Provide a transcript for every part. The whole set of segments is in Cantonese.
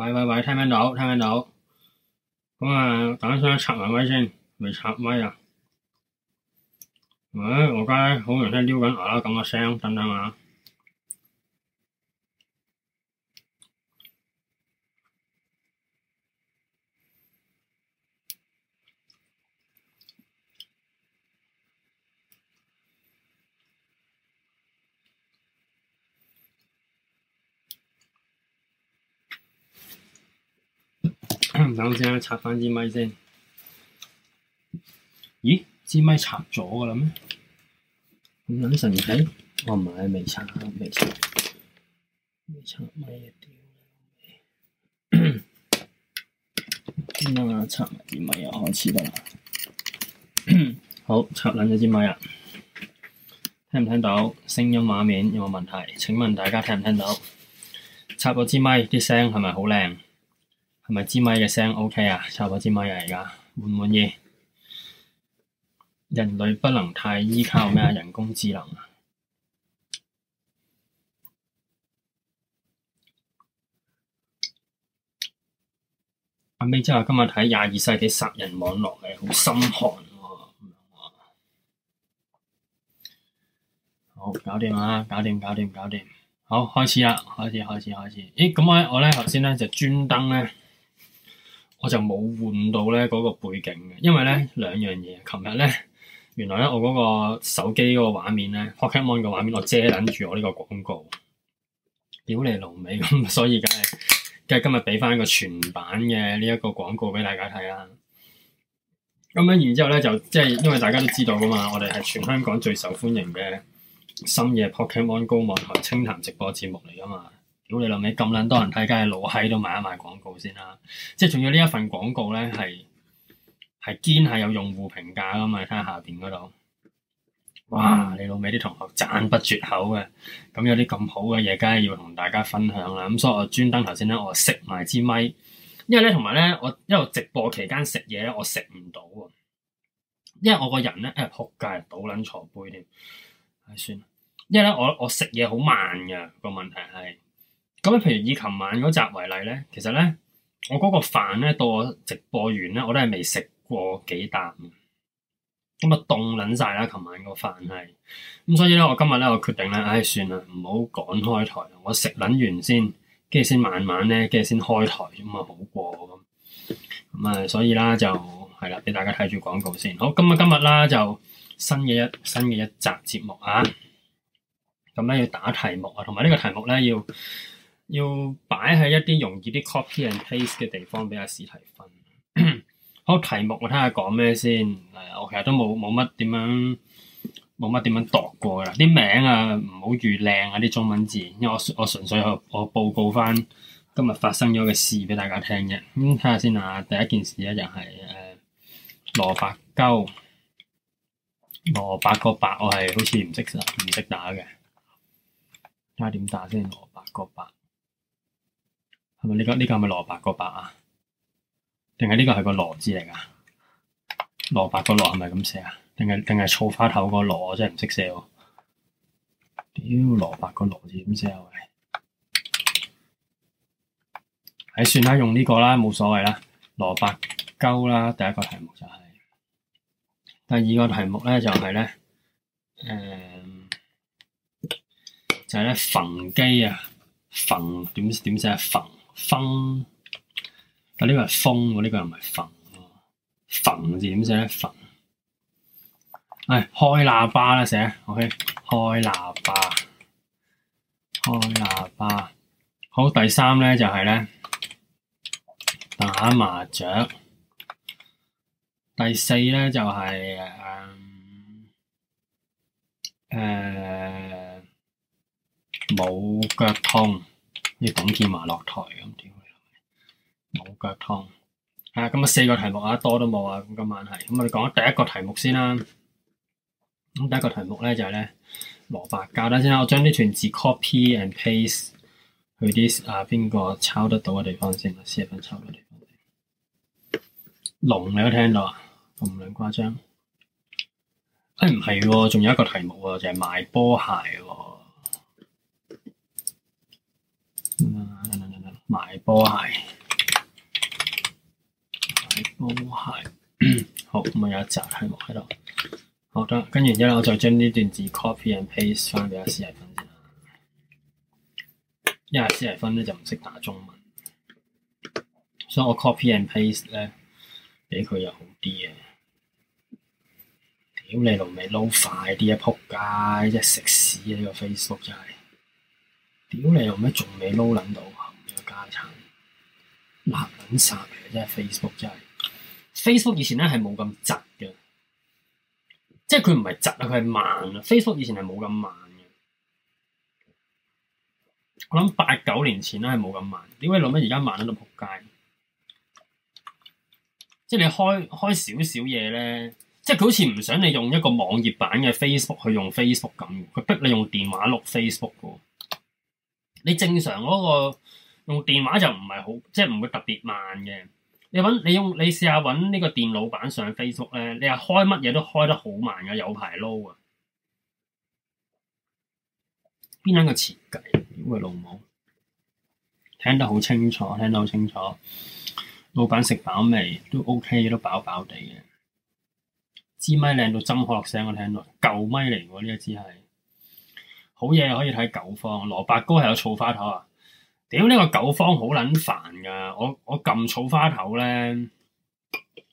喂喂喂，聽唔聽到？聽唔聽到？咁、嗯、啊，等先插埋咪先，未插咪呀？喂，我而家好容易撩緊牙啦，咁嘅聲，等等啊！等先，插翻支咪先。咦，支咪拆咗噶啦咩？咁撚神奇，我唔係未拆未插，未插咪啊，屌！咁啊，插支咪又開始啦。好，插撚咗支咪啊。聽唔聽到？聲音畫面有冇問題？請問大家聽唔聽到？插咗支咪，啲聲係咪好靚？係咪支咪嘅聲？O K 啊，差唔多支咪啊，而家滿唔滿意？人類不能太依靠咩人工智能啊？阿美姐話今日睇《廿二世紀殺人網絡》係好心寒喎、啊。好，搞掂啦！搞掂，搞掂，搞掂。好，開始啦！開始，開始，開始。咦，咁我呢我咧頭先咧就專登咧。我就冇換到咧嗰個背景嘅，因為咧兩樣嘢。琴日咧，原來咧我嗰個手機嗰個畫面咧，Pokemon 嘅畫面我遮撚住我呢個廣告，屌你老味咁，所以梗係梗係，今日俾翻個全版嘅呢一個廣告俾大家睇啦。咁樣然之後咧就即係因為大家都知道噶嘛，我哋係全香港最受歡迎嘅深夜 Pokemon 高網台清談直播節目嚟噶嘛。如果你老味咁撚多人睇，梗係攞喺度賣一賣廣告先啦。即係仲要呢一份廣告咧，係係堅係有用戶評價噶嘛？睇下下邊嗰度哇！你老味啲同學讚不絕口嘅咁，咁有啲咁好嘅嘢，梗係要同大家分享啦。咁所以我專，我專登頭先咧，我食埋支米，因為咧同埋咧，我因為直，直播期間食嘢咧，我食唔到啊，因為我個人咧誒撲街倒撚坐杯添，唉、哎，算啦，因為咧，我我食嘢好慢嘅個問題係。咁譬如以琴晚嗰集為例咧，其實咧，我嗰個飯咧，到我直播完咧，我都係未食過幾啖，咁啊凍撚晒啦！琴晚個飯係，咁所以咧，我今日咧，我決定咧，唉、哎，算啦，唔好趕開台，我食撚完先，跟住先慢慢咧，跟住先開台，咁啊好過咁。咁啊，所以啦，就係啦，俾大家睇住廣告先。好，咁啊，今日啦，就新嘅一新嘅一集節目啊，咁咧要打題目啊，同埋呢個題目咧要。要擺喺一啲容易啲 copy and paste 嘅地方俾阿史提芬。 好題目，我睇下講咩先。我其實都冇冇乜點樣，冇乜點樣度過噶。啲名啊，唔好預靚啊啲中文字，啊，因為我我純粹我我報告翻今日發生咗嘅事俾大家聽嘅。咁睇下先啊，第一件事咧就係誒蘿蔔鳩，蘿蔔個白，我係好似唔識寫唔識打嘅。睇下點打先，蘿蔔個白。係咪呢個呢、這個係咪蘿蔔個白啊？定係呢個係個蘿字嚟㗎？蘿蔔個蘿係咪咁寫啊？定係定係草花頭個蘿？我真係唔識寫喎。屌蘿蔔個蘿字點寫啊？喂，唉、哎，算啦，用呢個啦，冇所謂啦。蘿蔔膠啦，第一個題目就係、是。第二個題目咧就係、是、咧，誒、嗯、就係咧焚機啊，焚點點寫啊焚？風，但呢個係風喎，呢個又唔係焚喎。焚字點寫咧？焚。誒，開喇叭啦，寫，OK。開喇叭，開喇叭。好，第三咧就係、是、咧打麻雀。第四咧就係誒誒冇腳痛。要董建華落台咁點啊？冇腳痛，啊咁啊四個題目啊多都冇啊！咁今晚係咁我哋，講第一個題目先啦。咁第一個題目咧就係、是、咧蘿蔔膠啦先啦。我將呢串字 copy and paste 去啲啊邊個抄得到嘅地方先啦，四月份抄到地方。先，龍你都聽到啊？咁唔算誇張。誒唔係喎，仲有一個題目喎，就係、是、賣波鞋喎。買波鞋，買波鞋， 好，咁我有一集喺度，好得。跟住然之後，我再將呢段字 copy and paste 翻俾阿 Stephen 先啦。因為 Stephen 咧就唔識打中文，所以我 copy and paste 咧俾佢又好啲啊。屌你老味撈快啲一扑街，即食屎啊！呢個 Facebook 真係，屌 你老味仲未撈撚到。加產爛品散嘅，真係 Facebook 真係 Facebook 以前咧係冇咁窒嘅，即係佢唔係窒啊，佢係慢啊、嗯。Facebook 以前係冇咁慢嘅，我諗八九年前咧係冇咁慢。點解諗乜而家慢得咁撲街？即係你開開少少嘢咧，即係佢好似唔想你用一個網頁版嘅 Facebook 去用 Facebook 咁，佢逼你用電話錄 Facebook 嘅。你正常嗰、那個。用電話就唔係好，即係唔會特別慢嘅。你揾你用你試下揾呢個電腦版上 Facebook 咧，你係開乜嘢都開得好慢嘅，有排撈啊！邊聽個設計？喂老母，聽得好清楚，聽得好清楚。老闆食飽未？都 OK 都飽飽地嘅。支咪靚到針可落聲，我聽到舊咪嚟喎，呢一支係好嘢，可以睇九方蘿蔔糕係有草花頭啊！屌、這、呢個九方好捻煩噶，我我撳草花頭咧，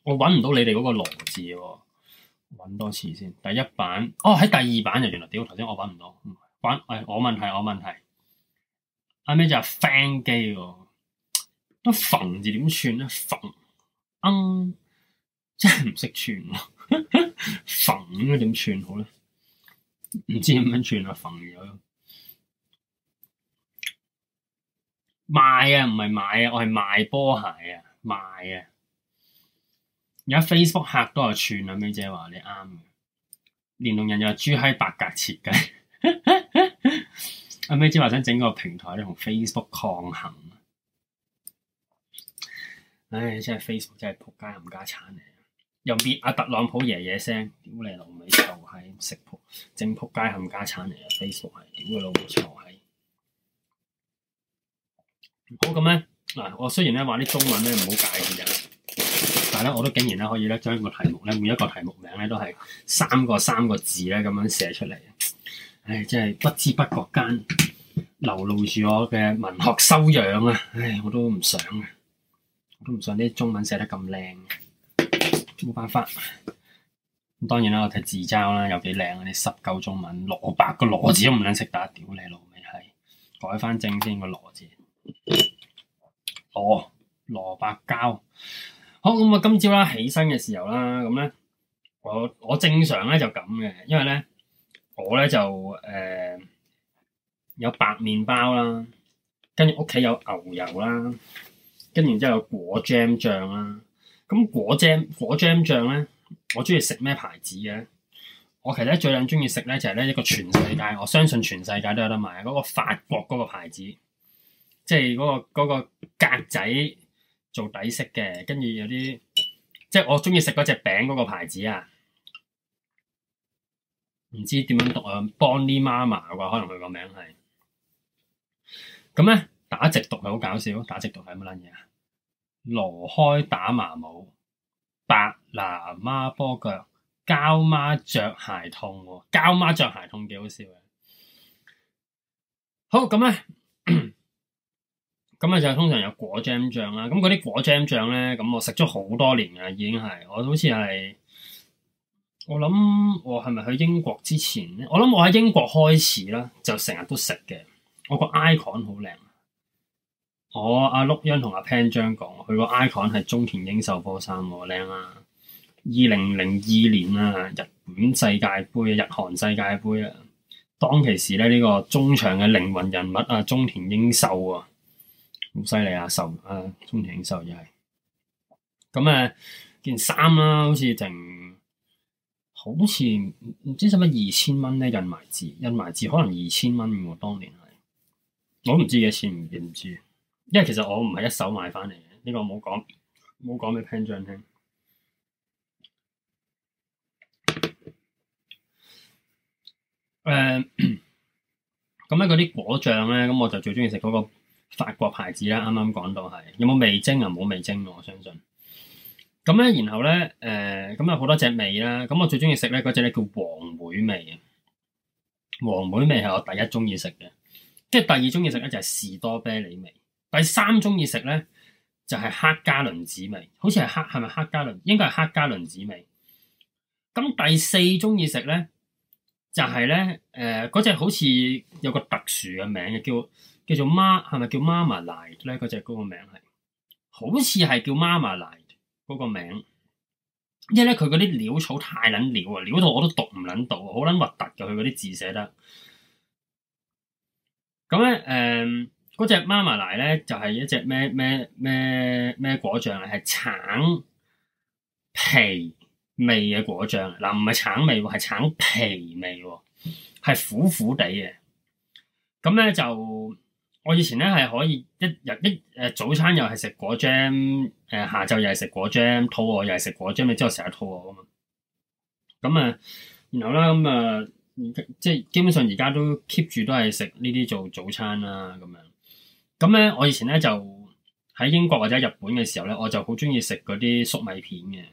我搵唔到你哋嗰個羅字喎，搵多次先。第一版，哦喺第二版就原來屌，頭先我搵唔到，唔係玩、哎，我問題我問題，係咩就係 fan g 機，都、啊、縫字點串咧縫，嗯，真係唔識串咯，縫點串好咧，唔知點樣串啊縫而家。賣啊，唔係買啊，我係賣波鞋啊，賣啊！而家 Facebook 客都又串啊，美姐話你啱嘅，連同人又話豬閪白格設計，阿、 啊啊啊啊、美姐話想整個平台咧同 Facebook 抗衡。唉、哎，真係 Facebook 真係仆街冚家鏟嚟，又搣阿、啊、特朗普爺爺聲，屌你老味，又係食正仆街冚家鏟嚟啊！Facebook 係屌佢老母錯係。好咁，咧，嗱，我雖然咧話啲中文咧唔好介意啊，但係咧我都竟然咧可以咧將個題目咧每一個題目名咧都係三個三個字咧咁樣寫出嚟。唉、哎，真係不知不覺間流露住我嘅文學修養啊！唉、哎，我都唔想，我都唔想啲中文寫得咁靚，冇辦法。咁當然啦，我睇字招啦，又幾靚啊！啲十舊中文，蘿蔔個蘿字都唔撚識打，屌你老味，係改翻正先個蘿字。哦，蘿蔔膠好咁啊、嗯！今朝啦，起身嘅時候啦，咁咧我我正常咧就咁嘅，因為咧我咧就誒、呃、有白麵包啦，跟住屋企有牛油啦，跟住之後有果醬醬啦，咁果醬果醬醬咧，我中意食咩牌子嘅？我其實最諗中意食咧就係咧一個全世界，我相信全世界都有得賣嗰、那個法國嗰個牌子。即係嗰個嗰個格仔做底色嘅，跟住有啲即係我中意食嗰隻餅嗰個牌子啊，唔知點樣讀啊，Bonnie Mama 啩，可能佢個名係。咁咧打直讀係好搞笑，打直讀係乜撚嘢啊？羅開打麻舞，白喇媽波腳，膠媽着鞋痛，膠媽着鞋痛幾好笑嘅。好咁咧。咁咪就通常有果 jam 醬啦。咁嗰啲果 jam 醬咧，咁我食咗好多年啦，已經係我好似係我諗我係咪去英國之前咧？我諗我喺英國開始啦，就成日都食嘅。我個 icon 好靚。我阿碌英同阿 Pan 張講，佢、啊、個、啊、icon 係中田英壽波衫靚啊！二零零二年啦，日本世界杯，日韓世界杯啊，當其時咧呢個中場嘅靈魂人物啊，中田英壽啊。好犀利啊！壽啊，中田英壽又係咁啊，件衫啦、啊，好似淨好似唔知使乜二千蚊咧，印埋字，印埋字，可能二千蚊喎，當年係我唔知幾多錢，唔知，因為其實我唔係一手買翻嚟嘅，呢、這個冇講，冇講俾聽將聽。誒、呃，咁咧嗰啲果醬咧，咁我就最中意食嗰個。法國牌子啦，啱啱講到係，有冇味精啊？冇味精，我相信。咁咧，然後咧，誒、呃，咁有好多隻味啦。咁、嗯、我最中意食咧，嗰隻咧叫黃莓味啊。黃莓味係我第一中意食嘅。即係第二中意食咧就係士多啤梨味，第三中意食咧就係黑加侖子味，好似係黑，係咪黑加侖？應該係黑加侖子味。咁第四中意食咧就係、是、咧，誒、呃，嗰隻好似有個特殊嘅名嘅叫。叫做媽，係咪叫媽媽奶？呢咧？嗰隻嗰個名係，好似係叫媽媽奶。a 嗰個名。因為咧佢嗰啲鳥草太撚鳥啊，鳥到我都讀唔撚到，好撚核突嘅佢嗰啲字寫得。咁咧誒，嗰隻媽媽奶咧就係、是、一隻咩咩咩咩果醬嚟，係橙皮味嘅果醬。嗱唔係橙味喎，係橙皮味喎，係苦苦地嘅。咁、嗯、咧就～我以前咧係可以一日一誒早餐又係食果醬，下晝又係食果醬，肚餓又係食果醬。你知我成日肚餓噶嘛？咁啊，然後啦，咁啊，即係基本上而家都 keep 住都係食呢啲做早餐啦，咁樣。咁咧我以前咧就喺英國或者日本嘅時候咧，我就好中意食嗰啲粟米片嘅。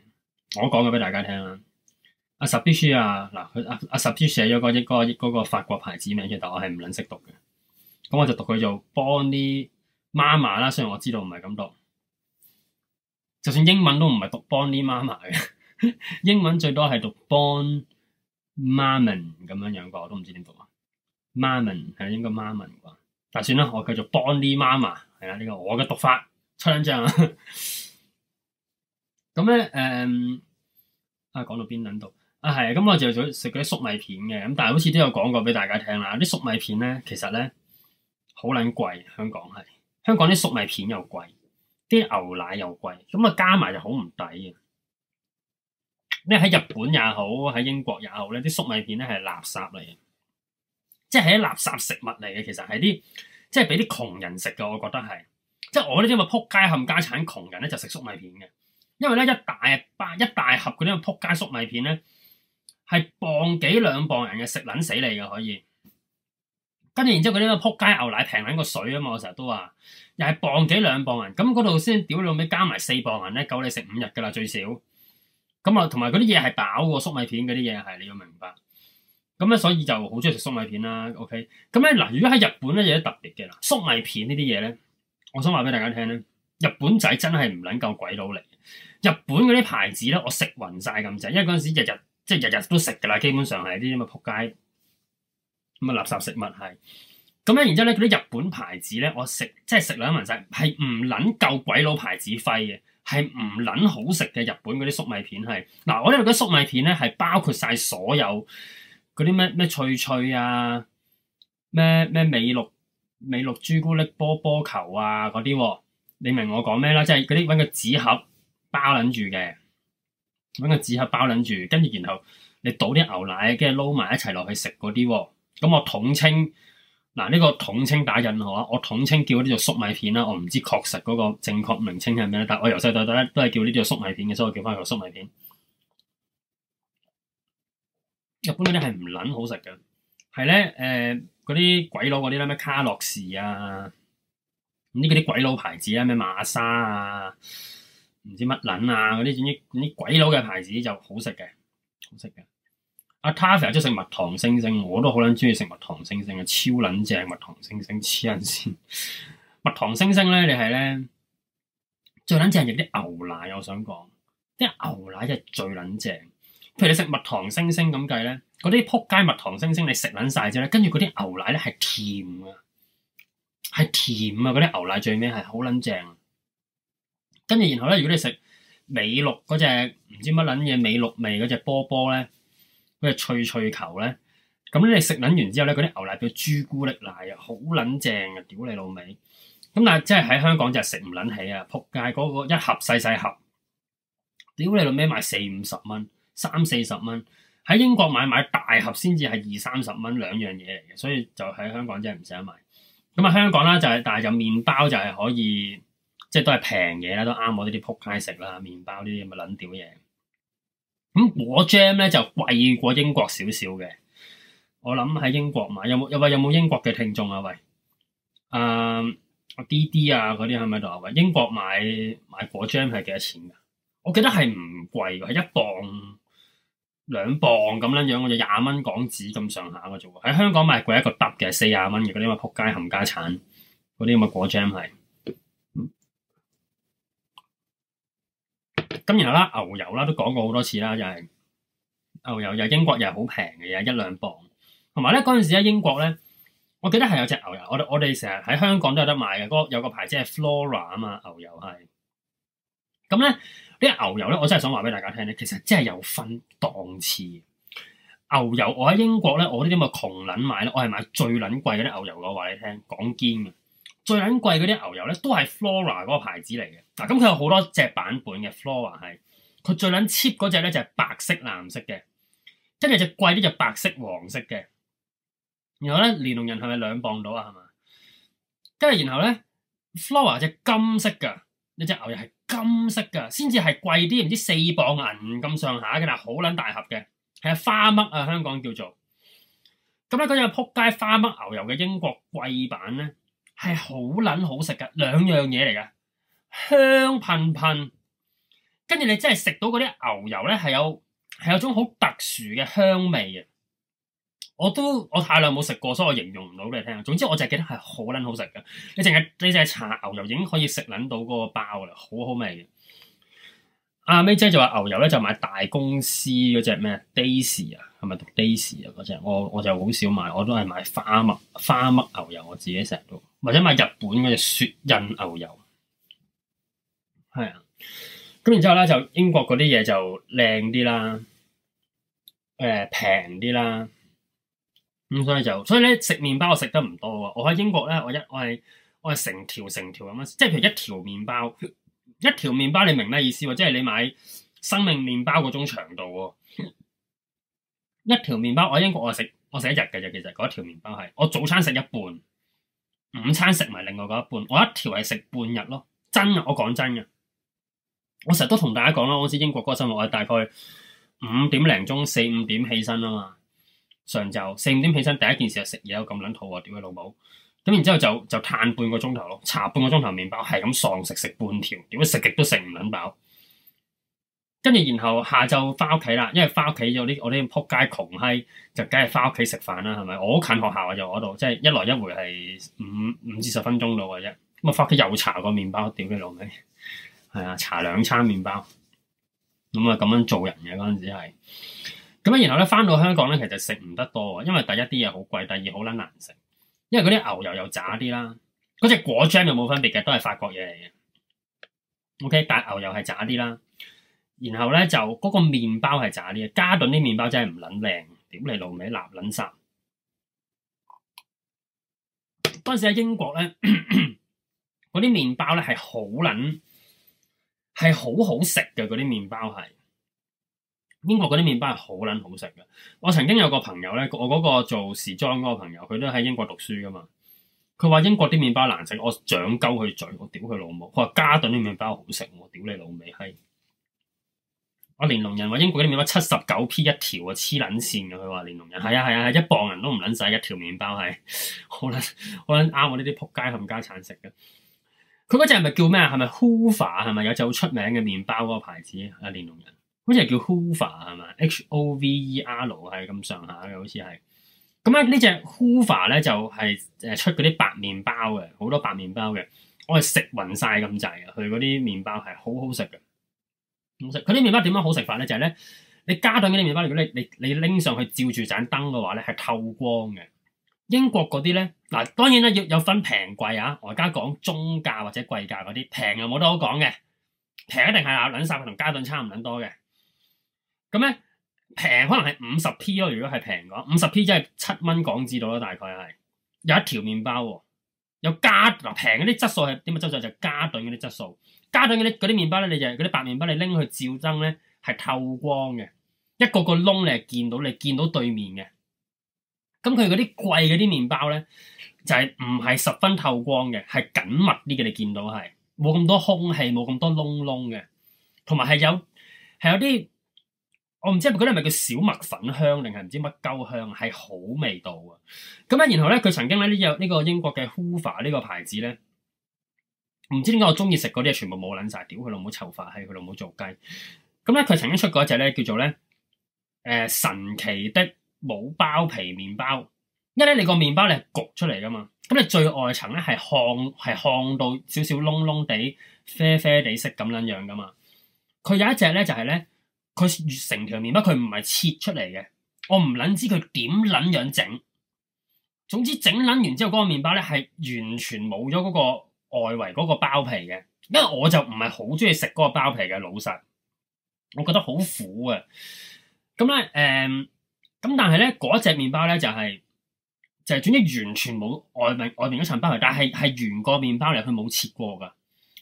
我講咗俾大家聽啦，阿十 P 書啊，嗱佢阿阿十 P 寫咗個億個億嗰個法國牌子名，但係我係唔撚識讀嘅。咁我就讀佢做 Bonnie Mama 啦。雖然我知道唔係咁讀，就算英文都唔係讀 Bonnie Mama 嘅，英文最多係讀 Bon Maman 咁樣樣啩。我都唔知點讀啊。Maman 係應該 Maman 啩，但算啦，我繼續 Bonnie Mama 係啦。呢個我嘅讀法，唱將。咁咧誒啊，講到邊度啊？係咁，我就想食嗰啲粟米片嘅咁，但係好似都有講過俾大家聽啦。啲粟米片咧，其實咧～好撚貴，香港係香港啲粟米片又貴，啲牛奶又貴，咁啊加埋就好唔抵嘅。喺日本也好，喺英國也好咧，啲粟米片咧係垃圾嚟嘅，即係喺垃圾食物嚟嘅。其實係啲即係俾啲窮人食嘅，我覺得係。即係我呢啲咁嘅撲街冚家產窮人咧，就食粟米片嘅。因為咧一大包，一大盒嗰啲咁撲街粟米片咧，係磅幾兩磅人嘅食撚死你嘅可以。跟住，然之後佢啲咁撲街牛奶平過水啊嘛！我成日都話，又係磅幾兩磅銀，咁嗰度先屌你老味加埋四磅銀咧，夠你食五日㗎啦最少。咁啊，同埋嗰啲嘢係飽嘅，粟米片嗰啲嘢係你要明白。咁咧，所以就好中意食粟米片啦。OK，咁咧嗱，如果喺日本咧有啲特別嘅啦，粟米片呢啲嘢咧，我想話俾大家聽咧，日本仔真係唔撚夠鬼佬嚟。日本嗰啲牌子咧，我食勻晒咁滯，因為嗰陣時日日即係日日都食㗎啦，基本上係啲咁嘅撲街。咁啊！垃圾食物係咁樣，然之後咧，嗰啲日本牌子咧，我食即食即係食撚文曬，係唔撚夠鬼佬牌子輝嘅，係唔撚好食嘅，日本嗰啲粟米片係嗱、啊，我呢度嘅粟米片咧係包括晒所有嗰啲咩咩脆脆啊咩咩美露美露朱古力波波球啊嗰啲、啊，你明我講咩啦？即係嗰啲揾個紙盒包撚住嘅，揾個紙盒包撚住，跟住然後你倒啲牛奶，跟住撈埋一齊落去食嗰啲。咁我統稱嗱，呢個統稱打印嚇，我統稱叫嗰啲叫粟米片啦。我唔知確實嗰個正確名稱係咩，但我由細到大咧都係叫呢啲叫粟米片嘅，所以我叫翻佢粟米片。一般嗰啲係唔撚好食嘅，係咧，誒嗰啲鬼佬嗰啲咧咩卡樂士啊，呢嗰啲鬼佬牌子啊，咩馬莎啊，唔知乜撚啊嗰啲，總之啲鬼佬嘅牌子就好食嘅，好食嘅。阿他成日中意食蜜糖星星，我都好撚中意食蜜糖星星，超撚正蜜糖星星黐人線。蜜糖星星咧，你係咧最撚正，係啲牛奶。我想講啲牛奶就係最撚正。譬如你食蜜糖星星咁計咧，嗰啲仆街蜜糖星星你食撚晒之後咧，跟住嗰啲牛奶咧係甜啊，係甜啊！嗰啲牛奶最尾係好撚正。跟住然後咧，如果你食美綠嗰隻唔知乜撚嘢美綠味嗰隻波波咧。嗰個脆脆球咧，咁你食撚完之後咧，嗰啲牛奶叫朱古力奶，好撚正啊！屌你老味，咁但係即係喺香港就係食唔撚起啊！仆街嗰、那個一盒細細盒，屌你老味賣四五十蚊、三四十蚊，喺英國買買大盒先至係二三十蚊兩樣嘢嚟嘅，所以就喺香港真係唔捨得買。咁啊，香港啦就係、是，但係就麵包就係可以，即係都係平嘢啦，都啱我呢啲仆街食啦，麵包呢啲咁嘅撚屌嘢。咁果 jam 咧就貴過英國少少嘅。我諗喺英國買有冇？有位有冇英國嘅聽眾啊？喂，誒、uh,，D D 啊嗰啲係咪度啊？喂，英國買買果 jam 係幾多錢噶？我記得係唔貴嘅，係一磅兩磅咁樣樣，我就廿蚊港紙咁上下嘅啫喎。喺香港買貴一個 d 嘅四廿蚊嘅嗰啲咁嘅仆街冚家鏟嗰啲咁嘅果 jam 係咁然後啦，牛油啦都講過好多次啦，就係牛油又英國又係好平嘅嘢，一兩磅。同埋咧嗰陣時喺英國咧，我記得係有隻牛油，我我哋成日喺香港都有得買嘅，嗰個有個牌子係 Flora 啊嘛，牛油係。咁咧啲牛油咧，我真係想話俾大家聽咧，其實真係有分檔次。牛油我喺英國咧，我呢啲咁嘅窮撚買咧，我係買最撚貴嗰啲牛油，我話你聽，講堅嘅。最撚貴嗰啲牛油咧，都係 Flora 嗰個牌子嚟嘅。嗱、啊，咁佢有好多隻版本嘅 Flora 係，佢最撚 cheap 嗰隻咧就係、是、白色、藍色嘅，跟住隻貴啲就白色、黃色嘅。然後咧，連龍人係咪兩磅到啊？係嘛？跟住然後咧，Flora 隻金色㗎，呢隻牛油係金色㗎，先至係貴啲，唔知四磅銀咁上下嘅，係好撚大盒嘅，係花蜜啊！香港叫做。咁咧嗰隻撲街花蜜牛油嘅英國貴版咧。係好捻好食噶，兩樣嘢嚟噶，香噴噴，跟住你真係食到嗰啲牛油咧，係有係有種好特殊嘅香味嘅！我都我太耐冇食過，所以我形容唔到俾你聽。總之我就係記得係好捻好食噶，你淨係你淨係搽牛油已經可以食捻到嗰個包啦，很好好味嘅。阿、啊、May 姐就話牛油咧就買大公司嗰隻咩啊，Daisy 啊。係咪讀 Daisy 啊？嗰隻我我就好少買，我都係買花麥花麥牛油，我自己成日都，或者買日本嘅雪印牛油，係啊。咁然之後咧，就英國嗰啲嘢就靚啲啦，誒平啲啦。咁所以就所以咧食麵包我食得唔多噶，我喺英國咧，我一我係我係成條成條咁樣，即係譬如一條麵包，一條麵包你明咩意思喎？即係你買生命麵包嗰種長度。一條麵包，我喺英國我食我食一日嘅咋，其實嗰一條麵包係我早餐食一半，午餐食埋另外嗰一半，我一條係食半日咯。真呀，我講真嘅，我成日都同大家講啦。我好似英國嗰個生活，我大概五點零鐘，四五點起身啊嘛，上晝四五點起身，第一件事就食嘢，咁卵肚喎，屌佢老母！咁然之後就就嘆半個鐘頭咯，嘆半個鐘頭麵包係咁喪食，食半條，屌食極都食唔卵飽。跟住，然後下晝翻屋企啦，因為翻屋企有啲我啲仆街窮閪，就梗係翻屋企食飯啦，係咪？我好近學校啊，就我度，即係一來一回係五五至十分鐘到嘅啫。咁啊，翻屋企又查個麵包屌你老味，係啊，查兩餐麵包。咁啊，咁樣做人嘅嗰陣時係。咁啊，然後咧翻到香港咧，其實食唔得多啊，因為第一啲嘢好貴，第二好撚難食。因為嗰啲牛油又渣啲啦，嗰隻果醬又冇分別嘅，都係法國嘢嚟嘅。OK，但牛油係渣啲啦。然後咧就嗰、那個麵包係炸啲嘅，加頓啲麵包真係唔撚靚，屌你老味，立撚殺。當時喺英國咧，嗰啲麵包咧係好撚係好好食嘅。嗰啲麵包係英國嗰啲麵包係好撚好食嘅。我曾經有個朋友咧，我嗰個做時裝嗰個朋友，佢都喺英國讀書噶嘛。佢話英國啲麵包難食，我長鳩佢嘴，我屌佢老母。佢話加頓啲麵包好食，我屌你老味閪。啊、連龍人話：英國啲麵包七十九 P 一條啊，黐撚線㗎！佢話連龍人係啊係啊，係、啊、一磅銀都唔撚使一條麵包，係好撚好撚啱我呢啲仆街冚家鏟食嘅。佢嗰隻係咪叫咩？係咪 Houver 係咪有隻好出名嘅麵包嗰、那個牌子啊？連龍人好似係叫 Houver 係咪？H O V E R 係咁上下嘅，好似係。咁咧呢隻 Houver 咧就係、是、誒出嗰啲白麵包嘅，好多白麵包嘅，我係食勻晒咁滯嘅。佢嗰啲麵包係好好食嘅。食佢啲麵包點樣好食法咧？就係咧，你加頓嗰啲麵包，如果你你你拎上去照住盞燈嘅話咧，係透光嘅。英國嗰啲咧嗱，當然啦，要有分平貴啊。我而家講中價或者貴價嗰啲，平又冇得好講嘅，平一定係啊，兩三同加頓差唔捻多嘅。咁咧平可能係五十 P 咯，如果係平嘅話五十 P 即係七蚊港紙到啦，大概係有一條麵包，啊，有加嗱平嗰啲質素係點啊？質素就加頓嗰啲質素。加上嗰啲啲麵包咧，你就係嗰啲白麵包，你拎去照燈，咧係透光嘅，一個個窿你係見到，你見到對面嘅。咁佢嗰啲貴嗰啲麵包咧，就係唔係十分透光嘅，係緊密啲嘅，你見到係冇咁多空氣，冇咁多窿窿嘅，同埋係有係有啲我唔知嗰啲係咪叫小麥粉香定係唔知乜鳩香，係好味道啊！咁咧，然後咧佢曾經咧呢呢個英國嘅 Houfa 呢個牌子咧。唔知點解我中意食嗰啲嘢，全部冇捻晒，屌佢老母，臭化係佢老母，做、嗯、雞。咁咧，佢曾經出過一隻咧，叫做咧，誒、呃、神奇的冇包皮麵包。因為咧，你個麵包咧係焗出嚟噶嘛，咁你最外層咧係烘，係烘到少少窿窿地啡啡地色咁捻樣噶嘛。佢有一隻咧就係、是、咧，佢成條麵包佢唔係切出嚟嘅，我唔捻知佢點捻樣整。總之整捻完之後，嗰、那個麵包咧係完全冇咗嗰個。外圍嗰個包皮嘅，因為我就唔係好中意食嗰個包皮嘅，老實，我覺得好苦啊。咁咧誒，咁、嗯、但係咧嗰一隻麵包咧就係、是、就係總之完全冇外，外面外邊嗰層包皮，但係係完個麵包嚟，佢冇切過噶。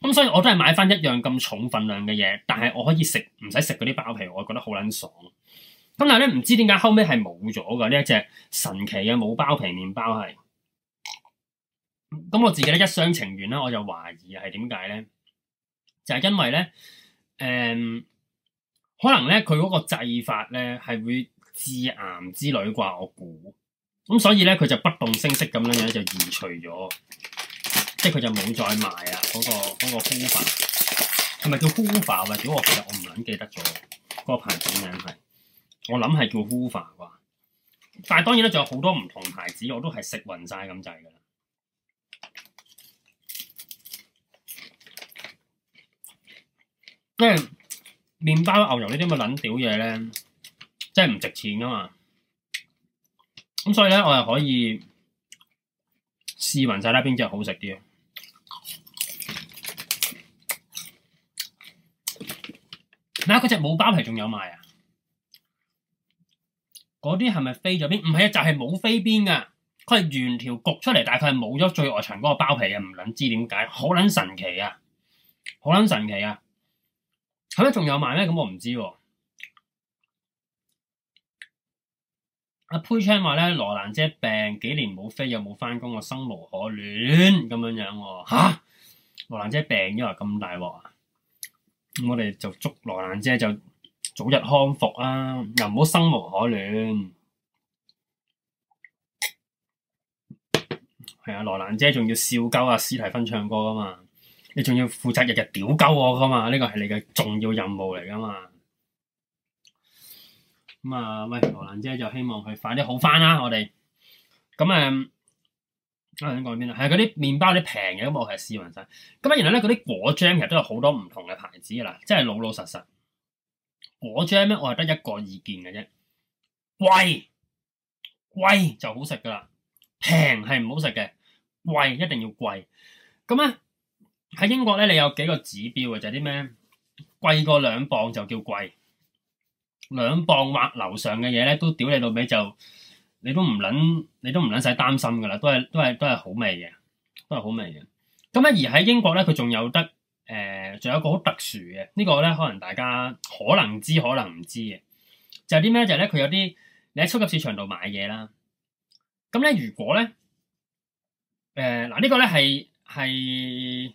咁、嗯、所以我都係買翻一樣咁重的份量嘅嘢，但係我可以食唔使食嗰啲包皮，我覺得好撚爽。咁、嗯、但係咧唔知點解後尾係冇咗㗎呢一隻神奇嘅冇包皮麵包係。咁我自己咧一廂情願啦，我就懷疑係點解咧？就係、是、因為咧，誒、嗯，可能咧佢嗰個製法咧係會致癌之類啩？我估咁，所以咧佢就不動聲色咁樣樣就移除咗，即係佢就冇、是、再賣啊。嗰、那個嗰、那個敷係咪叫呼法，或者我其實我唔捻記得咗嗰、那個牌子名係，我諗係叫敷法啩。但係當然咧，仲有好多唔同牌子，我都係食勻晒咁滯噶啦。即係麵包牛油呢啲咁嘅撚屌嘢咧，即係唔值錢噶嘛。咁所以咧，我係可以試勻晒啦，邊隻好食啲啊？嗱，嗰隻冇包皮仲有賣啊？嗰啲係咪飛咗邊？唔係啊，就係、是、冇飛邊噶。佢係原條焗出嚟，但係佢係冇咗最外層嗰個包皮啊！唔撚知點解？好撚神奇啊！好撚神奇啊！係咪仲有埋咩？咁我唔知喎、啊。阿佩昌話咧，羅蘭姐病幾年冇飛，又冇翻工，我生無可戀咁樣樣喎。嚇！羅蘭姐病咗話咁大鑊啊！咁我哋就祝羅蘭姐就早日康復啦、啊，又唔好生無可戀。係啊，羅蘭姐仲要笑鳩阿史提芬唱歌噶、啊、嘛～你仲要負責日日屌鳩我噶嘛？呢個係你嘅重要任務嚟噶嘛？咁啊，喂，羅蘭姐就希望佢快啲好翻啦。我哋咁誒，啱先講邊啊？係嗰啲麪包啲平嘅嗰個係試完晒。咁啊，然後咧嗰啲果醬其實都有好多唔同嘅牌子噶啦，即係老老實實果醬咧，我係得一個意見嘅啫，貴貴就好食噶啦，平係唔好食嘅，貴一定要貴。咁咧。喺英國咧，你有幾個指標嘅就係啲咩？貴過兩磅就叫貴，兩磅或樓上嘅嘢咧都屌你老味，就你都唔撚你都唔撚使擔心噶啦，都係都係都係好味嘅，都係好味嘅。咁而喺英國咧，佢仲有得仲、呃、有一個好特殊嘅、這個、呢個咧，可能大家可能知可能唔知嘅，就係啲咩？就係咧佢有啲你喺超級市場度買嘢啦，咁咧如果咧誒嗱呢、呃這個咧係係。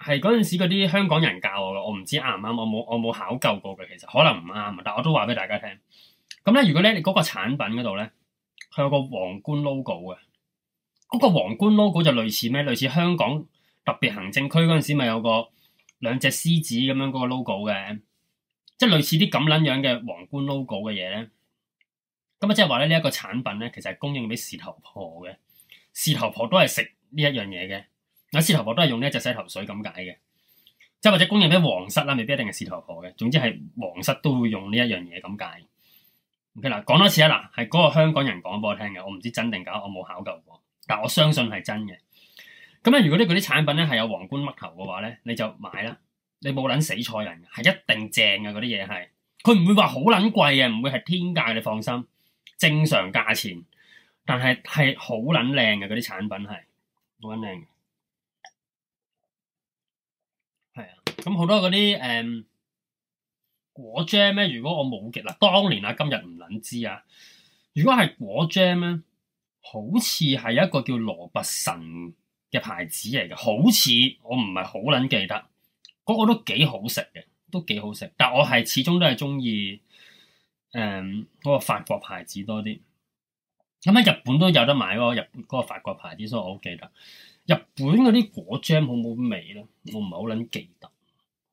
係嗰陣時，嗰啲香港人教我嘅，我唔知啱唔啱，我冇我冇考究過嘅，其實可能唔啱啊！但我都話俾大家聽，咁咧，如果咧嗰個產品嗰度咧，佢有個皇冠 logo 嘅，嗰個皇冠 logo 就類似咩？類似香港特別行政區嗰陣時咪有個兩隻獅子咁樣嗰個 logo 嘅，即係類似啲咁撚樣嘅皇冠 logo 嘅嘢咧。咁啊，即係話咧呢一個產品咧，其實係供應俾事頭婆嘅，事頭婆都係食呢一樣嘢嘅。阿士頭婆都係用呢一隻洗頭水咁解嘅，即係或者供應俾皇室啦，未必一定係士頭婆嘅，總之係皇室都會用呢一樣嘢咁解。OK 啦，講多次啦，嗱係嗰個香港人講俾我聽嘅，我唔知真定假，我冇考究過，但我相信係真嘅。咁如果呢嗰啲產品咧係有皇冠嘜頭嘅話咧，你就買啦，你冇捻死錯人，係一定正嘅嗰啲嘢係，佢唔會話好捻貴嘅，唔會係天價，你放心，正常價錢，但係係好捻靚嘅嗰啲產品係好捻靚。咁好多嗰啲誒果 jam 咧，如果我冇嘅嗱，當年啊，今日唔撚知啊。如果係果 jam 咧，好似係一個叫羅拔臣嘅牌子嚟嘅，好似我唔係好撚記得。嗰、那個都幾好食嘅，都幾好食。但我係始終都係中意誒嗰個法國牌子多啲。咁啊，日本都有得買喎，日、那、嗰個法國牌子，所以我好記得。日本嗰啲果 jam 好冇味咧，我唔係好撚記得。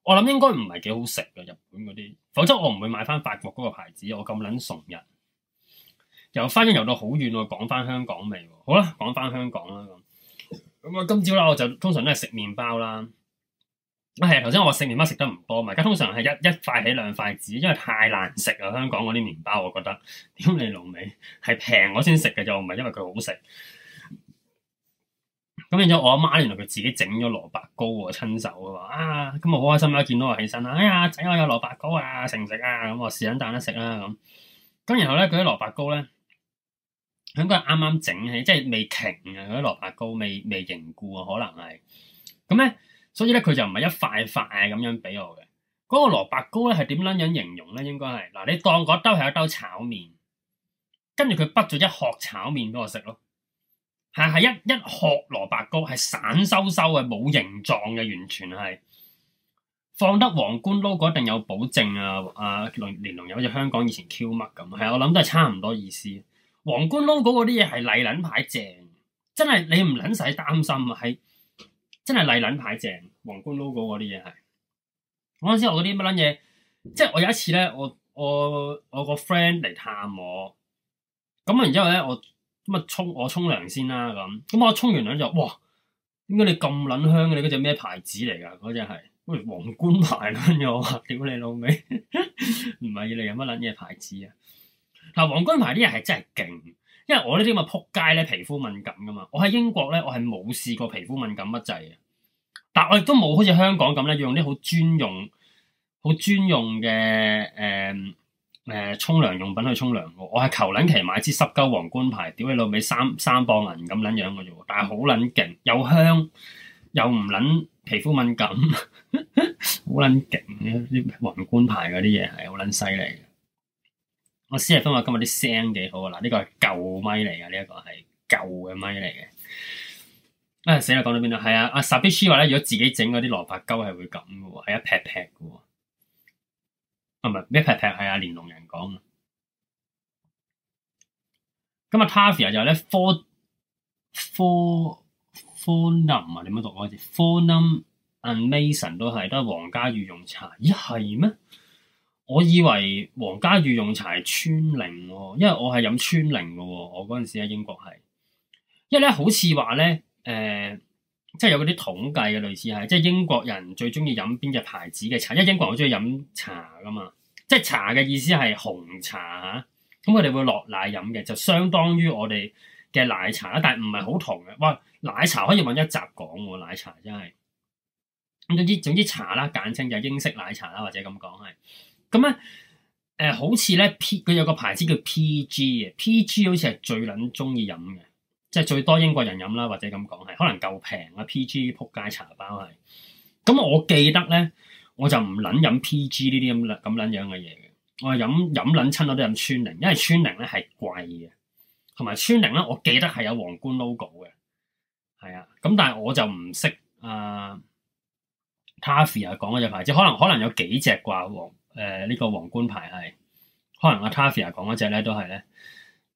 我諗應該唔係幾好食嘅日本嗰啲，否則我唔會買翻法國嗰個牌子。我咁捻崇日，由翻咗，游到好遠，我講翻香港味，好啦，講翻香港啦。咁咁啊，今朝啦，我就通常都係食麵包啦。啊，係啊，頭先我話食麵包食得唔多，咪家通常係一一塊起兩塊止，因為太難食啊。香港嗰啲麵包，我覺得，屌你老味，係平我先食嘅就，唔係因為佢好食。咁變咗我阿媽原來佢自己整咗蘿蔔糕喎，親手喎，啊！咁我好開心啦，見到我起身啦，哎呀，仔我有蘿蔔糕啊，食唔食啊？咁、嗯、我試緊，但係食啦咁。咁然後咧，佢啲蘿蔔糕咧，應該啱啱整起，即係未停啊，嗰啲蘿蔔糕未未凝固啊，可能係。咁咧，所以咧佢就唔係一塊塊咁樣俾我嘅。嗰、嗰個蘿蔔糕咧係點撚樣形容咧？應該係嗱，你當嗰兜係一兜炒麵，跟住佢畢咗一殼炒麵俾我食咯。係係一一殼蘿蔔糕係散修修嘅，冇形狀嘅，完全係放得皇冠 logo 一定有保證啊！阿、啊、連連龍有好似香港以前 Q 乜咁，係啊，我諗都係差唔多意思。皇冠 logo 嗰啲嘢係嚟撚牌正，真係你唔撚使擔心啊！係真係嚟撚牌正，皇冠 logo 嗰啲嘢係。那個、嗰陣時我嗰啲乜撚嘢，即係我有一次咧，我我我個 friend 嚟探我，咁然之後咧我。咁啊，沖我沖涼先啦，咁咁我沖完涼就，哇，點解你咁撚香嘅？你嗰隻咩牌子嚟㗎？嗰隻係，喂，皇冠牌，咁我話屌你老味，唔係你有乜撚嘢牌子啊？嗱，皇冠牌啲人係真係勁，因為我呢啲咁嘅撲街咧，皮膚敏感㗎嘛。我喺英國咧，我係冇試過皮膚敏感乜滯嘅。但我亦都冇好似香港咁咧，用啲好專用、好專用嘅誒誒沖涼用品去沖涼喎，我係求撚期買支濕鳩皇冠牌，屌你老味三三磅銀咁撚樣嘅啫，但係好撚勁，又香又唔撚皮膚敏感，好撚勁呢啲皇冠牌嗰啲嘢係好撚犀利嘅。我先係分話今日啲聲幾好㗎啦，嗱呢個係舊米嚟嘅，呢一個係舊嘅米嚟嘅。啊死啦，講到邊度？係啊，阿、啊、Sabichi 話咧，如果自己整嗰啲蘿蔔糕係會咁嘅喎，係一劈劈嘅喎。唔係咩？劈劈係啊！連龍人講嘅。咁啊，Tavia 就咧，Four Four Fortnum 啊？點樣讀啊？Fortnum and Mason 都係都係皇家御用茶？咦係咩？我以為皇家御用茶係川寧咯，因為我係飲川寧嘅喎。我嗰陣時喺英國係，因為咧好似話咧誒，即係有嗰啲統計嘅，類似係即係英國人最中意飲邊隻牌子嘅茶，因為英國人好中意飲茶㗎嘛。即係茶嘅意思係紅茶嚇，咁佢哋會落奶飲嘅，就相當於我哋嘅奶茶啦，但係唔係好同嘅。哇，奶茶可以揾一集講喎，奶茶真係。咁總之總之茶啦，簡稱就係英式奶茶啦，或者咁講係。咁咧，誒、呃、好似咧 P 佢有個牌子叫 PG 嘅，PG 好似係最撚中意飲嘅，即係最多英國人飲啦，或者咁講係，可能夠平啦 PG 仆街茶包係。咁我記得咧。我就唔撚飲 PG 呢啲咁撚咁樣嘅嘢嘅，我係飲飲撚親我都飲川寧，因為川寧咧係貴嘅，同埋川寧咧我記得係有皇冠 logo 嘅，係啊，咁但係我就唔識啊 Taffy 講嗰隻牌子，可能可能有幾隻啩，皇呢個皇冠牌係，可能阿 Taffy 講嗰隻咧都係咧，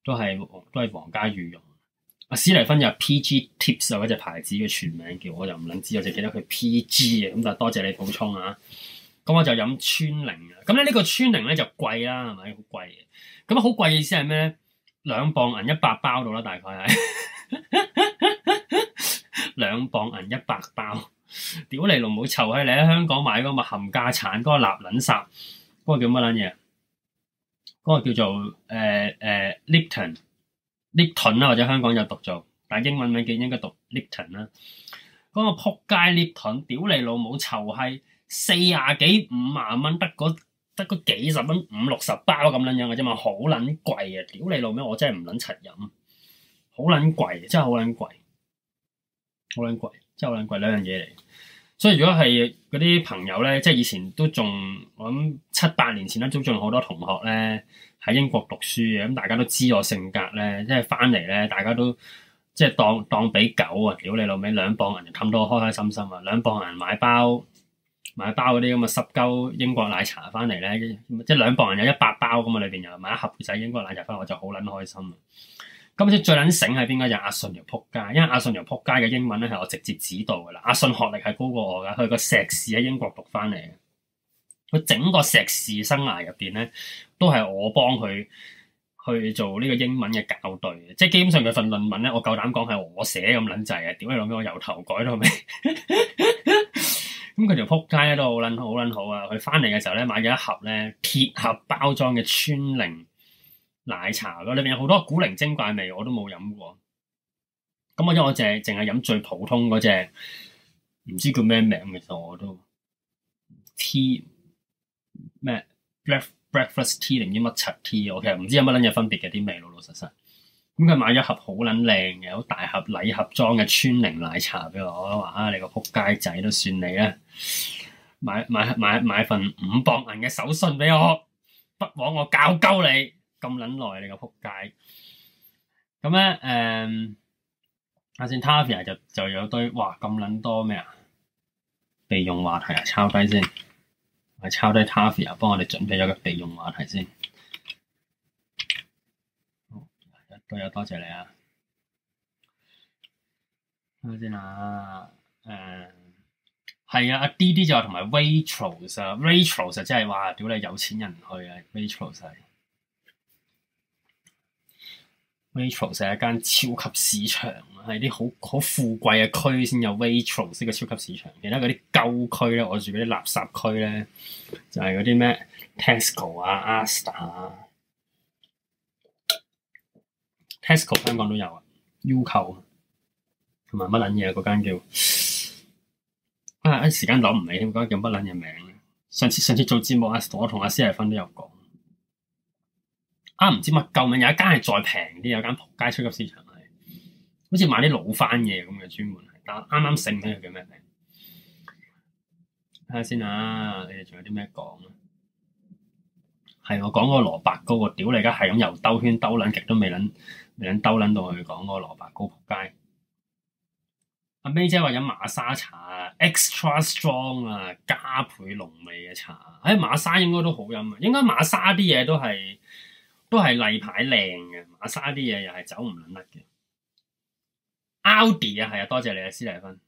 都係都係皇家御用。史提芬就係 PG Tips 啊，嗰隻牌子嘅全名叫，我就唔撚知，我淨記得佢 PG 嘅。咁但係多謝你補充啊。咁我就飲川寧啊。咁咧呢個川寧咧就貴啦，係咪？好貴嘅。咁啊好貴嘅意思係咩咧？兩磅銀一百包到啦，大概係。兩 磅銀一百包，屌你老母，臭閪！你喺香港買嗰個冚家產，嗰、那個臘撚霎，嗰、那個叫乜撚嘢？嗰、那個叫做誒誒、呃呃、Lipton。Lipton 啦，或者香港有讀做，但係英文名嘅應該讀 Lipton 啦。嗰、嗰個扑街 Lipton 屌你老母，臭閪四廿幾五萬蚊，得個得幾十蚊，五六十包咁樣樣嘅啫嘛，好撚貴啊！屌你老咩，我真係唔撚柒飲，好撚貴，真係好撚貴，好撚貴，真係好撚貴，兩樣嘢嚟。所以如果係嗰啲朋友咧，即係以前都仲，我諗七八年前咧，都仲好多同學咧喺英國讀書嘅，咁大家都知我性格咧，即係翻嚟咧，大家都即係當當俾狗啊，屌你老味，兩磅人就氹到我開開心心啊，兩磅人買包買包嗰啲咁嘅濕鳩英國奶茶翻嚟咧，即係兩磅人有一百包咁啊，裏面又買一盒仔英國奶茶翻嚟，我就好撚開心。咁唔知最撚醒係邊個就阿信條撲街，因為阿、啊、信條撲街嘅英文咧係我直接指導嘅啦。阿、啊、信學歷係高過我噶，佢個碩士喺英國讀翻嚟嘅。佢整個碩士生涯入面咧，都係我幫佢去做呢個英文嘅校對即係基本上佢份論文咧，我夠膽講係我寫咁撚滯嘅，屌你老母，我由頭改到尾。咁佢條撲街咧都好撚好撚好啊！佢翻嚟嘅時候咧買咗一盒咧鐵盒包裝嘅川寧。奶茶咯，裏面有好多古靈精怪味，我都冇飲過。咁我只我淨淨係飲最普通嗰隻，唔知叫咩名。Tea, Breath, tea, tea, 其實我都 tea 咩 breakfast tea 定啲乜柒 tea，OK，我唔知有乜撚嘢分別嘅啲味老老實實。咁佢買咗盒好撚靚嘅好大盒禮盒裝嘅川寧奶茶俾我，我話啊你個扑街仔都算你啦，買買買買一份五磅銀嘅手信俾我，不枉我教鳩你。咁撚耐你個撲街，咁咧誒，啱先 Tavia 就就有堆哇咁撚多咩啊？備用話題啊，抄低先，我抄低 Tavia 幫我哋準備咗個備用話題先。好多有多謝你啊！睇下先啊，誒，係啊，阿 D D 就同埋 Retro 啊，Retro 就真係哇屌你有錢人去啊，Retro 就係。Waitrose 係一間超級市場，喺啲好好富貴嘅區先有 Waitrose，呢個超級市場，其他嗰啲舊區咧，我住嗰啲垃圾區咧，就係嗰啲咩 Tesco 啊、Asta 啊、Tesco 香港都有啊，Yuko 同埋乜捻嘢啊？嗰間叫，啊一時間諗唔起，應該叫乜捻嘢名？上次上次做節目阿我同阿 Stephen 都有講。啱、啊、唔知乜，舊年有一間係再平啲，有間撲街超級市場係好似賣啲老番嘢咁嘅專門。但啱啱醒起佢叫咩名？睇下先啊！你哋仲有啲咩講？係我講嗰個蘿蔔糕喎，屌你而家係咁由兜圈兜撚極都未撚未撚兜撚到去講嗰個蘿蔔糕撲街。阿 May 姐話飲馬莎茶，extra strong 啊，加倍濃味嘅茶。喺馬莎應該都好飲啊，應該馬莎啲嘢都係。都係例牌靚嘅，馬莎啲嘢又係走唔甩甩嘅。Aldi 啊，係啊，多謝你 Aldi、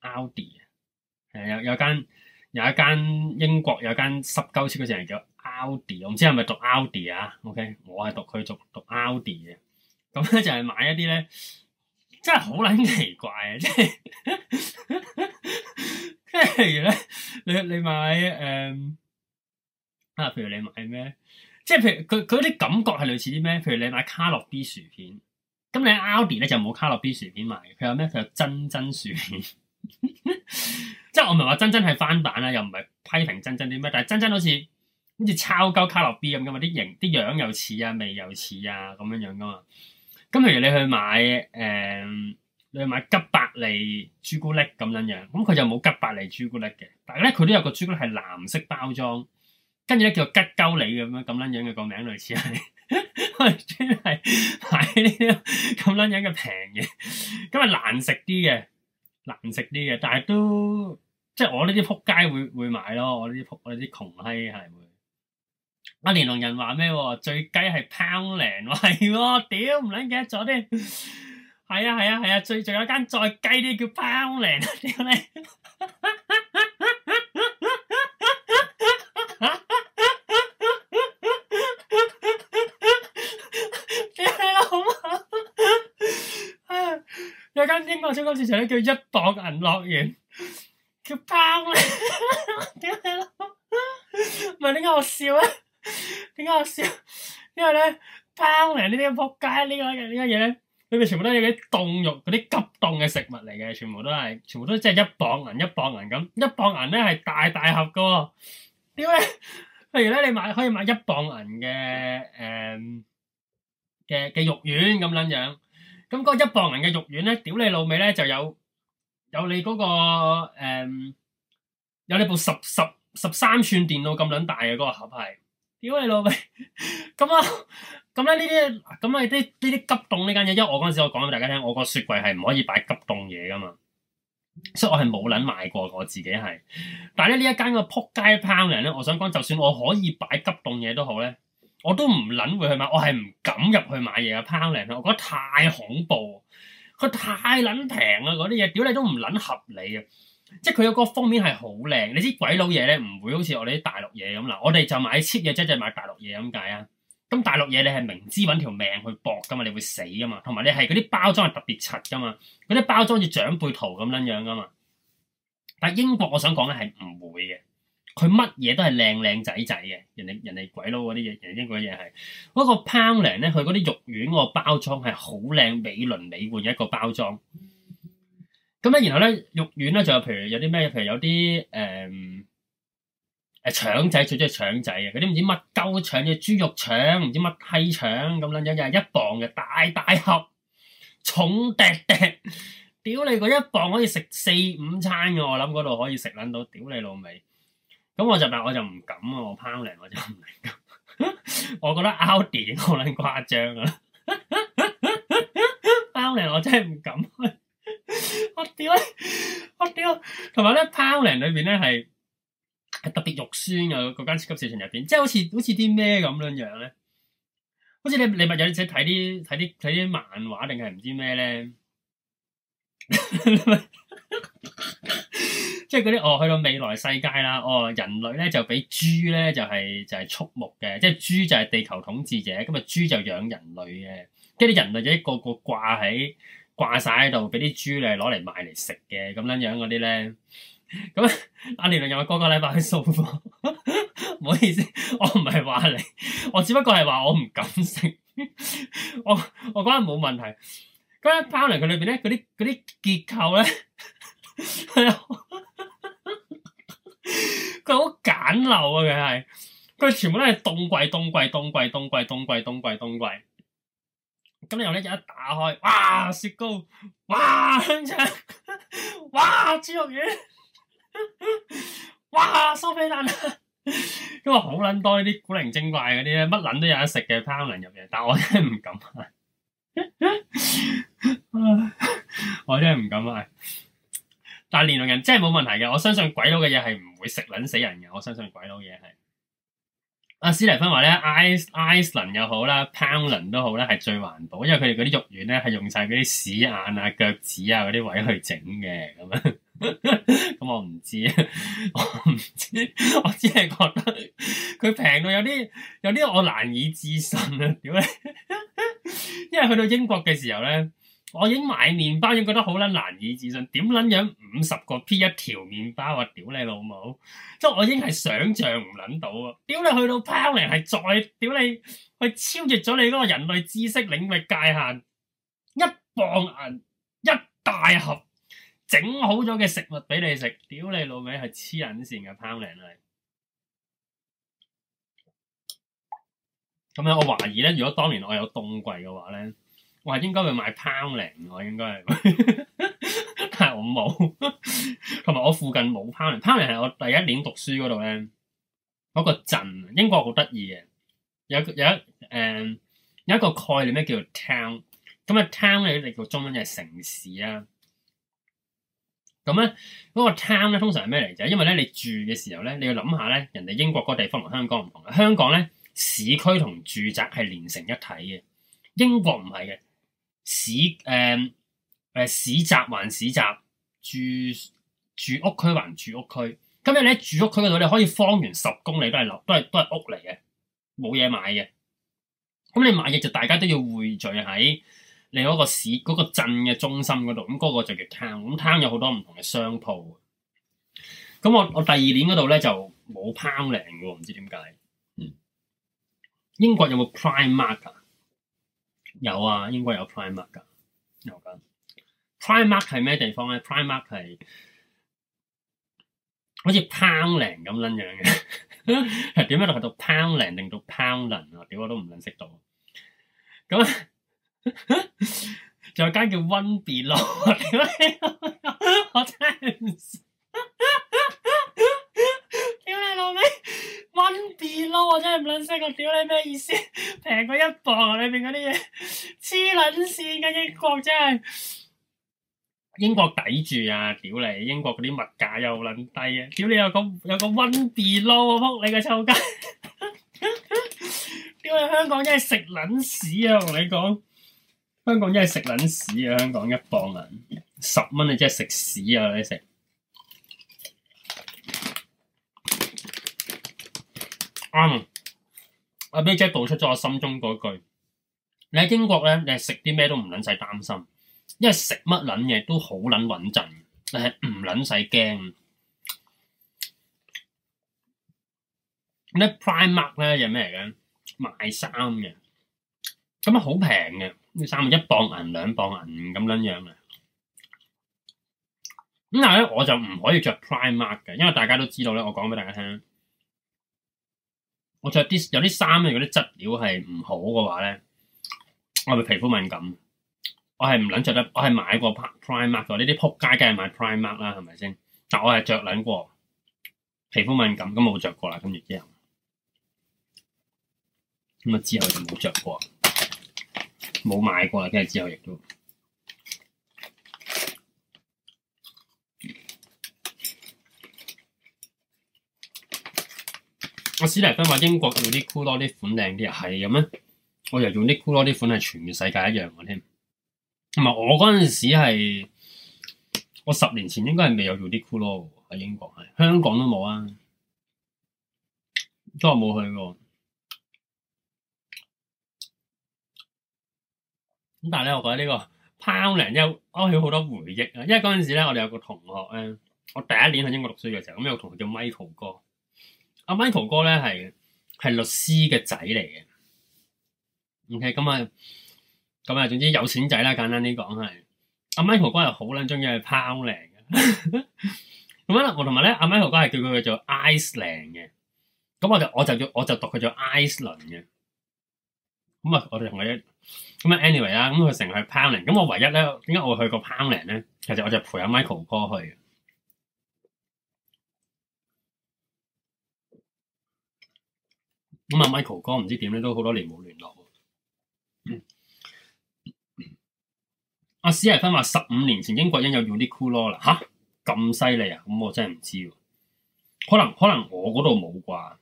呃、Aldi, 係係啊，Stephen。Aldi、 呃、啊，誒有有間有一間英國有間濕鳩車嗰隻人叫 Aldi，我唔知係咪讀 Aldi 啊？OK，我係讀佢讀，讀 Aldi 嘅。咁咧就係買一啲咧，真係好撚奇怪啊！即係即係例如咧，你你買誒啊，譬如你買咩？即係譬如佢佢嗰啲感覺係類似啲咩？譬如你買卡洛 B 薯片，咁你喺 Audi 咧就冇卡洛 B 薯片賣，佢有咩？佢有珍珍薯片。 即係我咪係話珍珍係翻版啊，又唔係批評珍珍啲咩，但係珍珍好似好似抄鳩卡洛 B 咁噶嘛，啲形啲樣，樣又似啊，味又似啊，咁樣樣噶嘛。咁譬如你去買誒、呃，你去買吉百利朱古力咁樣樣，咁佢就冇吉百利朱古力嘅，但係咧佢都有個朱古力係藍色包裝。跟住咧叫吉鳩李咁樣咁撚樣嘅個名，類似係，專係買呢啲咁撚樣嘅平嘢，咁啊難食啲嘅，難食啲嘅，但係都即係我呢啲撲街會會買咯，我呢啲撲我呢啲窮閪係會。阿連龍人話咩？最雞係 Poundland，係喎，屌唔撚記得咗啲，係啊係啊係啊，最仲有間再雞啲叫 Poundland，屌你。英國超級市場咧叫一磅銀樂園，叫包嚟，點解咧？唔係點解我笑咧？點解我笑？因為咧，包嚟呢啲咁撲街呢個嘢，呢個嘢咧，佢哋全部都係嗰啲凍肉，嗰啲急凍嘅食物嚟嘅，全部都係，全部都即係一磅銀一磅銀咁，一磅銀咧係大大盒嘅。點解咧？譬如咧，你買可以買一磅銀嘅誒嘅嘅肉丸咁撚樣。咁、那、嗰、個、一磅人嘅肉丸咧，屌你老味咧就有有你嗰、那個、嗯、有你部十十十三寸電腦咁撚大嘅嗰個盒係，屌你老味，咁啊咁咧呢啲咁啊啲呢啲急凍呢間嘢，因為我嗰陣時我講俾大家聽，我個雪櫃係唔可以擺急凍嘢噶嘛，所以我係冇撚買過我自己係。但咧呢一間個撲街 pound 咧，我想講，就算我可以擺急凍嘢都好咧。我都唔撚會去買，我係唔敢入去買嘢呀。Poundland 我覺得太恐怖，佢太撚平呀。嗰啲嘢屌你都唔撚合理嘅。即係佢有個封面係好靚，你知鬼佬嘢咧唔會好似我哋啲大陸嘢咁嗱，我哋就買 cheap 嘢即係買大陸嘢咁解啊。咁大陸嘢你係明知搵條命去搏噶嘛，你會死噶嘛，同埋你係嗰啲包裝係特別柒噶嘛，嗰啲包裝好似長輩圖咁撚樣噶嘛。但英國我想講咧係唔會嘅。佢乜嘢都係靚靚仔仔嘅，人哋人哋鬼佬嗰啲嘢，人英國嘢係，嗰、那個 pound 咧，佢嗰啲肉丸嗰個包裝係好靚，美輪美奐一個包裝。咁咧，然後咧，肉丸咧，就有，譬有，譬如有啲咩，譬如有啲誒誒腸仔，最中意腸仔啊！嗰啲唔知乜鳩腸嘅豬肉腸，唔知乜閪腸咁撚樣嘅，有一磅嘅大大盒，重甸甸，屌你個一磅可以食四五餐嘅，我諗嗰度可以食撚到，屌你老味！咁我就但我就唔敢啊！我 Poundland 我就唔嚟，咁我覺得 out 典好撚誇張啊 ！Poundland 我真係唔敢，我屌，我 屌， 同埋咧 Poundland 裏面，咧係特別肉酸嘅嗰間超級市場入面，即係好似好似啲咩咁樣樣咧，好似你你咪有時睇啲睇啲睇啲漫畫定係唔知咩咧。 即係嗰啲哦，去到未來世界啦，哦，人類咧就俾豬咧就係、是、就係畜牧嘅，即係豬就係地球統治者，咁啊豬就養人類嘅，跟住啲人類就一個個掛喺掛晒喺度，俾啲豬咧攞嚟賣嚟食嘅咁樣樣嗰啲咧，咁阿連潤又個個禮拜去掃貨，唔好意思，我唔係話你，我只不過係話我唔敢食，我我覺得冇問題。嗰一 Poundland 佢裏邊咧，嗰啲嗰啲結構咧，係啊，佢好簡陋啊！佢係，佢全部都係凍櫃、凍櫃、凍櫃、凍櫃、凍櫃、凍櫃、凍櫃。咁然後咧一打開，哇雪糕，哇香腸，哇豬肉丸，哇酥皮蛋，因為好撚多啲古靈精怪嗰啲咧，乜撚都有得食嘅 Poundland 入嘅，但係我真係唔敢。 我不的真係唔敢買，但係年輕人真係冇問題嘅。我相信鬼佬嘅嘢係唔會食撚死人嘅。我相信鬼佬嘢係阿史提芬話咧，Is Iceland 又好啦，Poundland 都好咧，係最環保，因為佢哋嗰啲肉丸咧係用晒嗰啲屎眼啊、腳趾啊嗰啲位去整嘅咁樣。咁我唔知啊，我唔知，我只係覺得佢平到有啲有啲我難以置信啊！屌你，因為去到英國嘅時候咧，我已經買麵包已經覺得好撚難以置信，點撚樣五十個 P 一條麵包啊！屌你老母，即係我已經係想象唔撚到啊！屌你去到 Powering 係再屌你，去超越咗你嗰個人類知識領域界限，一磅銀一大盒。整好咗嘅食物俾你食，屌你老味係黐引線嘅，Poundland，你。咁咧，我懷疑咧，如果當年我有凍櫃嘅話咧，我係應該會買 Poundland，我應該係，但係我冇，同埋我附近冇 Poundland。Poundland 係我第一年讀書嗰度咧，嗰個鎮，英國好得意嘅，有有一誒有一個概念咧叫做 town，咁啊 town 咧你叫中文就係城市啊。咁咧嗰個 town 咧通常係咩嚟，就係因為咧你住嘅時候咧你要諗下咧，人哋英國個地方同香港唔同，香港咧市區同住宅係連成一體嘅，英國唔係嘅，市誒、呃、市集還市集，住住屋區還住屋區，咁樣你喺住屋區嗰度你可以方圓十公里都係樓都係都係屋嚟嘅，冇嘢買嘅，咁你買嘢就大家都要匯聚喺。另一個市嗰、那個鎮嘅中心嗰度，咁、那、嗰個就叫 town，咁 town 有好多唔同嘅商鋪。咁我我第二年嗰度咧就冇 pound 零喎，唔知點解、嗯。英國有冇 Primark 啊？有啊，英國有 Primark 㗎。有㗎、啊。Primark 係咩地方咧？Primark 係好似 pound 零咁撚樣嘅，係點樣讀係到 pound 零定到 pound 零啊？屌我都唔撚識到。咁。仲 有間叫 One Below，我真係的唔，屌你老味！One Below 我真係唔撚識，我屌你咩意思？平過一磅裡，裏邊嗰啲嘢黐撚線嘅英國真係，英國抵住啊！屌你，英國嗰啲物價又撚低啊！屌 你 有個有個 One Below，我仆你個臭街！屌你香港真係食撚屎啊！同你講。香港真係食撚屎啊！香港一磅銀十蚊，你真係食屎啊！你食啱阿 May 姐道出咗我心中嗰句：你喺英國咧，你係食啲咩都唔撚使擔心，因為食乜撚嘢都好撚穩陣，你係唔撚使驚。你 Primark 咧有咩嚟嘅？賣衫嘅。咁啊好平嘅，三蚊一磅銀、兩磅銀咁撚樣嘅。咁但係咧，我就唔可以着 Primark 嘅，因為大家都知道咧，我講俾大家聽咧，我着啲有啲衫咧，嗰啲質料係唔好嘅話咧，我咪皮膚敏感，我係唔撚着得，我係買過 Primark 嘅，呢啲撲街梗係買 Primark 啦，係咪先？但係我係着撚過，皮膚敏感，咁我冇著過啦，今之啫。咁啊之後就冇着過。冇買過啦，跟住之後亦都。我史提芬話英國用啲 Cooler 啲款靚啲，係嘅咩？我又用啲 Cooler 啲款係全世界一樣嘅添。同埋我嗰陣時係，我十年前應該係未有用啲 Cooler 喺英國，係香港都冇啊。都冇去過。咁但係咧，我覺得呢個 Poundland 咧，我有好多回憶啊！因為嗰陣時咧，我哋有一個同學咧，我第一年喺英國讀書嘅時候，咁有個同學叫 Michael 哥，阿 Michael 哥咧係係律師嘅仔嚟嘅。OK，咁啊，咁啊，總之有錢仔啦，簡單啲講係。阿 Michael 哥係好捻中意去 Poundland 嘅，咁 啊，我同埋咧，阿 Michael 哥係叫佢做 Iceland 嘅，咁我就我就要我就讀佢做 Iceland 嘅，咁啊，我哋同佢。咁啊，anyway 啦，咁佢成日去 Poundland，咁我唯一咧，點解我會去過 Poundland 咧？其實我就陪阿 Michael 哥去。咁啊，Michael 哥唔知點咧，都好多年冇聯絡。阿 Stephen 話：十五年前英國人有用啲 Coolo 啦，吓咁犀利啊！咁我真係唔知，可能可能我嗰度冇啩，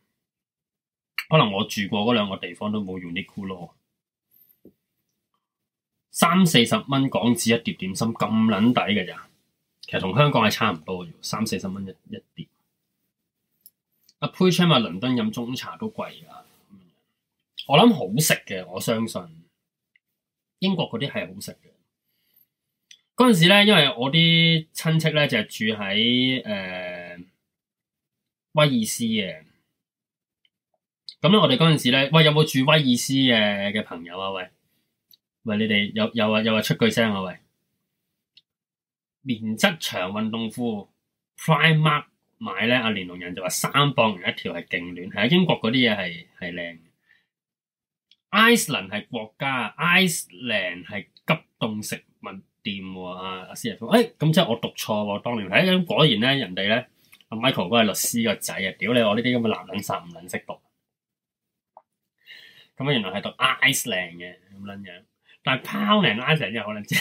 可能我住過嗰兩個地方都冇用啲 Coolo。三四十蚊港紙一碟點心咁撚抵嘅咋，其實同香港係差唔多嘅，三四十蚊一一碟。阿 Pusher 咪倫敦飲中茶都貴㗎。我諗好食嘅，我相信英國嗰啲係好食嘅。嗰陣時咧，因為我啲親戚咧就係、住喺誒、呃、威爾斯嘅，咁咧我哋嗰陣時咧，喂，有冇住威爾斯嘅嘅朋友啊？喂！喂，你哋又又話又話出句聲啊！喂，棉質長運動褲，Primark 買咧，阿連龍人就話三磅銀一條，係勁暖，喺英國嗰啲嘢係係靚。Iceland 係國家，Iceland 係急凍食物店喎。阿阿師爺講，誒咁即係我讀錯喎，當年睇，咁果然咧人哋咧阿 Michael 嗰個係律師個仔啊，屌你我呢啲咁嘅男人神唔撚識讀，咁啊原來係讀 Iceland 嘅咁撚樣。但係拋零拉神都有可能知。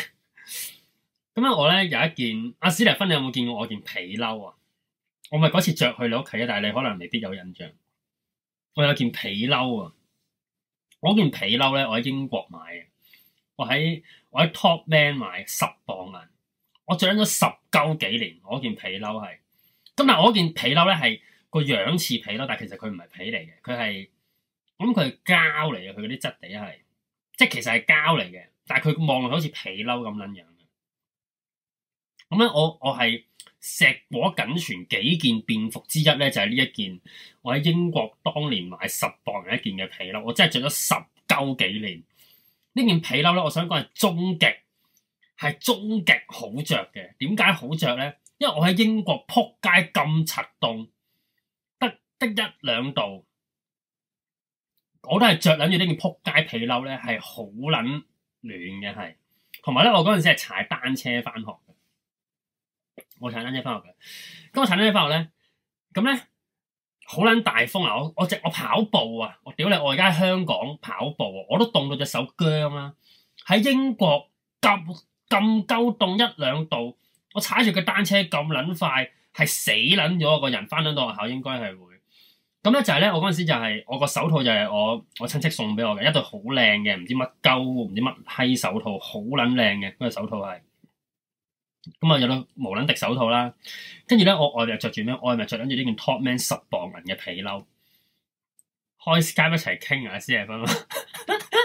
咁 我咧有一件阿、啊、史蒂芬，你有冇見過我件皮褸啊？我咪嗰次着去你屋企嘅，但係你可能未必有印象。我有件皮褸啊！我件皮褸咧，我喺英國買嘅，我喺我喺 Topman 買，十磅啊。我着咗十鳩幾年，我件皮褸係。咁但係我件皮褸咧係個樣似皮褸，但其實佢唔係皮嚟嘅，佢係咁佢膠嚟嘅，佢嗰啲質地係。即係其實係膠嚟嘅，但係佢望落好似皮褸咁撚樣嘅。咁咧，我我係碩果僅存幾件便服之一咧，就係、是、呢一件。我喺英國當年買十磅一件嘅皮褸，我真係着咗十鳩幾年。呢件皮褸咧，我想講係終極，係終極好着嘅。點解好着咧？因為我喺英國撲街咁柒凍，得得一兩度。我都係著捻住呢件撲街皮褸咧，係好捻暖嘅係。同埋咧，我嗰陣時係踩單車翻學，我踩單車翻學，我踩單車翻學嘅。咁我踩單車翻學咧，咁咧好捻大風啊！我我只我跑步啊，我屌你！我而家喺香港跑步，啊我都凍到隻手僵啦！喺英國咁咁鳩凍一兩度，我踩住個單車咁捻快，係死捻咗個人翻返到學校應該係會。咁咧就係咧，我嗰陣時就係我個手套就係我我親戚送俾我嘅，一對好靚嘅，唔知乜鳩，唔知乜閪手套，好撚靚嘅嗰個手套係。咁啊，有對無撚敵手套啦，跟住咧我外邊着住咩外邊著緊住呢件 Topman 十磅銀嘅皮褸。開 Skype 一齊傾啊，Stephen，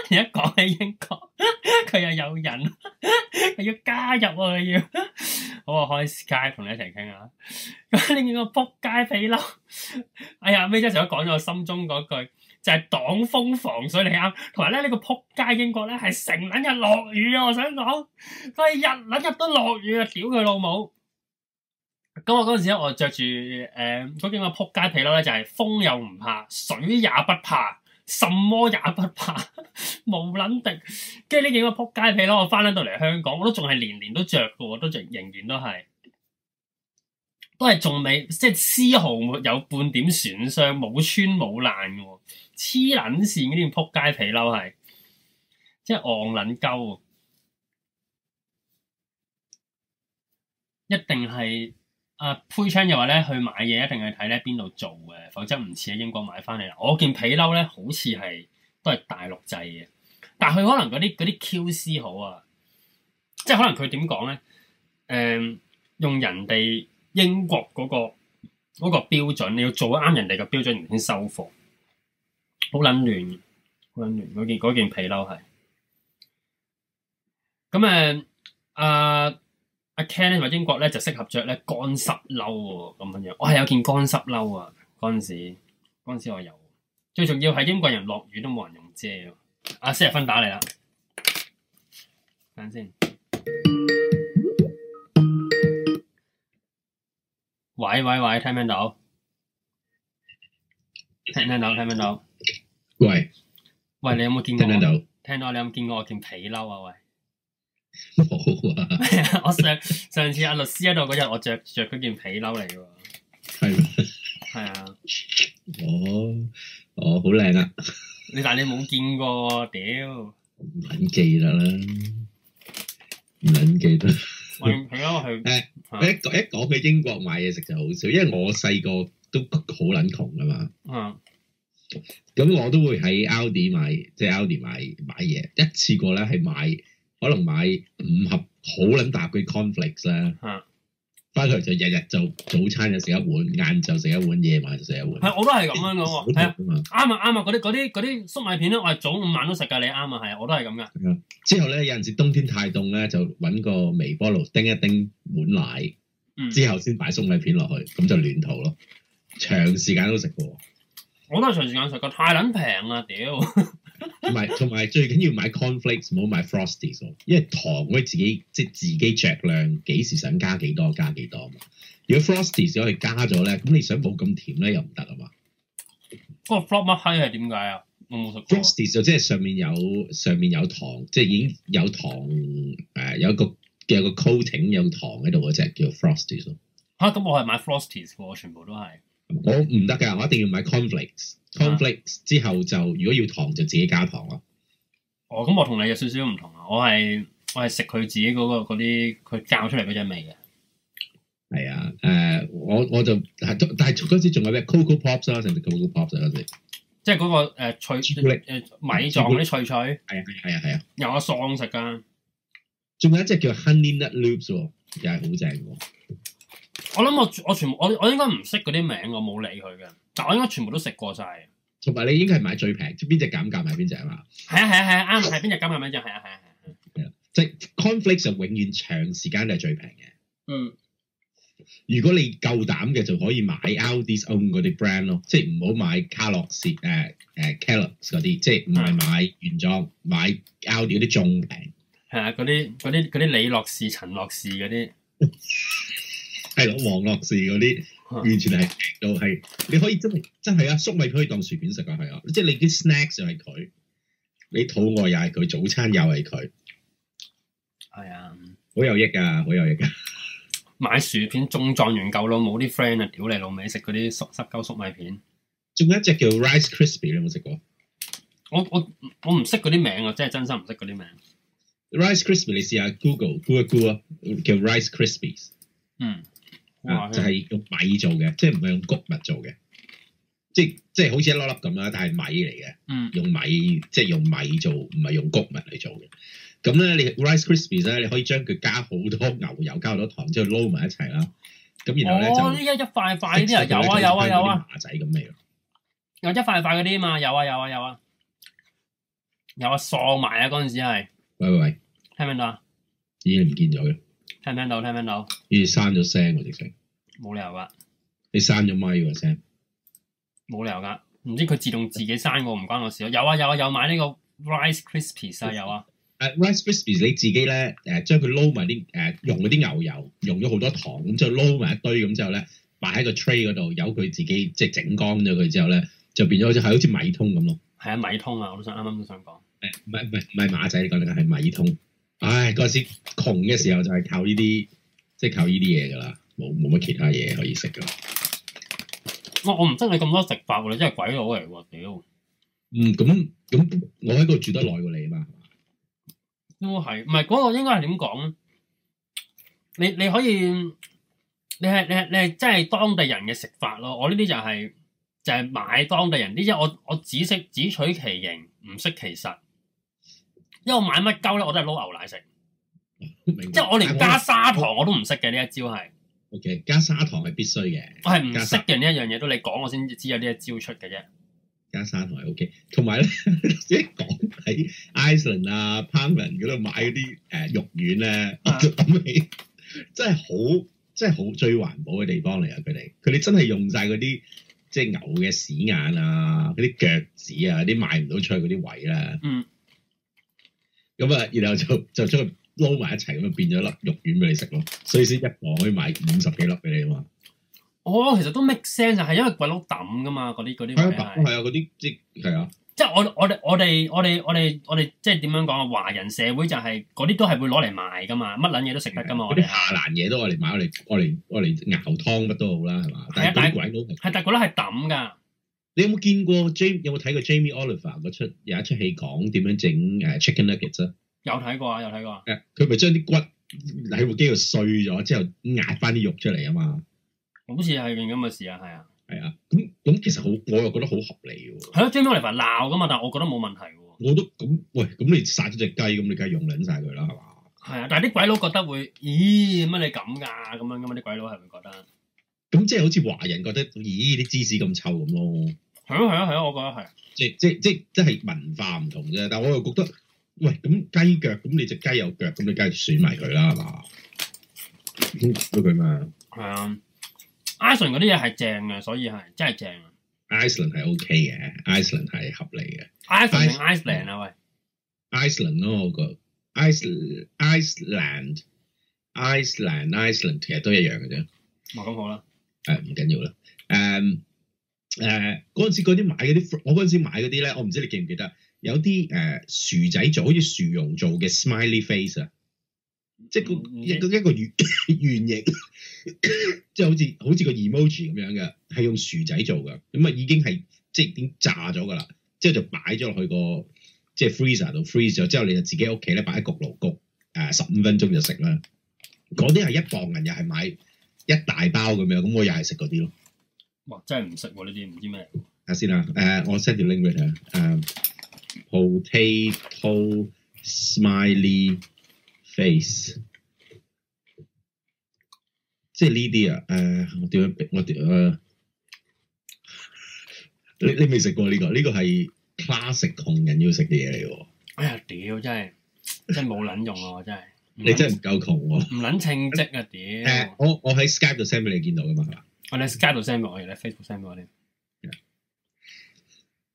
一講起英國佢又有人，又要加入啊，又要，好啊開 Skype 同 你一齊傾啊。咁呢個扑街肥佬，哎呀 Vince 成日講咗我心中嗰句就係、是、擋風防水你啱。同埋咧呢、這個扑街英國咧係成日落雨啊，我想講，佢日日都落雨啊，屌佢老母！咁我嗰陣時咧，我着住誒嗰件嘅撲街皮褸咧，就係風又唔怕，水也不怕，什麼也不怕，冇撚敵。跟住呢件嘅撲街皮褸，我翻返到嚟香港，我都仲係年年都着㗎，我都仍然都係，都係仲未，即係絲毫沒有半點損傷，冇穿冇爛嘅，黐撚線嗰啲撲街皮褸係，即係戇撚鳩啊！一定係。啊配 e 又話咧，去買嘢一定係睇咧邊度做嘅，否則唔似喺英國買翻嚟。我件皮褸咧，好似係都係大陸製嘅，但係佢可能嗰啲嗰啲 QC 好啊，即係可能佢點講咧？誒、嗯，用人哋英國嗰、嗰個嗰、嗰個標準，你要做啱人哋嘅標準先收貨，好撚亂，好撚亂。我件嗰件皮褸係，咁、嗯、誒啊！阿 Ken 咧話英國咧就適合著咧乾濕褸喎，咁樣樣，我係有件乾濕褸啊，嗰陣時，嗰陣時我有。最重要係英國人落雨都冇人用遮。阿 Stephen 打嚟啦，等陣先。喂喂喂，聽唔聽到？聽唔聽到？聽唔聽到？喂喂，你有冇見過？聽唔聽到？聽到你有冇見過我件皮褸啊？喂。冇啊， 啊，啊！我上上次阿律師喺度嗰日，我着着佢件皮褸嚟嘅喎。係係啊！ 哦好靚 啊！你但你冇見過屌，唔撚記得啦，唔撚記得。係係啊，係誒，一一講起英國買嘢食就好少，因為我細個都好撚窮㗎嘛。嗯、啊。咁我都會喺 Aldi 買，即、就、係、是、Aldi 買買嘢，一次過咧係買。可能買五盒好撚大嘅 conflicts 啦，翻去就日日就早餐就食一碗，晏晝食一碗，夜晚就食一碗。係，我都係咁樣嘅喎，係啱啊啱啊。嗰啲啲啲粟米片咧，我係早午晚都食噶，你啱啊，係，我都係咁噶。之後咧，有陣時冬天太凍咧，就揾個微波爐叮一叮碗奶，嗯、之後先擺粟米片落去，咁就暖肚咯。長時間都食過，我都係長時間食過，太撚平啦，屌！ 同埋，同埋最緊要買 conflicts，唔好買 frosties。因為糖可以自己即係自己酌量，幾時想加幾多加幾多嘛。如果 frosties 我哋加咗咧，咁你想冇咁甜咧又唔得啊嘛。嗰個 frosty 乜閪係點解啊？我冇食過 frosties 就即係上面有上面有糖，即係已經有糖誒，有一個有個 coating 有糖喺度嗰隻叫 frosties 吓，咁我係買 frosties，我全部都係。我唔得噶，我一定要買 corn flakes。corn flakes 之後就如果要糖就自己加糖咯。哦，咁、嗯嗯嗯、我同你有少少唔同啊！我係我係食佢自己嗰、那個嗰啲佢教出嚟嗰隻味嘅。係啊，誒、呃，我我就但係嗰時仲有咩 Coco Pops 啦？成隻 Coco Pops 啊，即係嗰、那個誒、呃、脆誒米狀嗰啲脆脆。係啊係啊係啊係啊，有我喪食噶。仲有一隻叫 Honey Nut Loops，又、哦、係好正喎。我諗我我全部我我應該唔識嗰啲名，我冇理佢嘅。但係我應該全部都食過晒。同埋你應該係買最平，即係邊隻減價買邊隻啊？嘛係啊係啊係啊，啱係邊隻減價買邊隻，係啊係啊係啊，即係 Cornflakes 就永遠長時間係最平嘅。嗯，如果你夠膽嘅，就可以買 Aldi's own 嗰啲 brand 咯，即係唔好買卡洛士誒誒 Kelis 嗰啲，即係唔係買原裝，買 Aldi 嗰啲仲平。係啊，嗰啲嗰啲嗰啲李洛士、陳洛士嗰啲。係咯，黃樂士嗰啲完全係食到係，你可以真係真係啊！粟米可以當薯片食啊，係啊，即係你啲 snacks 又係佢，你肚餓又係佢，早餐又係佢，係、哎、啊，好有益噶，好有益噶。買薯片中狀元夠咯，冇啲 friend 啊，屌你老味食嗰啲濕濕鳩粟米片，仲有一隻叫 Rice c r i s p y 你有冇食過？我我我唔識嗰啲名啊，真係真心唔識嗰啲名。Rice c r i s p y 你試下 Google g o o g 叫 Rice c r i s p i e s 嗯。啊、就係、是、用米做嘅，即係唔係用穀物做嘅，即係即係好似一粒粒咁啦，但係米嚟嘅。嗯，用米即係、就是、用米做，唔係用穀物嚟做嘅。咁咧，你 Rice Krispies 咧，你可以將佢加好多牛油，加好多糖，之後撈埋一齊啦。咁然後咧就哦，呢一塊一塊塊呢啲啊，有啊有啊有啊，馬仔咁味咯。有，一塊塊嗰啲啊嘛，有啊有啊有啊，有啊，嗦埋啊嗰陣、啊啊啊啊啊啊啊啊、時係。喂喂喂，聽唔聽到啊？咦，你唔見咗嘅。.聽唔聽到？聽唔聽到？你刪咗聲喎直情，冇理由噶。你刪咗咪喎聲，冇理由噶。唔知佢自動自己刪喎，唔關我事咯。有啊有啊，有買呢個 Rice Krispies 啊有啊。誒、啊、，Rice Krispies 你自己咧，誒、啊,將佢撈埋啲誒,用嗰啲牛油，用咗好多糖，咁、嗯、之後撈埋一堆，咁之後咧，擺喺個 tray 嗰度，由佢自己即係整乾咗佢之後咧，就變咗係好似米通咁咯。係啊，米通啊，我都想啱啱都想講。誒、啊，唔係唔係唔係馬仔講嘅，係米通。唉，嗰時窮嘅時候就係靠呢啲，即係靠呢啲嘢噶啦，冇冇乜其他嘢可以食噶。我我唔識你咁多食法喎，你真係鬼佬嚟喎，屌！嗯，咁咁我喺嗰度住得耐過你啊嘛，都係，唔係嗰個應該係點講咧？你你可以，你係你係你係真係當地人嘅食法咯。我呢啲就係就係買當地人啲，即係我我只識只取其形，唔識其實。因為我買乜鳩咧，我都係撈牛奶食。即係我連加砂糖我都唔識嘅，呢一招係。O、okay, K，加砂糖係必須嘅。我係唔識嘅呢一樣嘢，都你講我先知有呢一招出嘅啫。加砂糖係 O K，同埋咧，頭先 講喺 Iceland 啊，Poundland 嗰度買嗰啲誒肉丸咧，啊，我就諗起真係好，真係好最環保嘅地方嚟啊！佢哋佢哋真係用晒嗰啲即係牛嘅屎眼啊，嗰啲腳趾啊，啲賣唔到出去嗰啲位啦，啊。嗯。咁啊，然後就就將佢撈埋一齊，咁就變咗粒肉丸俾你食咯。所以先一磅可以買五十幾粒俾你啊嘛。哦，其實都 make sense，係因為鬼佬抌噶嘛，嗰啲嗰啲係啊，係啊，嗰啲即係啊。即係我我哋我哋我哋我哋我哋即係點樣講啊？華人社會就係嗰啲都係會攞嚟賣噶嘛，乜撚嘢都食得噶嘛。嗰啲下難嘢都攞嚟賣，攞嚟攞嚟攞嚟熬湯乜都好啦，係嘛？但係鬼佬係但係鬼佬係抌㗎。你有冇見過 J 有冇睇過 Jamie Oliver 嗰出有一出戲講點樣整誒 chicken nuggets 啊？有睇過啊，有睇過、啊。誒，佢咪將啲骨喺部機度碎咗之後壓翻啲肉出嚟啊嘛？好似係咁嘅事啊，係啊，係啊。咁咁其實好，我又覺得好合理嘅、啊。係咯、啊，Jamie Oliver 鬧噶嘛，但係我覺得冇問題嘅。我都咁喂，咁你殺咗隻雞，咁你梗係用捻晒佢啦，係嘛？係啊，但係啲鬼佬覺得會，咦？乜你咁噶？咁樣噶嘛？啲鬼佬係咪覺得？咁即係好似華人覺得，咦，啲芝士咁臭咁咯。係啊，係啊，係啊，我覺得係。即即即即係文化唔同啫。但係我又覺得，喂，咁雞腳咁，雞你隻雞有腳，咁你梗係算埋佢啦，係嘛、嗯？都佢嘛。係啊，Iceland 嗰啲嘢係正嘅，所以係真係正。啊。Iceland 係 OK 嘅，Iceland 係合理嘅。Iceland Iceland 啊？喂，Iceland 咯，我覺 Iceland Iceland Iceland Iceland 其實都一樣嘅啫。咁好啦。誒、啊，唔緊要啦。誒、啊、誒、嗰、啊、陣時嗰啲買嗰啲，我嗰陣時買嗰啲咧，我唔知你記唔記得，有啲誒、啊、薯仔做，好似薯蓉做嘅 smiley face 啊，嗯、即係、嗯、一個一圓圓形，即 係好似好似個 emoji 咁樣嘅，係用薯仔做噶，咁、嗯、啊已經係即係已經炸咗噶啦，之後就擺咗落去、個即係 freezer 度 freeze 咗，之後你就自己屋企咧擺喺焗爐焗，誒十五分鐘就食啦。嗰啲係一磅銀又係買。一大包咁樣，咁我又係食嗰啲咯。哇！真係唔食呢啲，唔知咩。阿先啊，誒、呃，我 send 條 link 俾你啊。誒，potato smiley face，即係呢啲啊。誒、呃，我點樣我點？我點呃、你你未食過呢、呢個？呢、呢個係 classic 窮人要食嘅嘢嚟喎。哎呀！屌，真係真係冇卵用啊！ 真係。你真係唔夠窮喎！唔撚稱職啊！點？誒，我我喺 Skype 度 send 俾你見到噶嘛？係嘛？你喺 Skype 度 send 俾我，而家 Facebook send 俾我啲。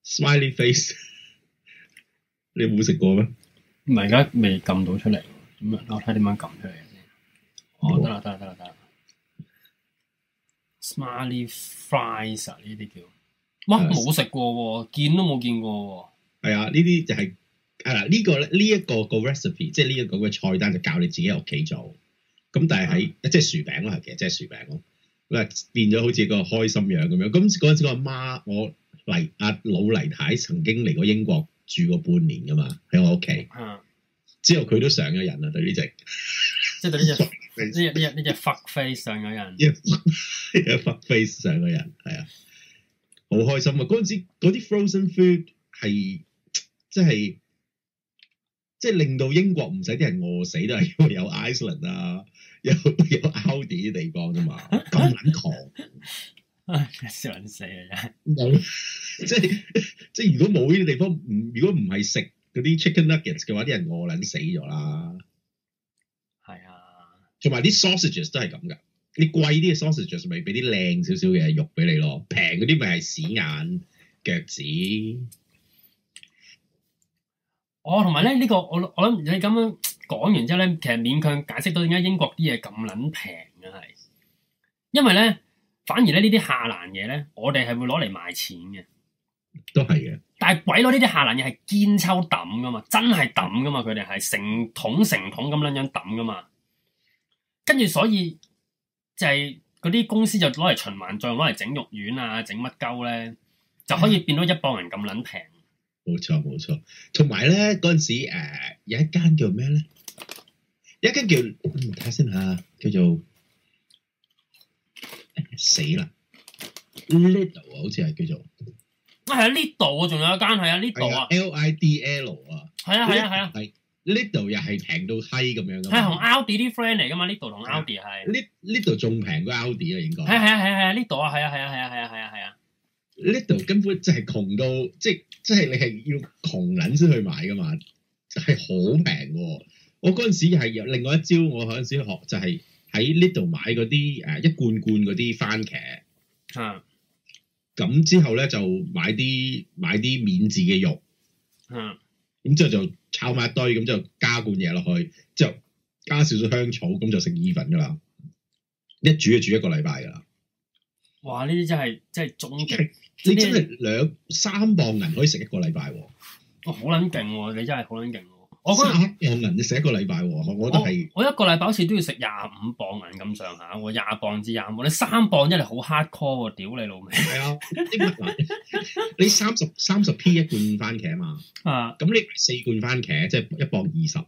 Smiley face，你冇食過咩？唔係而家未撳到出嚟喎。點啊？我睇點樣撳出嚟先。哦，得啦得啦得啦得啦。Smiley fries 呢啲叫，乜冇食過喎，見都冇見過喎。係啊，呢啲就係。啊、這、嗱、個，呢、這個咧，呢一個個 recipe，即係呢一個嘅菜單，就教你自己喺屋企做。咁但係喺，即係薯餅咯，係其實即係薯餅咯。咁變咗好似個開心樣咁樣。咁嗰陣時媽，阿媽我黎阿老黎太曾經嚟過英國住過半年㗎嘛，喺我屋企、嗯。之後佢都上咗人啊，對呢隻，即、嗯、係 對呢隻呢隻呢隻呢隻 fuck face 上咗人，呢 隻 fuck face 上咗人係啊，好開心啊！嗰陣時嗰啲 frozen food 係，即係。即係令到英國唔使啲人餓死都係因為有 Iceland 啊，有有 Aldi 啲地方啫嘛，咁撚狂，想死啦！有即係即係如果冇呢啲地方，唔如果唔係食嗰啲 Chicken Nuggets 嘅話，啲人餓撚死咗啦。係啊，同埋啲 sausages 都係咁㗎。你貴啲嘅 sausages 咪俾啲靚少少嘅肉俾你咯，平嗰啲咪係屎眼腳趾。哦呢這個、我同埋咧，呢個我我諗你咁樣講完之後咧，其實勉強解釋到點解英國啲嘢咁撚平嘅係，因為咧反而咧呢啲下欄嘢咧，我哋係會攞嚟賣錢嘅，都係嘅。但係鬼佬呢啲下欄嘢係堅抽抌噶嘛，真係抌噶嘛，佢哋係成桶成桶咁樣樣抌噶嘛，跟住所以就係嗰啲公司就攞嚟循環再攞嚟整肉丸啊，整乜鳩咧，就可以變到一幫人咁撚平。冇錯冇錯，同埋咧嗰陣時誒有一間叫咩咧？有一間叫睇下、嗯、先吓，叫做死啦！Little 啊，好似係叫做，啊係啊，Little 仲有一間係啊，Little 啊，Lidl 啊，係啊係啊係啊，係 Little 又係平到閪咁樣噶，係同奧迪啲 friend 嚟噶嘛，呢度同奧迪係，呢呢度仲平過奧迪啊，應該，係係啊係係啊，呢度啊係啊係啊係啊係啊係啊。呢度根本就係窮到，即係即係你係要窮捻先去買噶嘛，係好平。我嗰陣時係有另外一招我，我嗰陣時學就係喺呢度買嗰啲誒一罐罐嗰啲番茄，啊，咁之後咧就買啲買啲免治嘅肉，啊，咁之後就炒埋一堆，咁之後加罐嘢落去，之後加少少香草，咁就食意粉噶啦，一煮就煮一個禮拜噶啦。哇！呢啲真係真係終極 你真係兩三磅銀可以食一個禮拜喎，哦好捻勁喎！你真係好捻勁喎。我覺得三磅銀你食一個禮拜喎，我覺得我，我一個禮拜好似都要食廿五磅銀咁上下喎，廿磅至廿五。你三磅真係好 hardcore 喎，屌 你老味。係啊，你， 你三十三十 p 一罐番茄嘛，啊，咁你四罐番茄即係一磅二十，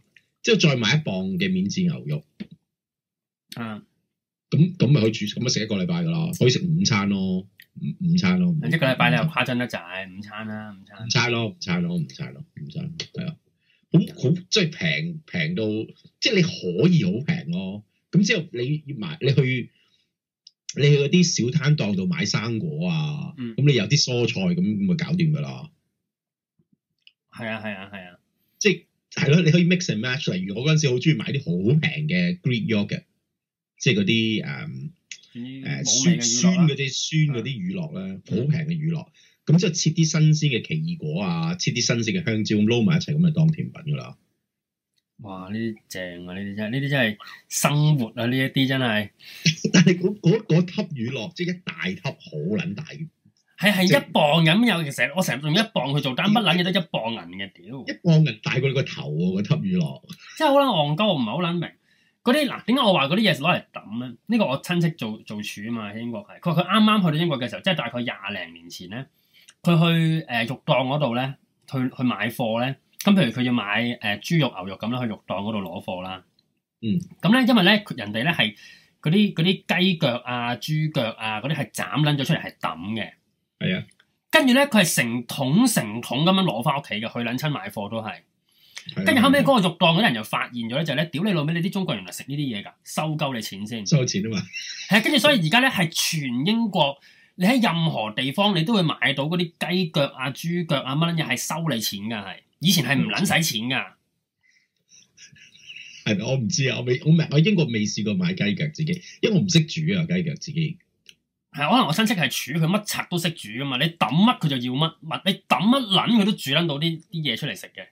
之後再買一磅嘅免治牛肉，啊 ，咁咁咪去煮，咁咪食一個禮拜噶啦，可以食午餐咯。五午餐咯，一個禮拜你又誇張得滯，五餐啦，五餐。五餐咯，五餐咯，五餐咯，五餐咯，係啊，咁、嗯、好即係平平到，即係你可以好平咯。咁之後你買，你去你去嗰啲小攤檔度買生果啊，咁你有啲蔬菜咁咁咪搞掂㗎啦。係啊，係啊，係啊。即係係咯，你可以 mix and match，例如我嗰陣時好中意買啲好平嘅 Greek yogurt，即係嗰啲誒。嗯誒、嗯、酸嗰啲酸嗰啲乳酪咧，好、嗯、平嘅乳酪，咁即係切啲新鮮嘅奇異果啊，切啲新鮮嘅香蕉，撈埋一齊咁就當甜品㗎啦。哇！呢啲正啊，呢啲真係，呢啲真係生活啊，呢一啲真係。 但係嗰嗰粒乳酪，即係、就是、一大粒，好撚大嘅。係係一磅咁有，其、就、實、是、我成日用一磅去做單，乜撚嘢都一磅銀嘅，屌！一磅銀大過你個頭喎、啊，嗰粒乳酪。即係好撚憨鳩，我唔係好撚明。啲嗱，點解我話嗰啲嘢攞嚟抌咧？呢個我親戚做做廚啊嘛，喺英國係，佢佢啱啱去到英國嘅時候，即係大概廿零年前咧，佢去誒肉檔嗰度咧，去去買貨咧，咁譬如佢要買誒豬肉、牛肉咁啦，去肉檔嗰度攞貨啦。嗯，咁咧因為咧人哋咧係嗰啲嗰啲雞腳啊、豬腳啊嗰啲係斬攆咗出嚟係抌嘅。係啊，跟住咧佢係成桶成桶咁樣攞翻屋企嘅，去撚親買貨都係。跟住後尾嗰個肉檔嗰啲人又發現咗咧，就係，就係咧屌，你老味，你啲中國人嚟，食呢啲嘢噶，收鳩你錢先，收錢啊嘛。係啊，跟住所以而家咧係全英國，你喺任何地方你都會買到嗰啲雞腳啊、豬腳啊、乜嘢，係收你錢噶係。以前係唔捻使錢噶。係我唔知啊，我未我我英國未試過買雞腳自己，因為我唔識煮啊雞腳自己。係可能我親戚係煮，佢乜賊都識煮噶嘛。你抌乜佢就要乜，乜你抌乜捻佢都煮捻到啲啲嘢，出嚟食嘅。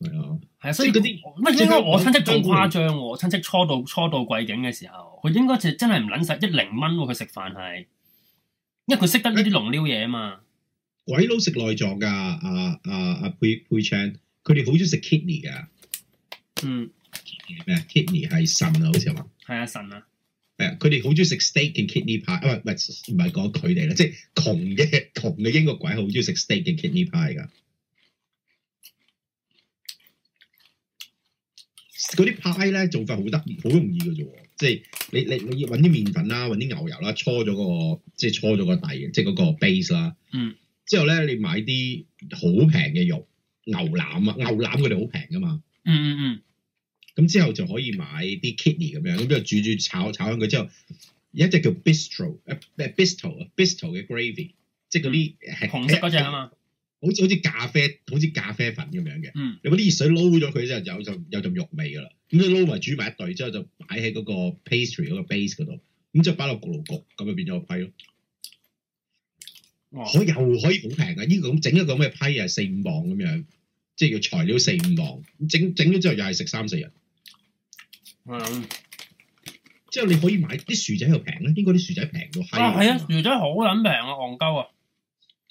係咯、啊，係啊，所以嗰啲乜應該我親戚仲誇張喎，親、那個、戚初到初到貴境嘅時候，佢應該就真係唔捻實一零蚊喎，佢食飯係，因為佢識得呢啲龍撩嘢啊嘛、欸，鬼佬食內臟噶，阿阿阿 P P Chan 佢哋好中意食 kidney 噶，嗯，咩 kidney 係腎啊，好似係嘛，係啊腎啊，係佢哋好中意食 steak and kidney pie，唔係唔講佢哋啦，即係窮嘅窮嘅英國鬼好中意食 steak and kidney pie 噶。嗰啲派咧做法好得好容易嘅啫，即係你你你要搵啲麵粉啦，搵啲牛油啦，搓咗個即係搓咗個底，即係嗰個 base 啦。嗯。之後咧，你買啲好平嘅肉，牛腩啊，牛腩佢哋好平噶嘛。嗯嗯嗯。咁之後就可以買啲 kidney 咁樣，咁之後煮煮炒炒香佢之後，有一隻叫 bistro，誒 bistro 啊，bistro 嘅 gravy，即係嗰啲紅色嗰隻啊嘛。好似好似咖啡，好似咖啡粉咁樣嘅。嗯，你啲熱水撈咗佢之後，就有有陣肉味噶啦。咁即係撈埋煮埋一對，之後就擺喺嗰個 pastry 嗰個 base 嗰度。咁之後擺落焗爐焗，咁就變咗個批咯。哦可，又可以好平啊！呢、呢個咁整一個咁嘅批啊，四五磅咁樣，即係叫材料四五磅。整整咗之後又係食三四日。啊、嗯，之後你可以買啲薯仔又平咧，應該啲薯仔平到啊，係啊，薯仔好撚平啊，戇鳩啊！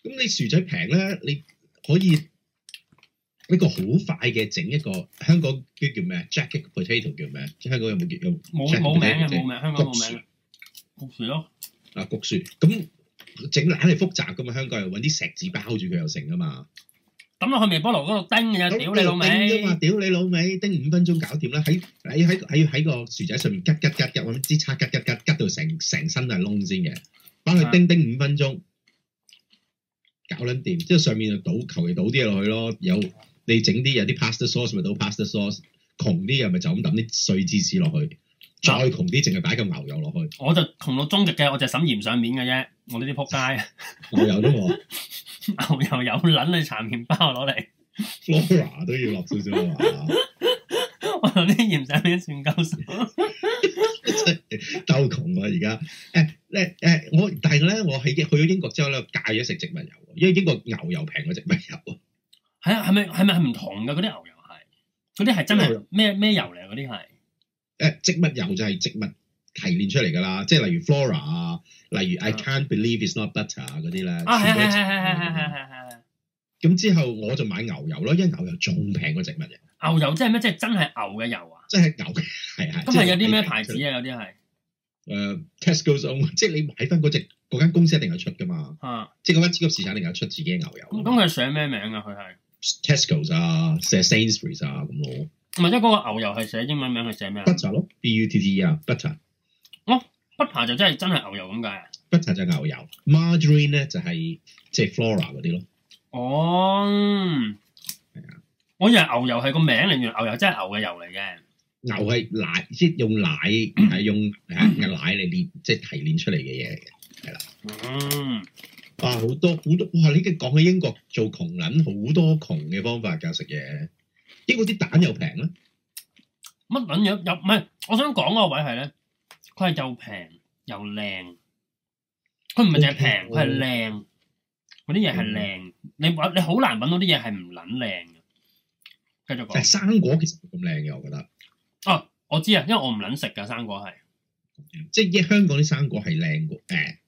咁你薯仔平咧，你可以一個好快嘅，整一個香港啲叫咩啊？Jacket potato 叫咩啊？香港有冇叫有冇？冇，冇名嘅冇名，香港冇名。焗薯咯。啊，焗薯，咁整硬係複雜噶嘛？香港又搵啲錫紙包住佢又成啊嘛。咁去微波爐嗰度叮啊！屌你老味。叮啊嘛！屌你老味，叮五分鐘搞掂啦。喺喺喺喺個薯仔上面吉吉吉吉，支叉吉吉吉吉到成成身都係窿先嘅。幫佢叮叮五分鐘。搞撚掂，即係上面就倒，求其倒啲嘢落去咯。有你整啲有啲 pasta sauce 咪倒 pasta sauce，窮啲又咪就咁抌啲碎芝士落去，再窮啲淨係擺嚿牛油落去。我就窮到終極嘅，我就抌鹽上面嘅啫。我呢啲仆街，牛油都冇，牛油有捻你搽麵包攞嚟，Flora 都要落少少我同啲鹽上面算鳩死，鬥 窮啊而家。咧誒我，但係咧我喺去咗英國之後咧，戒咗食植物油，因為英國牛油平過植物油啊。係啊，係咪係咪係唔同嘅嗰啲牛油啊？係，嗰啲係真係咩咩油嚟啊？嗰啲係誒植物油就係植物提煉出嚟㗎啦，即係例如 Flora 啊，例如 I can't believe it's not butter 嗰啲咧。啊係係係係係咁之後我就買牛油咯，因為牛油仲平過植物油。牛油即係咩？即、就、係、係、真係牛嘅油啊？即係牛嘅係係。咁係、啊啊、有啲咩牌子啊？有啲係。誒，Tesco 嘅，即係你買翻嗰隻嗰間公司一定有出噶嘛，啊，即係嗰間超級市場一定有出自己嘅牛油。咁佢寫咩名啊？佢係 Tesco 啊，寫 Sainsbury 啊咁咯。唔係，即係嗰個牛油係寫英文名，佢寫咩啊？Butter 咯，B-U-T-T 啊，butter。哦，butter 就真係真係牛油咁解啊？butter 就牛油，margarine 咧就係即係 flora 嗰啲咯。哦，係啊，我以為牛油係個名嚟，原來牛油真係牛嘅油嚟嘅。牛係奶，即係用奶係用吓嘅奶嚟煉，即係提煉出嚟嘅嘢嘅，係啦。嗯，哇，好多好多哇！你講起英國做窮撚，好多窮嘅方法噶食嘢。英國啲蛋又平啦，乜撚樣又唔係？我想講個位係咧，佢係又平又靚，佢唔係淨係平，佢係靚。嗰啲嘢係靚，你揾你好難揾到啲嘢係唔撚靚嘅。繼續講。但係生果其實冇咁靚嘅，我覺得。哦、啊，我知啊，因為我唔捻食噶生果係、嗯，即係啲香港啲生果係靚嘅，誒、哎，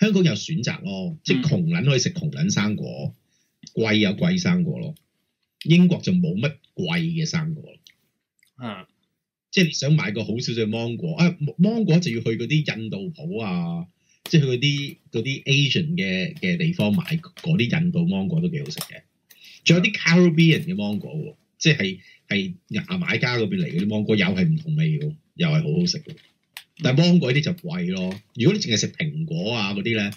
香港有選擇咯，即係窮捻可以食窮捻生果，貴、嗯、有貴生果咯。英國就冇乜貴嘅生果，啊、嗯，即係想買個好少少芒果，誒、哎，芒果就要去嗰啲印度鋪啊，即係去嗰啲嗰啲 Asian 嘅嘅地方買，嗰啲印度芒果都幾好食嘅，仲、嗯、有啲 Caribbean 嘅芒果喎，即係。係牙買加嗰邊嚟嘅啲芒果又係唔同味嘅，又係好好食嘅。但係芒果嗰啲就貴咯。如果你淨係食蘋果啊嗰啲咧，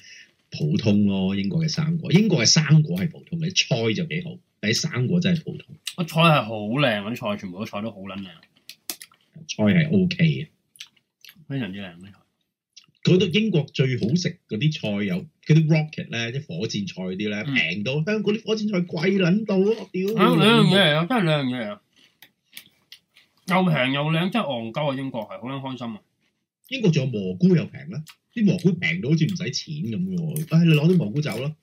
普通咯。英國嘅生果，英國嘅生果係普通嘅。菜就幾好，但啲生果真係普通。啲菜係好靚，嗰啲菜全部啲菜都好撚靚。菜係 OK 嘅，非常之靚嘅菜。嗰、那、啲、個、英國最好食嗰啲菜有嗰啲、那個、rocket 咧，啲火箭菜嗰啲咧，平到香港啲火箭菜貴撚到咯，屌！兩樣嘢啊，你真係兩樣嘢啊！夠又平又靚，真係戇鳩啊！英國係好撚開心啊！英國仲有蘑菇又平咧，啲蘑菇平到好似唔使錢咁嘅喎。唉，哎，你攞啲蘑菇走啦！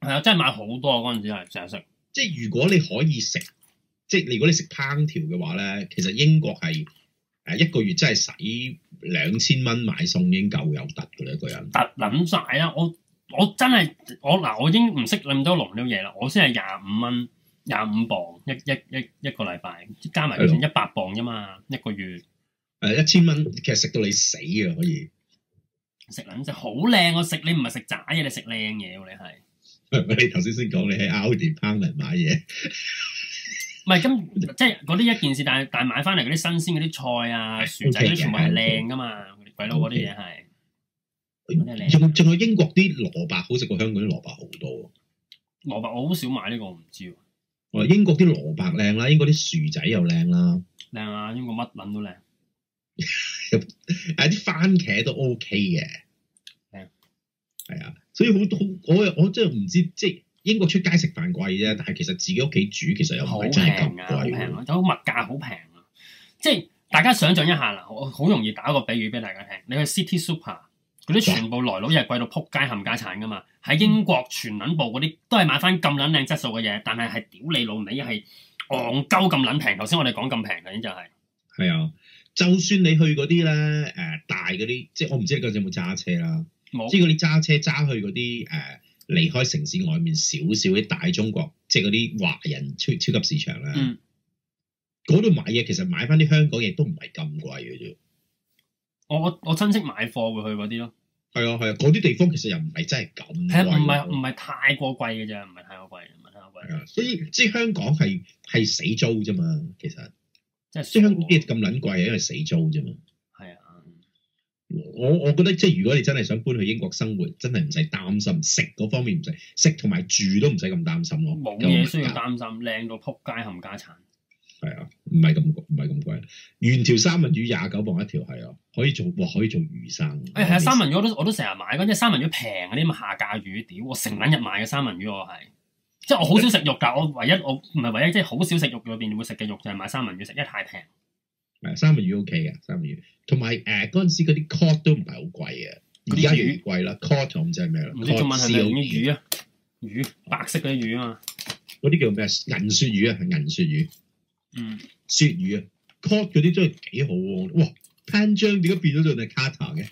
係啊，真係買好多啊！嗰陣時係成日食。即係如果你可以食，即係如果你食烹調嘅話咧，其實英國係誒一個月真係使兩千蚊買餸已經夠有突嘅啦，一個人。突諗晒啊！我我真係我嗱，我已經唔識咁多籠啲嘢啦，我先係廿五蚊。廿五磅一一一一,一個禮拜，加埋一百磅啫嘛，一個月。誒、啊，一千蚊，其實食到你死啊！可以食撚，食好靚，我食你唔係食渣嘢，你食靚嘢喎，你係。係咪你頭先先講你喺 Aldi Pound 買嘢？唔係咁即係嗰啲一件事，但係但係買翻嚟嗰啲新鮮嗰啲菜啊、薯仔 okay，都全部係靚噶嘛，okay。鬼佬嗰啲嘢係。仲、okay。仲有英國啲蘿蔔好食過香港啲蘿蔔好多。蘿蔔我好少買呢、這個，我唔知。英國啲蘿蔔靚啦，英國啲薯仔又靚啦，靚啊！英國乜品都靚，誒 啲、啊、番茄都 OK 嘅，係、嗯、啊，係啊，所以好多我我真係唔知，即係英國出街食飯貴啫，但係其實自己屋企煮其實又唔係真係咁貴，好平咯，有物價好平啊！即係大家想像一下啦，我好容易打個比喻俾大家聽，你去 City Super。佢啲全部來佬又係貴到撲街冚家鏟噶嘛？喺英國全撚部嗰啲都係買翻咁撚靚質素嘅嘢，但係係屌你老味，係昂鳩咁撚平。頭先我哋講咁平，頭先就係係啊。就算你去嗰啲咧，誒大嗰啲，即係我唔知道你嗰陣有冇揸車啦、嗯，即係嗰啲揸車揸去嗰啲誒離開城市外面少少啲大中國，即係嗰啲華人超超級市場咧，嗰、嗯、度買嘢其實買翻啲香港嘢都唔係咁貴嘅啫。我我我親戚買貨會去嗰啲咯，係啊係啊，嗰啲、啊、地方其實又唔係真係咁貴，唔係唔係太過貴嘅啫，唔係太過貴，唔係太貴、啊。所以即係香港係係死租啫嘛，其實是即係香港啲咁撚貴係因為死租啫嘛。係啊，我我覺得即係如果你真係想搬去英國生活，真係唔使擔心食嗰方面唔使，唔使食同埋住都唔使咁擔心咯。冇嘢需要擔心，靚到、啊、仆街冚家鏟。係啊。唔係咁，唔係咁貴。原條三文魚廿九磅一條，係啊，可以做，哇、哦，可以做魚生。誒、哎、係、啊三,三,三，就是就是、三文魚，我都我都成日買嗰啲三文魚平嗰啲咪下價魚，屌我成晚日買嘅三文魚，我係即係我好少食肉㗎，我唯一我唔係唯一，即係好少食肉裏邊會食嘅肉就係買三文魚食，因為太平。係三文魚 OK 嘅三文魚，同埋誒嗰陣時嗰啲 cod 都唔係好貴嘅，而家魚貴啦。cod 咁即係咩啦？啲中文係叫魚啊，魚，Cordon Cordon 是是魚，魚白色嗰啲魚啊嘛，嗰啲叫咩銀鱈魚啊，銀鱈魚。嗯、雪羽啊 call 嗰啲真係幾好喎、啊！哇，Pan 張點解變咗做係卡塔嘅？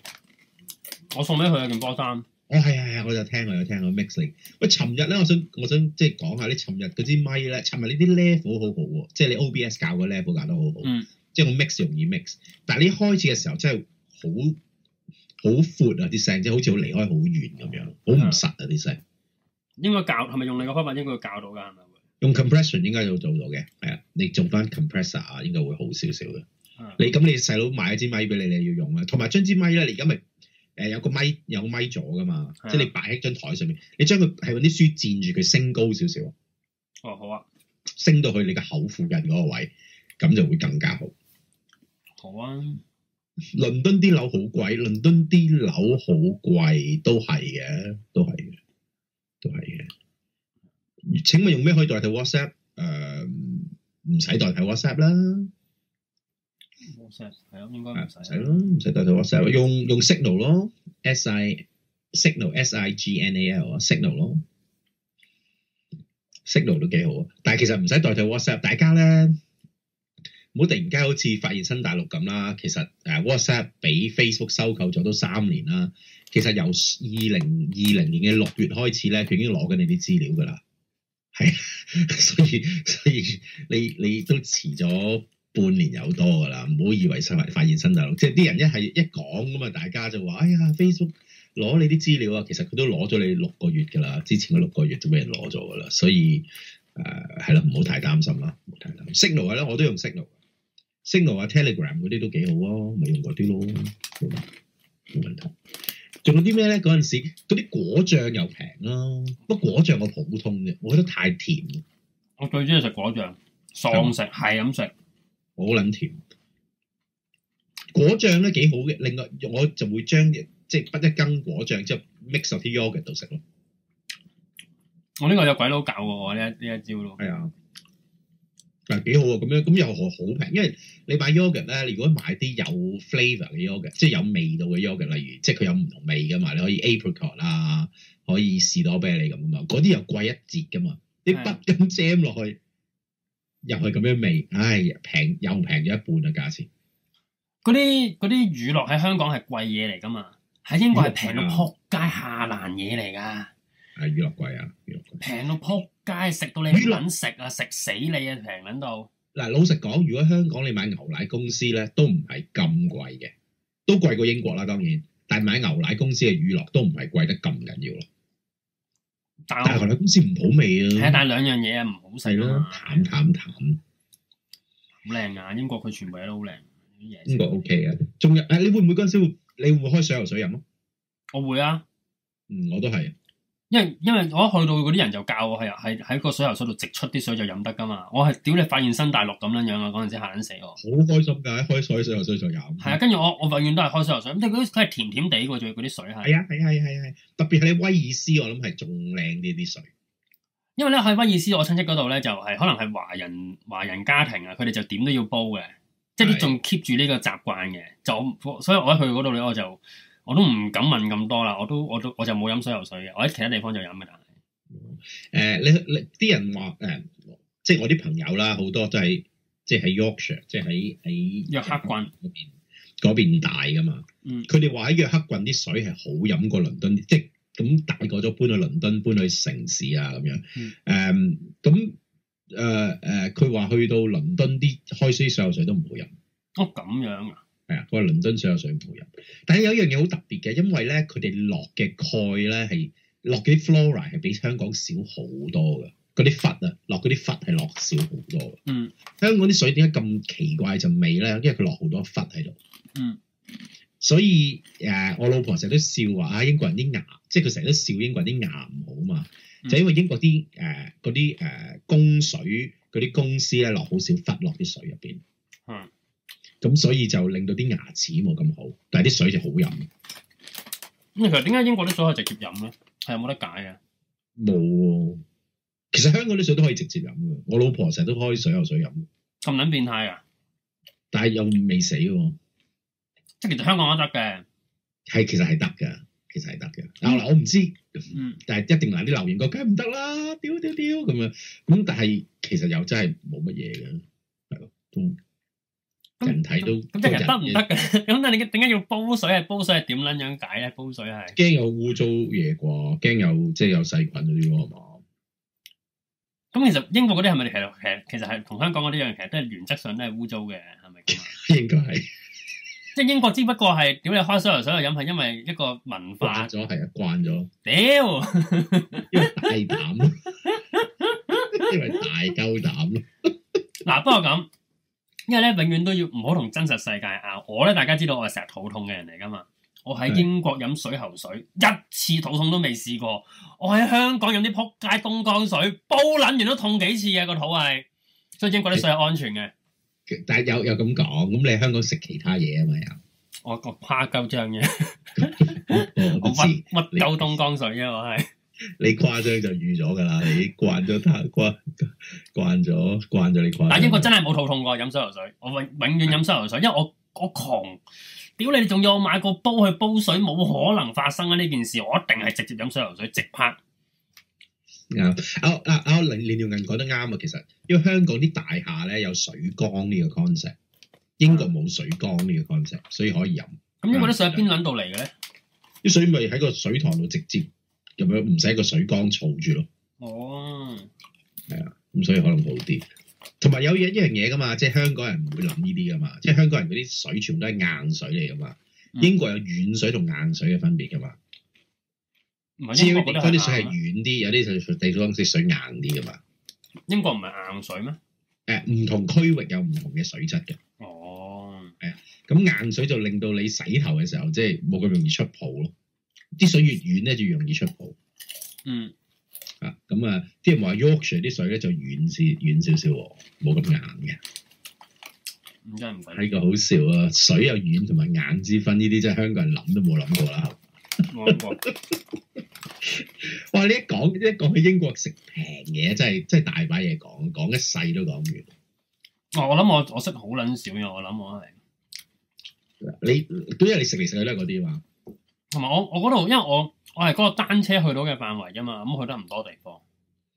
我送俾佢啊件波衫。我係係啊，我就聽我就聽啊 mixing。喂，尋日咧，我想我想即係講下你尋日嗰支 mic 咧，尋日你啲 level 好好、啊、喎，即、就、係、是、你 obs 教個 level 教得好好。即係我 mix 容易 mix，但係你開始嘅時候真係好闊、啊就是、好闊啊啲聲，即係好似好離開好遠咁樣，好唔實啊啲聲。應該教係咪用你嘅方法應該會教到噶？是用 compression 應該就做到嘅，係啊，你做翻 compressor 啊，應該會好少少嘅。你咁你細佬買一支咪俾你，你就要用啊。同埋將支咪咧，你而家咪誒有個咪，有個咪座㗎嘛，即係你擺喺張台上面，你將佢係用啲書墊住佢升高少少。哦，好啊，升到去你個口附近嗰個位，咁就會更加好。好啊。倫敦啲樓好貴，倫敦啲樓好貴，都係嘅，都係嘅，都係嘅。請問用咩可以代替 WhatsApp？誒唔使代替 WhatsApp 啦。WhatsApp 係咯，應該唔使咯，唔使代替 WhatsApp。用用 signal 咯，S I signal，S I G N A L 啊，signal 咯，signal 都幾好啊。但係其實唔使代替 WhatsApp，大家咧唔好突然間好似發現新大陸咁啦。其實誒 WhatsApp 俾 Facebook 收購咗都三年啦。其實由二零二零年嘅六月開始咧，佢已經攞緊你啲資料㗎啦。係， 所以所以你你都遲咗半年有多噶啦，唔好以為新發現新大陸，即係啲人一係一講咁嘛大家就話哎呀，Facebook 攞你啲資料啊，其實佢都攞咗你六個月噶啦，之前嘅六個月就俾人攞咗噶啦，所以誒係啦，唔好太擔心啦，唔好太擔心。Signal 我都用 Signal，Signal 啊 Signal, Telegram 嗰啲都幾好啊，咪用嗰啲咯，冇問題。仲有啲咩咧？嗰陣時嗰啲果醬又平啦、啊，不過果醬我普通嘅，我覺得太甜。我最中意食果醬，食係飲食好撚甜。果醬咧幾好嘅，另外我就會將即係一斤果醬即係 mix 落啲 yogurt 度食咯。我呢個有鬼佬教過我喎，呢一呢一招咯。係啊。嗱、啊、幾好啊，咁樣咁又好好平。因為你買 yogurt 咧，你如果買啲有 flavour 嘅 yogurt，即係有味道嘅 yogurt，例如即係佢有唔同味嘅嘛，你可以 apricot 啦、啊，可以士多啤梨咁啊，啊嘛，嗰啲又貴一截嘅嘛，你揼緊 jam 落去，又係咁樣味，唉平又平咗一半嘅、啊、價錢。嗰啲嗰啲乳酪喺香港係貴嘢嚟㗎嘛，喺英國係平到撲街下爛嘢嚟㗎。係乳酪貴啊，乳酪貴，啊、貴。平到撲。梗係食到你，唔撚食啊！食死你啊！平撚到。嗱，老實講，如果香港你買牛奶公司咧，都唔係咁貴嘅，都貴過英國啦。當然，但係買牛奶公司嘅乳酪都唔係貴得咁緊要咯。但係牛奶公司唔好味啊。係啊，但係兩樣嘢啊，唔好食咯，淡淡淡，好靚啊！英國佢全部嘢都好靚。英國 OK 啊，仲有誒，你會唔會嗰陣時會？你會唔會開水喉水飲啊？我會啊。嗯，我都係。因因為我一去到嗰啲人就教我係，係喺個水喉水度直出啲水就飲得㗎嘛，我係屌你發現新大陸咁樣樣啊！嗰陣時嚇緊死我，好開心㗎，開水喉水就飲。係 啊，跟住我我永遠都係開水喉水咁，即佢係甜甜地仲有嗰啲水係。係啊係係係係，特別係你威爾斯，我諗係仲靚啲啲水。因為咧喺威爾斯，我親戚嗰度咧就係、是、可能係華人華人家庭啊，佢哋就點都要煲嘅，即係你仲 keep 住呢個習慣嘅。就我，所以我一去嗰度咧，我就。我都唔敢問咁多啦，我都我都我就冇飲水喉水嘅，我喺其他地方就飲嘅啦。誒、嗯呃，你你啲人話誒、呃，即係我啲朋友啦，好多都係即係喺 Yorkshire，即係喺喺約克郡嗰邊，邊大噶嘛。佢哋話喺約克郡啲水係好飲過倫敦，嗯、即係咁大個咗搬去倫敦，搬去城市啊咁樣。嗯。咁誒誒，佢話、呃呃、去到倫敦啲開水水喉水都唔好飲。哦，咁樣啊？係啊，佢話倫敦水，水有水補入，但係有一樣嘢好特別嘅，因為咧佢哋落嘅鈣咧係落嘅 flora 係比香港少好多嘅，嗰啲忽啊，落嗰啲忽係落少好多嘅。嗯，香港啲水點解咁奇怪陣味咧？因為佢落好多忽喺度。嗯，所以誒，我老婆成日都笑話啊，英國人啲牙，即係佢成日都笑英國人啲牙唔好啊嘛，嗯、就是、因為英國啲誒啲誒供水嗰啲公司咧落好少忽落啲水入邊。嗯。咁所以就令到啲牙齒冇咁好，但係啲水就好飲。咁其實點解英國啲水可以直接飲咧？係有冇得解啊？冇。其實香港啲水都可以直接飲嘅。我老婆成日都開水喉水飲。咁撚變態啊！但係又未死喎。即係其實香港都得嘅。係其實係得嘅，其實係得嘅。嗱我唔知，但係、嗯、一定嗱啲留言講梗係唔得啦！屌屌屌咁樣，咁但係其實又真係冇乜嘢嘅，係咯都。嗯咁人睇都咁，即係人得唔得嘅？咁但係你點解要煲水啊？煲水係點捻樣解咧？煲水係驚有污糟嘢啩，驚有即係有細菌嗰啲咯嘛？咁其實英國嗰啲係咪其實其實其實係同香港嗰啲一樣？其實都係原則上都係污糟嘅，係咪？應該係，即係英國只不過係點解開水嚟水嚟飲係因為一個文化咗係啊慣咗。屌，因為大膽，因為大夠膽啦。嗱，不過咁。因為咧，永遠都要唔好同真實世界啊！我咧，大家知道我係成日肚痛嘅人嚟㗎嘛？我喺英國飲水喉水一次肚痛都未試過，我喺香港飲啲扑街東江水煲撚完都痛幾次啊個肚係，所以英國啲水係安全嘅。但係有有咁講，咁你喺香港食其他嘢啊嘛又，我個誇鳩張嘅，我屈屈鳩東江水啫我係。你誇張就預咗噶啦，你慣咗他慣慣咗慣咗你誇，但英國真係冇肚痛過飲水喉水，我永永遠飲水喉水，因為我我窮，屌你仲要我買個煲去煲水，冇可能發生啊呢件事，我一定係直接飲水喉水直拍。啊啊啊！李李耀人講得啱啊，其實因為香港啲大廈咧有水缸呢個 concept，、嗯、英國冇水缸呢個 concept，所以可以飲。咁英國啲水喺邊度嚟嘅咧？啲水咪喺個水塘度直接。咁樣唔使個水缸儲住咯。哦、oh. 嗯，係啊，咁所以可能好啲。同埋有嘢一樣嘢噶嘛，即係香港人唔會諗呢啲噶嘛。即係香港人嗰啲水全部都係硬水嚟噶嘛。Mm. 英國有軟水同硬水嘅分別噶嘛。唔係英國啲水係軟啲，有啲地方啲水硬啲噶嘛。英國唔係硬水咩？誒、嗯，唔同區域有唔同嘅水質嘅。哦、oh. 嗯，係、嗯、啊，咁、嗯、硬水就令到你洗頭嘅時候，即係冇咁容易出泡咯。啲水越遠咧，就容易出泡。嗯。啊，咁啊，啲人話 Yorkshire 啲水咧就軟少，軟少少喎，冇咁硬嘅。真係唔係？睇個好笑啊！水軟有軟同埋硬之分，呢啲真係香港人諗都冇諗過啦。我諗過。 哇！你一講一講去英國食平嘢，真係真係大把嘢講，講一世都講唔完。我我諗我我識好撚少嘅。我諗我係。你，你吃吃都因為你食嚟食去都係嗰啲嘛？同埋我我嗰度，因為我我係嗰個單車去到嘅範圍啫嘛，咁去得唔多地方。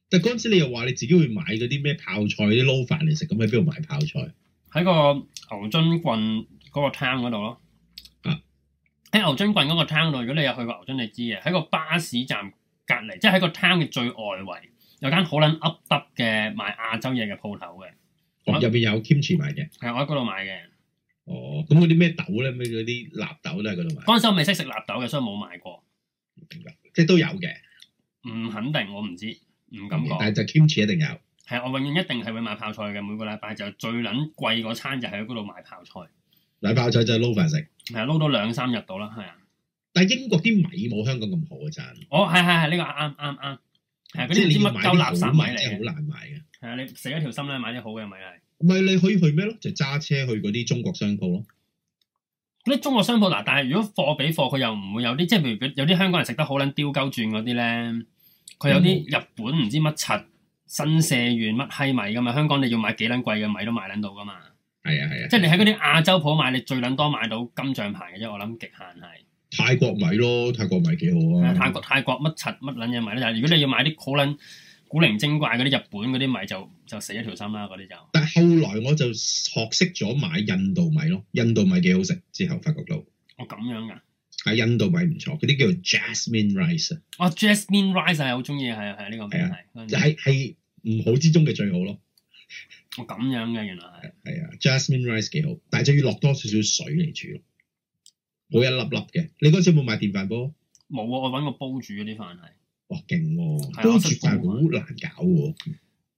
但嗰陣時你又話你自己會買嗰啲咩泡菜啲撈飯嚟食，咁喺邊度買泡菜？喺個牛津郡嗰個 town 嗰度咯。啊，喺牛津郡嗰個 town 度，如果你有去過牛津，你知嘅，喺個巴士站隔離，即係喺個 town 嘅最外圍有間好撚噏耷嘅賣亞洲嘢嘅鋪頭嘅。入、哦、邊有 Kimchi 買嘅。係，我喺嗰度買嘅。哦，咁嗰啲咩豆咧？咩嗰啲納豆都喺嗰度買。嗰陣時我未識食納豆嘅，所以冇買過。即係都有嘅，唔肯定，我唔知，唔敢講。但係就 kimchi 一定有。係，我永遠一定係會買泡菜嘅，每個禮拜就最捻貴嗰餐就喺嗰度買泡菜。買泡菜就撈飯食。係啊，撈到兩三日到啦，係啊。但係英國啲米冇香港咁好嘅。咋？哦，係係係，呢、這個啱啱啱。係啲即係夠垃圾米嚟，好難買嘅。係啊，你死一條心咧，買啲好嘅米嚟。唔係你可以去咩咯？就揸車去嗰啲中國商鋪咯。嗰啲中國商鋪嗱，但係如果貨比貨，佢又唔會有啲，即係譬如有啲香港人食得好撚雕鳩轉嗰啲咧，佢有啲日本唔知乜柒新社員乜閪米噶嘛？香港你要買幾撚貴嘅米都買撚到噶嘛？係啊係啊，啊，即係你喺嗰啲亞洲鋪買，你最撚多買到金像牌嘅啫。我諗極限係泰國米咯，泰國米幾好啊。泰國泰國乜柒乜撚嘅米咧？但係如果你要買啲好撚～古靈精怪嗰啲日本嗰啲米就就死一條心啦，嗰啲就。但係後來我就學識咗買印度米咯，印度米幾好食，之後發覺到。我、哦、咁樣噶。係印度米唔錯，嗰啲叫做 jasmine rice,、哦、jasmine rice 啊。哦，jasmine rice 係好中意，係啊，呢、呢個問題。就喺唔好之中嘅最好咯。我、哦、咁樣嘅原來係。係啊，jasmine rice 幾好，但係就要落多少少水嚟煮，冇一粒粒嘅。你嗰時有冇買電飯煲？冇啊，我揾個煲煮嗰啲飯係。哇勁喎，好、哦啊、難搞喎。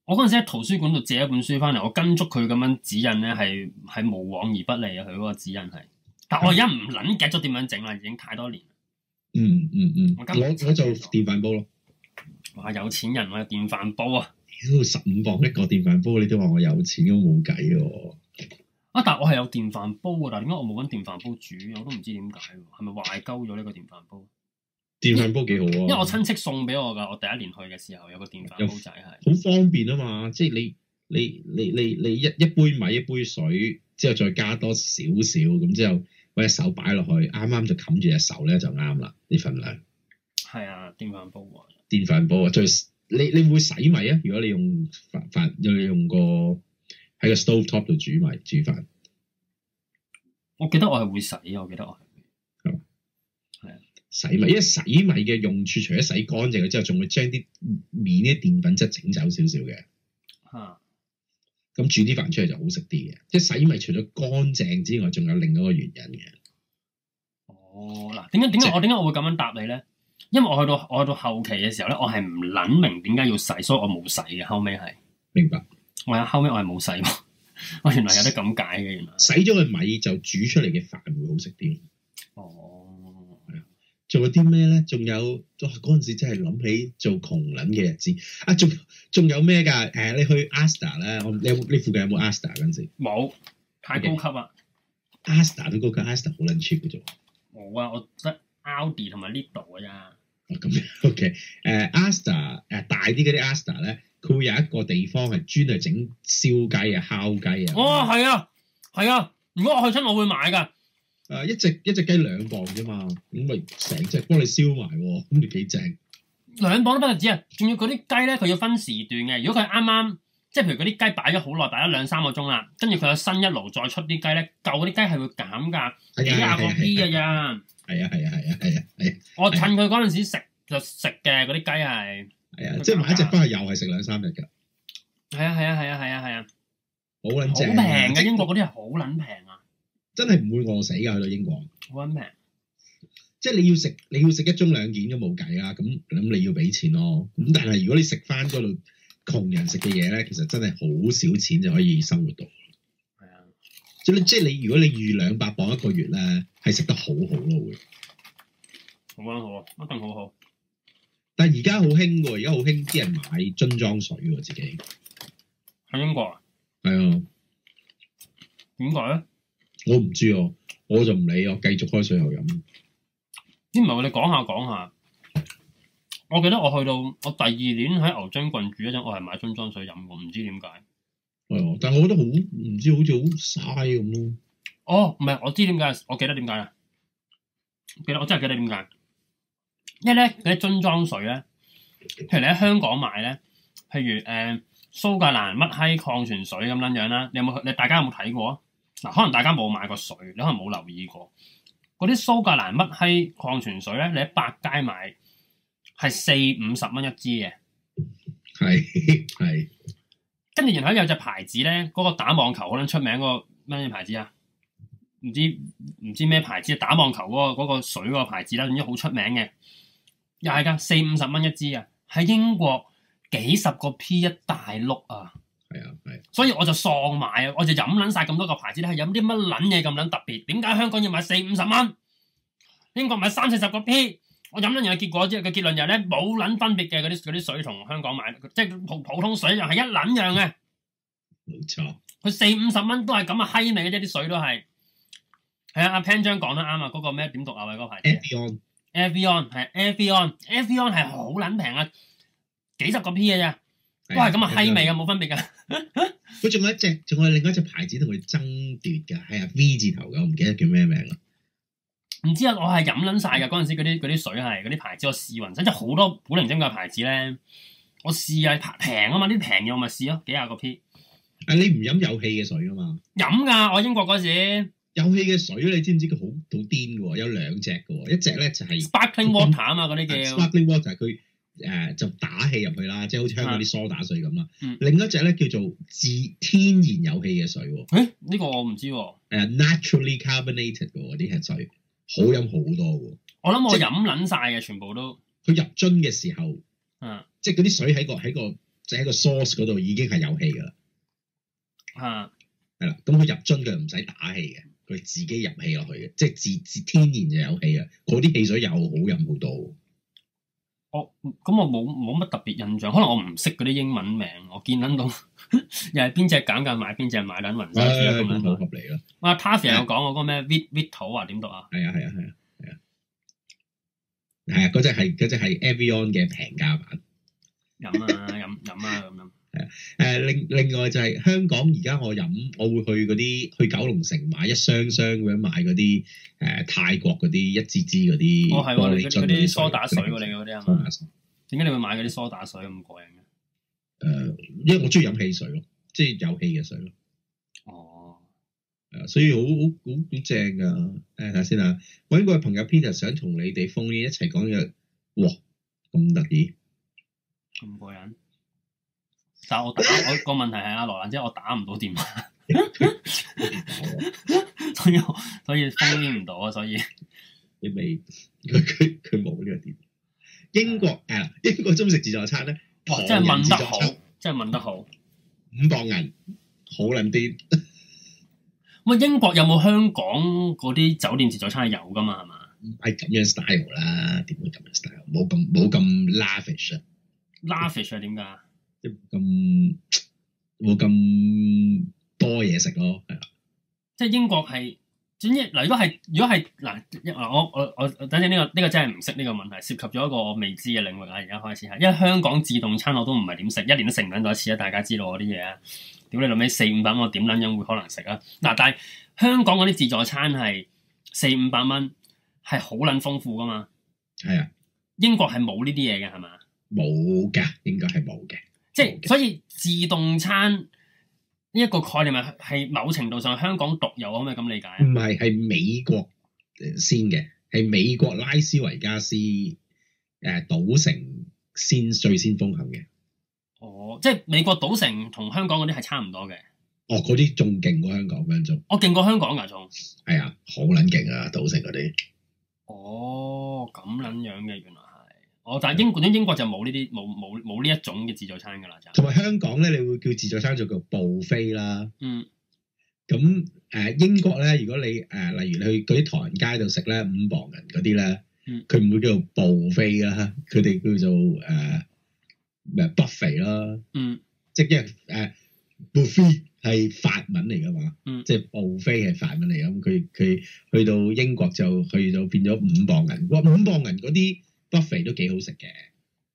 我嗰陣時喺圖書館度借一本書翻嚟，我跟足佢咁樣指引咧，係係無往而不利啊！佢嗰個指引係，但我而家唔捻記得點樣整啦，已經太多年。嗯嗯嗯，我現在我，我做電飯煲咯。哇，有錢人我有電飯煲啊！屌，十五磅一個電飯煲，你都話我有錢，都冇計喎。啊，但我係有電飯煲噶，但係點解我冇搵電飯煲煮？我都唔知點解，係咪壞鳩咗呢個電飯煲？電飯煲幾好啊，因為我親戚送俾我噶，我第一年去嘅時候有個電飯煲仔係，好方便啊嘛，即係你你你你你一一杯米一杯水，之後再加多少少，咁之後搵隻手擺落去，啱啱就冚住隻手咧就啱啦，呢份量。係啊，電飯煲啊，電飯煲啊，最你你會洗米啊？如果你用飯飯，用用個喺個 stove top 度煮米煮飯，我記得我係會洗，我記得我。洗米，因為洗米嘅用處除咗洗乾淨之後、啊、之外，仲會將啲面啲澱粉質整走少少嘅。吓，咁煮啲飯出嚟就好食啲嘅。即係洗米除咗乾淨之外，仲有另一個原因嘅。哦，嗱，點解點解我點解我，我會咁樣答你咧？因為我去到我去到後期嘅時候咧，我係唔諗明點解要洗，所以我冇洗嘅。後尾係明白，來我係後尾我係冇洗。我原來有得咁解嘅，原來，的原來洗咗個米就煮出嚟嘅飯會好食啲哦。做咗啲咩咧？仲有，哇！嗰陣時真係諗起做窮撚嘅日子。啊，仲仲有咩㗎？誒、呃，你去 Asta 咧，我你,你附近有冇 Asta 嗰陣時？冇，太高級啊！Asta 都高級，Asta 好撚 cheap 嘅啫。冇、okay. 啊，我得 Aldi 同埋、啊 okay. 呃呃、Lidl 㗎咋。咁樣 OK。誒，Asta 誒大啲嗰啲 Asta 咧，佢會有一個地方係專係整燒雞啊、烤雞啊。哦，係啊，係啊，如果我去親，我會買㗎。誒一隻一隻雞兩磅啫嘛，咁咪成隻幫你燒埋喎，咁咪幾正？兩磅都不得止啊！仲要嗰啲雞咧，佢要分時段嘅。如果佢啱啱，即係譬如嗰啲雞擺咗好耐，擺咗兩三個鐘啦，跟住佢有新一爐再出啲雞咧，舊嗰啲雞係會減價幾廿個 P 嘅呀。係啊係啊係啊係啊！我趁佢嗰陣時食就食嘅嗰啲雞係。係啊，即係買一隻翻去又係食兩三日㗎。係啊係啊係啊係啊係啊！好撚正，好平嘅英國嗰啲係好撚平。真係唔會餓死㗎，去到英國。One man. 即係你要食，你要食一盅兩件都冇計啊。咁咁你要俾錢咯。咁但係如果你食翻嗰度窮人食嘅嘢咧，其實真係好少錢就可以生活到。係、yeah. 啊，即係即係你如果你預兩百磅一個月咧，係食得好好咯會。好啊好啊一定好好。我好但係而家好興喎，而家好興啲人買樽裝水喎自己。喺英國啊。係啊、哦。點解咧？我唔知喎，我就唔理我，繼續開水喉飲。啲唔係我哋講下講下，我記得我去到我第二年喺牛津郡住嗰陣，我係買樽裝水飲，我唔知點解。係、哎，但係我覺得好唔知，好似好嘥咁咯。哦，唔係，我知點解，我記得點解啦。記得我真係記得點解，因為咧啲樽裝水咧，譬如你喺香港買咧，譬如誒蘇格蘭乜閪礦泉水咁樣樣啦，你有冇？你大家有冇睇過？嗱，可能大家冇買過水，你可能冇留意過嗰啲蘇格蘭乜閪礦泉水咧，你喺百佳買係四五十蚊一支嘅，係係。跟住然後有隻牌子咧，嗰個打網球好撚出名嗰個咩牌子啊？唔知唔知咩牌子啊？打網球嗰個水嗰個牌子咧，總之好出名嘅，又係㗎，四五十蚊一支啊！喺英國幾十個 P 一大碌啊！係啊，係。所以我就喪買啊，我就飲捻晒咁多個牌子，係飲啲乜捻嘢咁捻特別？點解香港要買四五十蚊，英國買三四十個 p？我飲捻完嘅結果，之後結論就係咧，冇捻分別嘅，嗰啲嗰啲水，同香港買即係普普通水，又係一捻樣嘅。冇錯。佢四五十蚊都係咁啊，閪味嘅啫，啲水都係。係啊，阿潘張講得啱啊，嗰個咩點讀呀？喂，嗰個牌子。Avion，Avion 係 Avion，Avion 係好捻平啊，幾十個 p 嘅啫，都係咁啊，閪味嘅，冇分別嘅。佢 仲有一隻，仲有另外一隻牌子同佢爭奪噶，係啊 V 字頭嘅，我唔記得叫咩名啦。唔知啊，我係飲捻晒噶，嗰陣時嗰啲啲水係嗰啲牌子我試匀，真係好多古靈精怪牌子咧，我試啊平啊嘛，啲平嘢我咪試咯，幾廿個 P。啊、你唔飲有氣嘅水噶嘛？飲噶，我英國嗰時。有氣嘅水你知唔知佢好好癲噶？有兩隻噶，一隻咧就係 Sparkling Water 啊，嗰啲叫。Sparkling Water 佢。嗯誒、呃、就打氣入去啦，即係好似香港啲梳打水咁啦、啊嗯。另一隻咧叫做自天然有氣嘅水喎。呢、欸呢個我唔知喎、啊啊。naturally carbonated 嘅啲嘅水好飲好多喎。我諗我飲撚晒嘅全部都。佢入樽嘅時候，啊、即係嗰啲水喺個喺即係喺個 source 嗰度已經係有氣㗎啦。啦、啊，咁佢入樽佢唔使打氣嘅，佢自己入氣落去嘅，即係自自天然就有氣啊。嗰啲汽水又好飲好多。我咁我冇冇乜特別印象，可能我唔識嗰啲英文名，我見諗到呵呵又係邊隻減價買邊隻買，捻暈咁樣冇夾你咯。哇 t a 又講個咩 V V 啊？點讀啊？係啊係啊係啊係啊，係啊只係只係 Avion 嘅平價版，飲啊飲飲啊咁樣。誒、嗯，另另外就係香港而家我飲，我會去嗰啲去九龍城買一箱箱咁樣買嗰啲誒泰國嗰啲一支支嗰啲哦係，嗰啲梳打水嚟嗰啲啊？點解、嗯、你會買嗰啲梳打水咁過癮嘅？誒、呃，因為我中意飲汽水咯，即、就、係、是、有汽嘅水咯。哦，係所以好好好好正噶。誒、呃，睇下先啊，搵個朋友 Peter 想同你哋 phone in 一齊講嘅。哇，咁得意，咁過癮。但我打我個問題係阿羅蘭姐，我打唔到電話，所以所以通煙唔到啊，所以你未佢佢冇呢個電。英國誒、啊、英國中食自助餐咧，真係問得好，即係問得好，五磅銀好撚癲。咁英國有冇香港嗰啲酒店自助餐係有㗎嘛？係嘛？係咁樣 style 啦，點會咁樣 style？冇咁冇咁 lavish 啊！lavish 係點㗎？即咁冇咁多嘢食咯，係啦。即係英國係總之嗱，如果係如果係嗱，我我我等陣呢個呢個真係唔識呢個問題，涉及咗一個我未知嘅領域啊。而家開始係，因為香港自助餐我都唔係點食，一年都食唔捻多次啊。大家知道嗰啲嘢啊，屌你諗起四五百蚊點捻樣會可能食啊？嗱，但係香港嗰啲自助餐係四五百蚊係好捻豐富噶嘛？係啊，英國係冇呢啲嘢嘅係嘛？冇噶，應該係冇嘅。即係所以自動餐呢一個概念咪係某程度上香港獨有啊？可唔可以咁理解啊？唔係係美國先嘅，係美國拉斯維加斯誒賭城先最先風行嘅。哦，即係美國賭城同香港嗰啲係差唔多嘅。哦，嗰啲仲勁過香港嗰種。我勁過香港噶仲。係啊，好撚勁啊賭城嗰啲。哦，咁撚樣嘅原來。哦，但係英國，英國就冇呢啲冇冇冇呢一種嘅自助餐㗎啦，就同埋香港咧，你會叫自助餐就叫 buffet 啦。嗯，咁誒英國咧，如果你誒例如你去嗰啲唐人街度食咧五磅銀嗰啲咧，佢唔會叫做 buffet 啦，佢哋叫做誒咩 buffet 啦。嗯，即係誒 buffet 係法文嚟㗎嘛。嗯，即係 buffet 係法文嚟，咁佢佢去到英國就去到變咗五磅銀。哇，五磅銀嗰啲～Buffet 都幾好食嘅，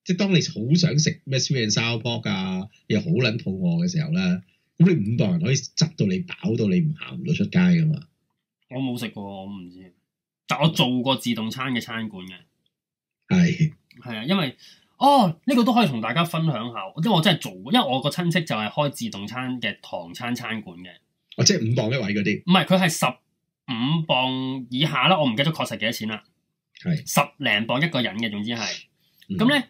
即係當你好想食咩 sweet and sour pork 啊，又好撚肚餓嘅時候咧，咁你五磅人可以執到你飽到你唔行唔到出街㗎嘛？我冇食過，我唔知。但我做過自動餐嘅餐館嘅，係係啊，因為哦呢個都可以同大家分享下，因為我真係做，因為我個親戚就係開自動餐嘅唐餐餐館嘅。哦，即係五磅一位嗰啲？唔係，佢係十五磅以下啦，我唔記得咗確實幾多錢啦。係十零磅一個人嘅，總之係咁咧，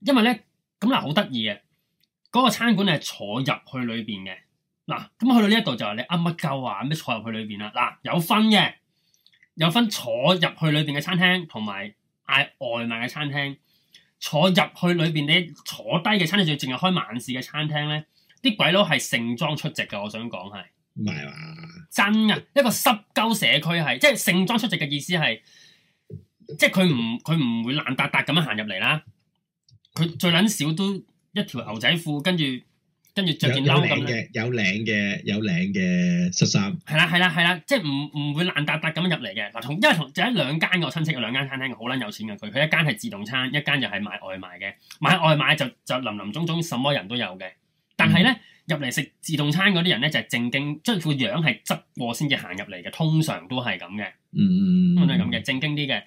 因為咧咁嗱，好得意嘅嗰個餐館係坐入去裏邊嘅。嗱，咁去到呢一度就係你乜鳩啊咩、啊、坐入去裏邊啦嗱，有分嘅，有分坐入去裏邊嘅餐廳同埋嗌，外賣嘅餐廳，坐入去裏邊你坐低嘅餐廳，仲要淨係開晚市嘅餐廳咧，啲鬼佬係盛裝出席嘅，我想講係唔係話真嘅一個濕鳩社區係，即係盛裝出席嘅意思係。即係佢唔佢唔會爛噠噠咁樣行入嚟啦，佢最撚少都一條牛仔褲，跟住跟住着件褸咁有領嘅，有領嘅，有領嘅恤衫。係啦係啦係啦，即係唔唔會爛噠噠咁樣入嚟嘅。嗱，從因為從就一兩間我親戚有，兩間餐廳好撚有錢嘅佢，佢一間係自動餐，一間又係賣外賣嘅。賣外賣就就林林總總，什麼人都有嘅。但係咧入嚟食自動餐嗰啲人咧就係、是、正經，即係個樣係執過先至行入嚟嘅，通常都係咁嘅。嗯嗯嗯，都係咁嘅，正經啲嘅。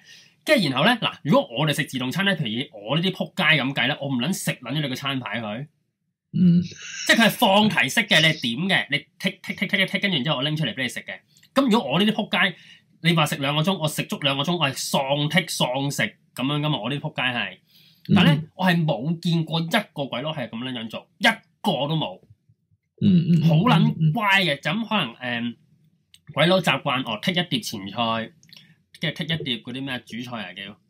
即係然後咧，嗱，如果我哋食自動餐咧，譬如我呢啲撲街咁計咧，我唔捻食捻咗你個餐牌佢，嗯，即係佢係放題式嘅，你點嘅，你剔剔剔剔剔，跟住然之後我拎出嚟俾你食嘅。咁如果我呢啲撲街，你話食兩個鐘，我食足兩個鐘，我係喪剔喪食咁樣噶嘛，我呢啲撲街係。但係咧，我係冇見過一個鬼佬係咁樣樣做，一個都冇。嗯嗯，好捻乖嘅，就咁可能誒，鬼佬習慣我剔一碟前菜。即係剔一碟嗰啲咩主菜嚟、啊、叫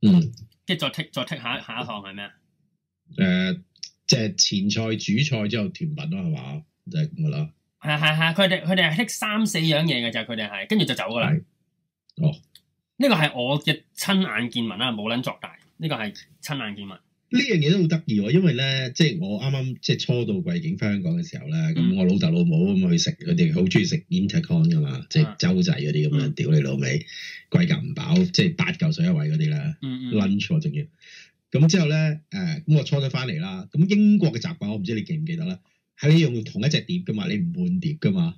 嗯，即係再剔再剔下一下一項係咩？誒、呃，即、就、係、是、前菜、主菜之後甜品咯，係嘛？就係咁嘅啦。係係係，佢哋佢哋係剔三四樣嘢嘅就係佢哋係，跟住就走㗎啦。哦，呢、這個係我嘅親眼見聞啦，冇撚作大，呢個係親眼見聞。呢樣嘢都好得意喎，因為咧，即係我啱啱即係初到貴境返香港嘅時候咧，咁、嗯、我老豆老母咁去食，佢哋好中意食 intercon 噶嘛，即係洲仔嗰啲咁樣，屌、嗯、你老味，貴夾唔飽，即係八嚿水一位嗰啲啦。嗯嗯。lunch 仲要，咁之後咧，誒、呃，咁我初咗返嚟啦，咁英國嘅習慣我唔知道你記唔記得咧，係你用同一隻碟噶嘛，你唔換碟噶嘛。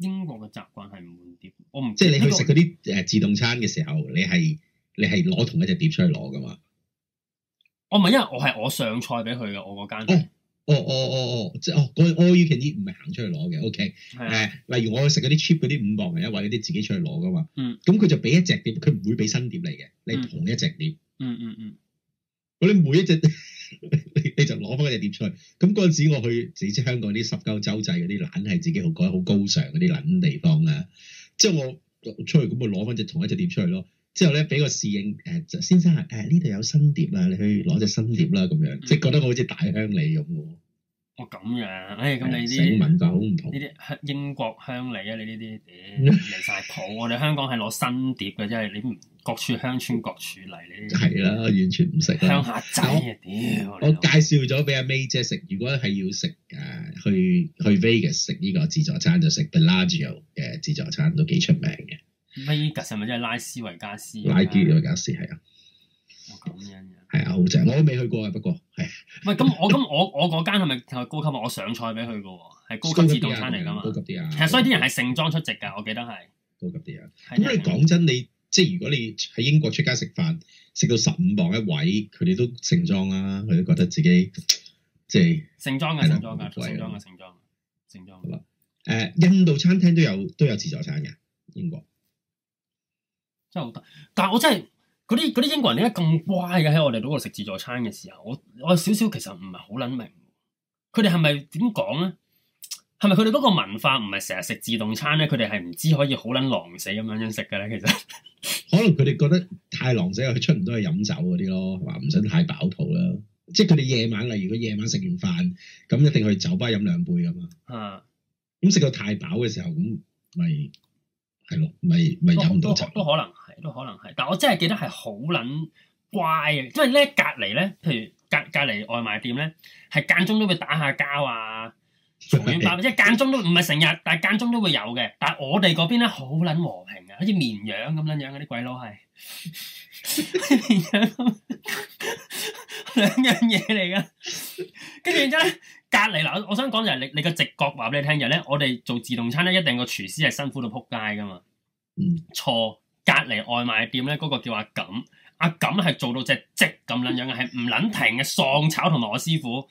英國嘅習慣係唔換碟的，我唔即係你去食嗰啲誒自動餐嘅時候，你係你係攞同一隻碟出去攞噶嘛。我唔係，因為我係我上菜俾佢嘅，我嗰間店。哦，哦，哦，哦，哦，即係，all you can eat 唔係行出去攞嘅，OK。係啊。例如我去食嗰啲 cheap 嗰啲五磅嘅一位嗰啲，自己出去攞噶嘛。嗯。咁佢就俾一隻碟，佢唔會俾新碟嚟嘅，mm. 你同一隻碟。嗯嗯嗯。我哋每一隻， 你你就攞翻隻碟出去。咁嗰陣時我去，你知香港啲濕鳩洲際嗰啲，懶係自己好覺得好高尚嗰啲懶地方啊。即係我出去咁，我攞翻隻同一隻碟出去咯。之後咧，俾個侍應、哎、先生話：呢、哎、度有新碟啦，你去攞隻新碟啦咁樣，嗯、即係覺得我好似大鄉里咁喎。哦，咁樣，哎，咁你啲英文就好唔同，呢啲香英國鄉里啊，你呢啲嚟晒蒲。我哋香港係攞新碟嘅，真係你唔各處鄉村各處嚟，你係啦，完全唔識。鄉下仔。我介紹咗俾阿 May 姐食。如果係要食、啊、去去 Vegas 食呢個自助餐，就食 Bellagio 嘅自助餐都幾出名嘅。威格係咪即係拉斯維加，啊、加斯？拉基維加斯係啊，我咁樣嘅係啊，好正，嗯！我都未去過啊，不過係。喂，咁、嗯嗯、 我咁我我嗰間係咪係高級嘛？我上菜俾佢嘅喎，係高級自助餐嚟噶嘛。高級啲啊！其實所以啲人係盛裝出席嘅，我記得係。高級啲啊！咁你講真，你即係如果你喺英國出街食飯，食到十五磅一位，佢哋都盛裝啊！佢都覺得自己即係盛裝嘅盛裝啊，盛裝嘅盛裝。盛裝。好啦，誒、啊，印度餐廳都有都有自助餐嘅，英國。但係我真係嗰啲啲英國人點解咁乖嘅？喺我哋嗰度食自助餐嘅時候，我我少少其實唔係好撚明的，佢哋係咪點講咧？係咪佢哋嗰個文化唔係成日食自動餐咧？佢哋係唔知可以好撚狼死咁樣樣食嘅咧？其實可能佢哋覺得太狼死，佢出唔到去飲酒嗰啲咯，係嘛？唔想太飽肚啦，即係佢哋夜晚，例如果夜晚食完飯，咁一定去酒吧飲兩杯㗎嘛。嗯。咁食到太飽嘅時候，咁咪係咯，咪咪飲唔到酒都，都，都可能。都可能係，但我真係記得係好撚乖嘅，因為咧隔離咧，譬如隔隔離外賣店咧，係間中都會打下交啊，嘈完交，即係間中都唔係成日，但係間中都會有嘅。但係我哋嗰邊咧好撚和平啊，好似綿羊咁撚樣嗰啲鬼佬係，綿羊 兩樣嘢嚟㗎。跟住然之後咧，隔離嗱，我想講就係你你個直覺話俾你聽，就係咧我哋做自動餐咧，一定個廚師係辛苦到撲街㗎嘛，嗯，錯。隔離外賣店咧，嗰、那個叫阿錦，阿錦係做到隻積咁撚樣嘅，係唔撚停嘅喪炒，同埋我師傅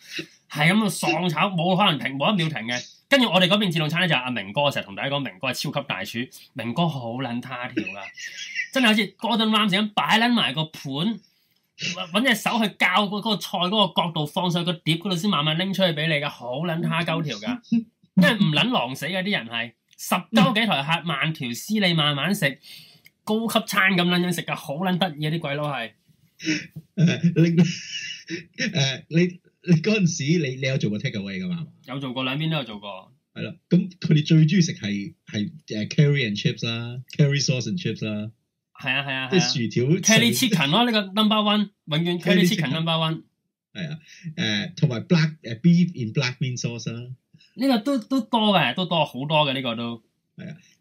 係咁喪炒，冇可能停，冇一秒停嘅。跟住我哋嗰邊自動餐咧就阿明哥，成日同大家講明哥係超級大廚，明哥好撚他條㗎，真係好似乾墩啱，成日擺撚埋個盤，揾隻手去教嗰個菜嗰個角度放上去個碟嗰度，先慢慢拎出去俾你嘅，好撚他鳩條㗎，因為唔撚狼死嘅啲人係十鳩幾台客，慢條斯理你慢慢食。高級餐咁撚樣食噶，好撚得意啊！啲鬼佬係誒你誒你你嗰陣時你你有做過 takeaway 㗎嘛？有做過，兩邊都有做過。係啦，咁佢哋最中意食係係誒 curry and chips 啦、啊、，curry sauce and chips 啦、啊。係啊係啊係即係薯條 curry、啊啊、chicken 咯、啊，呢 個 number one 永遠 curry chicken number one。係啊，誒同埋 black、uh, beef in black bean sauce 啦、啊。呢、這個都都多嘅，都多好多嘅呢、這個都。係啊。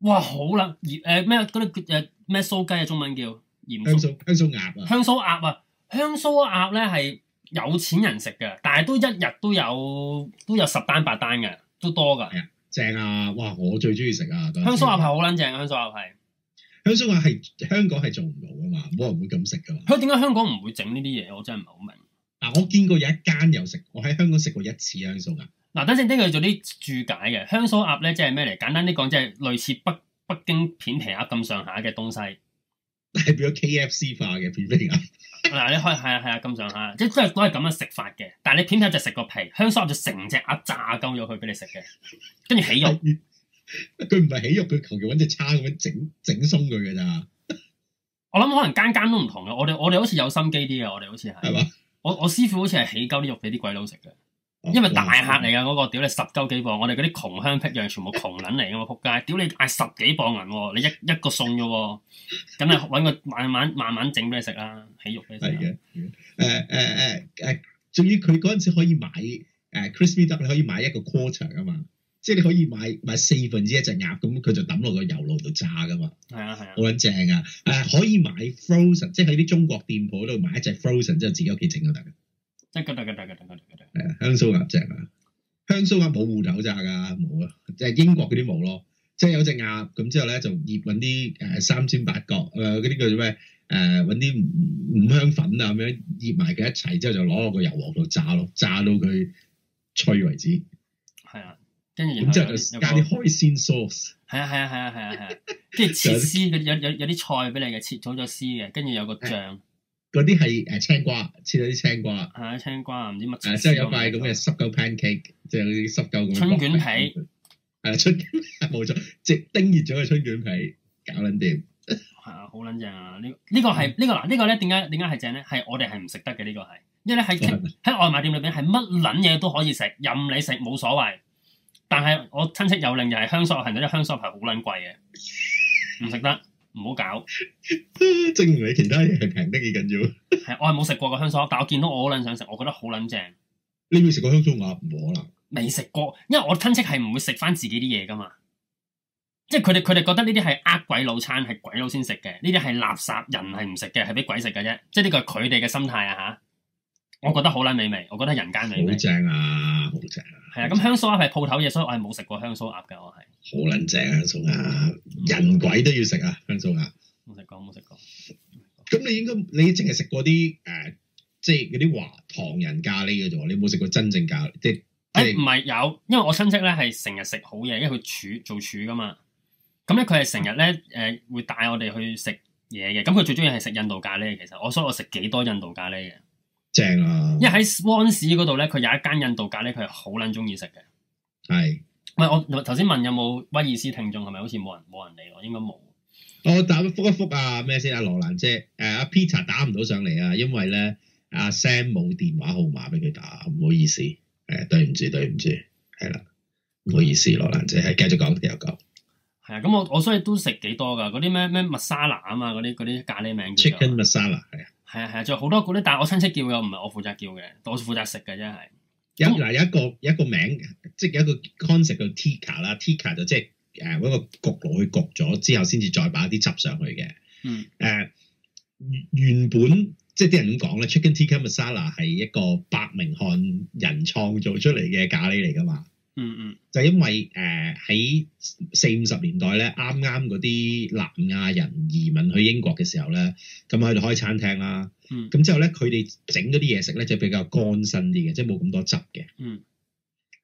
哇，好啦，而咩啲誒咩酥雞啊，中文叫鹽酥香酥香酥鴨啊，香酥鴨啊，香酥鴨咧係有錢人食嘅，但係都一日都有都有十單八單嘅，都多㗎。係啊，正啊，哇！我最中意食啊，香酥鴨係好撚正，啊！香酥鴨係香酥鴨係香港係做唔到㗎嘛，冇人會咁食㗎嘛。佢點解香港唔會整呢啲嘢？我真係唔係好明。嗱、啊，我見過有一間有食，我喺香港食過一次香酥鴨。嗱、啊，等陣聽佢做啲注解嘅。香酥鴨咧，即係咩嚟？簡單啲講，即係類似北北京片皮鴨咁上下嘅東西，係變咗 K F C 化嘅片皮鴨。嗱、 啊，你可以，係啊係啊，咁上下，即係都係都係咁樣食法嘅。但係你片皮就食個皮，香酥鴨就成隻鴨炸鳩咗佢俾你食嘅，跟住起肉。佢唔係起肉，佢求其揾隻叉咁樣整整鬆佢噶咋。 我諗可能間間都唔同嘅，我哋我哋好似有心機啲嘅，我哋好似係。我我師傅好似係起鳩啲肉俾啲鬼佬食嘅。哦、因為大客嚟噶嗰個，屌你十鳩幾磅，我哋嗰啲窮鄉僻壤全部窮捻嚟噶嘛，扑街，屌你嗌十幾磅銀，你一一個餸啫，咁你搵個慢慢慢慢整俾你食啦，起肉俾你食。嘅，誒誒誒誒，仲要佢嗰陣時可以買誒、uh,，Crispy Duck 你可以買一個 quarter 啊嘛，即係你可以買買四分之一隻鴨，咁佢就抌落個油爐度炸噶嘛。係啊係啊，好捻正啊，誒、啊 uh, 可以買 frozen，即係喺啲中國店鋪度買一隻 frozen，之後自己屋企整就得。真嘅，真嘅，真嘅，真嘅，真嘅，香酥鴨正啊，香酥鴨冇芋頭炸噶，冇啊，即係英國嗰啲冇咯，即係有隻鴨，咁之後咧就醃搵啲誒三千八角誒嗰啲叫做咩誒搵啲五香粉啊咁樣醃埋佢一齊，之後就攞落個油鑊度炸咯，炸到佢脆為止。係啊，跟住然後有之後就加啲海鮮 sauce。係啊，係啊，係啊，係啊，係啊。跟住、啊、切絲，有有有啲菜俾你嘅，切好咗絲嘅，跟住有個醬。嗰啲係誒青瓜，切咗啲青瓜。係、啊、青瓜，唔知乜。誒、啊，即係有塊咁嘅濕鳩 pancake，即係濕鳩、嗯嗯。春卷皮係春，冇錯，直叮熱咗嘅春卷皮，搞撚掂。係啊，好撚正啊！呢呢個係呢個嗱，呢個咧點解點解係正咧？係我哋係唔食得嘅，呢個係，因為咧喺喺外賣店裏邊係乜撚嘢都可以食，任你食冇所謂。但係我親戚有令就係香酥，係嗰啲香酥係好撚貴嘅，唔食得。唔好搞，證明你其他嘢係平得幾緊要。係 我係冇食過個香酥鴨，但我見到我好捻想食，我覺得好捻正。你未食過香酥鴨？唔可能。未食過，因為我親戚係唔會食翻自己啲嘢噶嘛。即係佢哋佢哋覺得呢啲係呃鬼佬餐，係鬼佬先食嘅，呢啲係垃圾，人係唔食嘅，係俾鬼食嘅啫。即係呢個係佢哋嘅心態啊吓。我覺得好撚美味，我覺得人間美味。好正啊，好正啊！係啊，咁、啊、香酥鴨係鋪頭嘢，所以我係冇食過香酥鴨噶。我係好撚正、啊、香酥鴨，人鬼都要食啊！香酥鴨冇食過，冇食過。咁你應該你淨係食過啲誒、呃，即係嗰啲華唐人咖喱嘅啫。你冇食過真正咖喱，即係誒唔係有，因為我親戚咧係成日食好嘢，因為佢廚做廚噶嘛。咁咧佢係成日咧誒會帶我哋去食嘢嘅。咁佢最中意係食印度咖喱。其實我所以我食幾多印度咖喱嘅。正啊，因為喺 Swansea 嗰度咧，佢有一間印度咖喱，佢係好捻中意食嘅。係，唔係我頭先問有冇威爾斯聽眾，係咪好似冇人冇人理我應該冇？我打、哦、一復一復啊，咩先、啊？阿羅蘭姐，誒、啊，阿 Peter 打唔到上嚟啊，因為咧阿、啊、Sam 冇電話號碼俾佢打，唔好意思，誒、啊，對唔住對唔住，係啦，唔好意思，羅蘭姐，係繼續講繼續講。係啊，咁我我所以都食幾多噶，嗰啲咩咩 Masala 啊嘛，嗰啲啲咖喱名叫。Chicken Masala 係啊。係啊係啊，仲有好多個咧，但係我親戚叫嘅，唔係我負責叫嘅，我係負責食嘅真係。有嗱、哦、有一個有一個名，即係有一個 concept 叫 tikka 啦，tikka 就即係誒嗰個焗爐去焗咗之後，先至再擺啲汁上去嘅。嗯誒、呃，原本即係啲人咁講咧，chicken tikka masala 係一個百名漢人創造出嚟嘅咖喱嚟㗎嘛。嗯嗯，就因為誒喺、呃、四五十年代咧，啱啱嗰啲南亞人移民去英國嘅時候咧，咁喺度開餐廳啦。咁、嗯、之後咧，佢哋整嗰啲嘢食咧就比較乾身啲嘅，即係冇咁多汁嘅。嗯，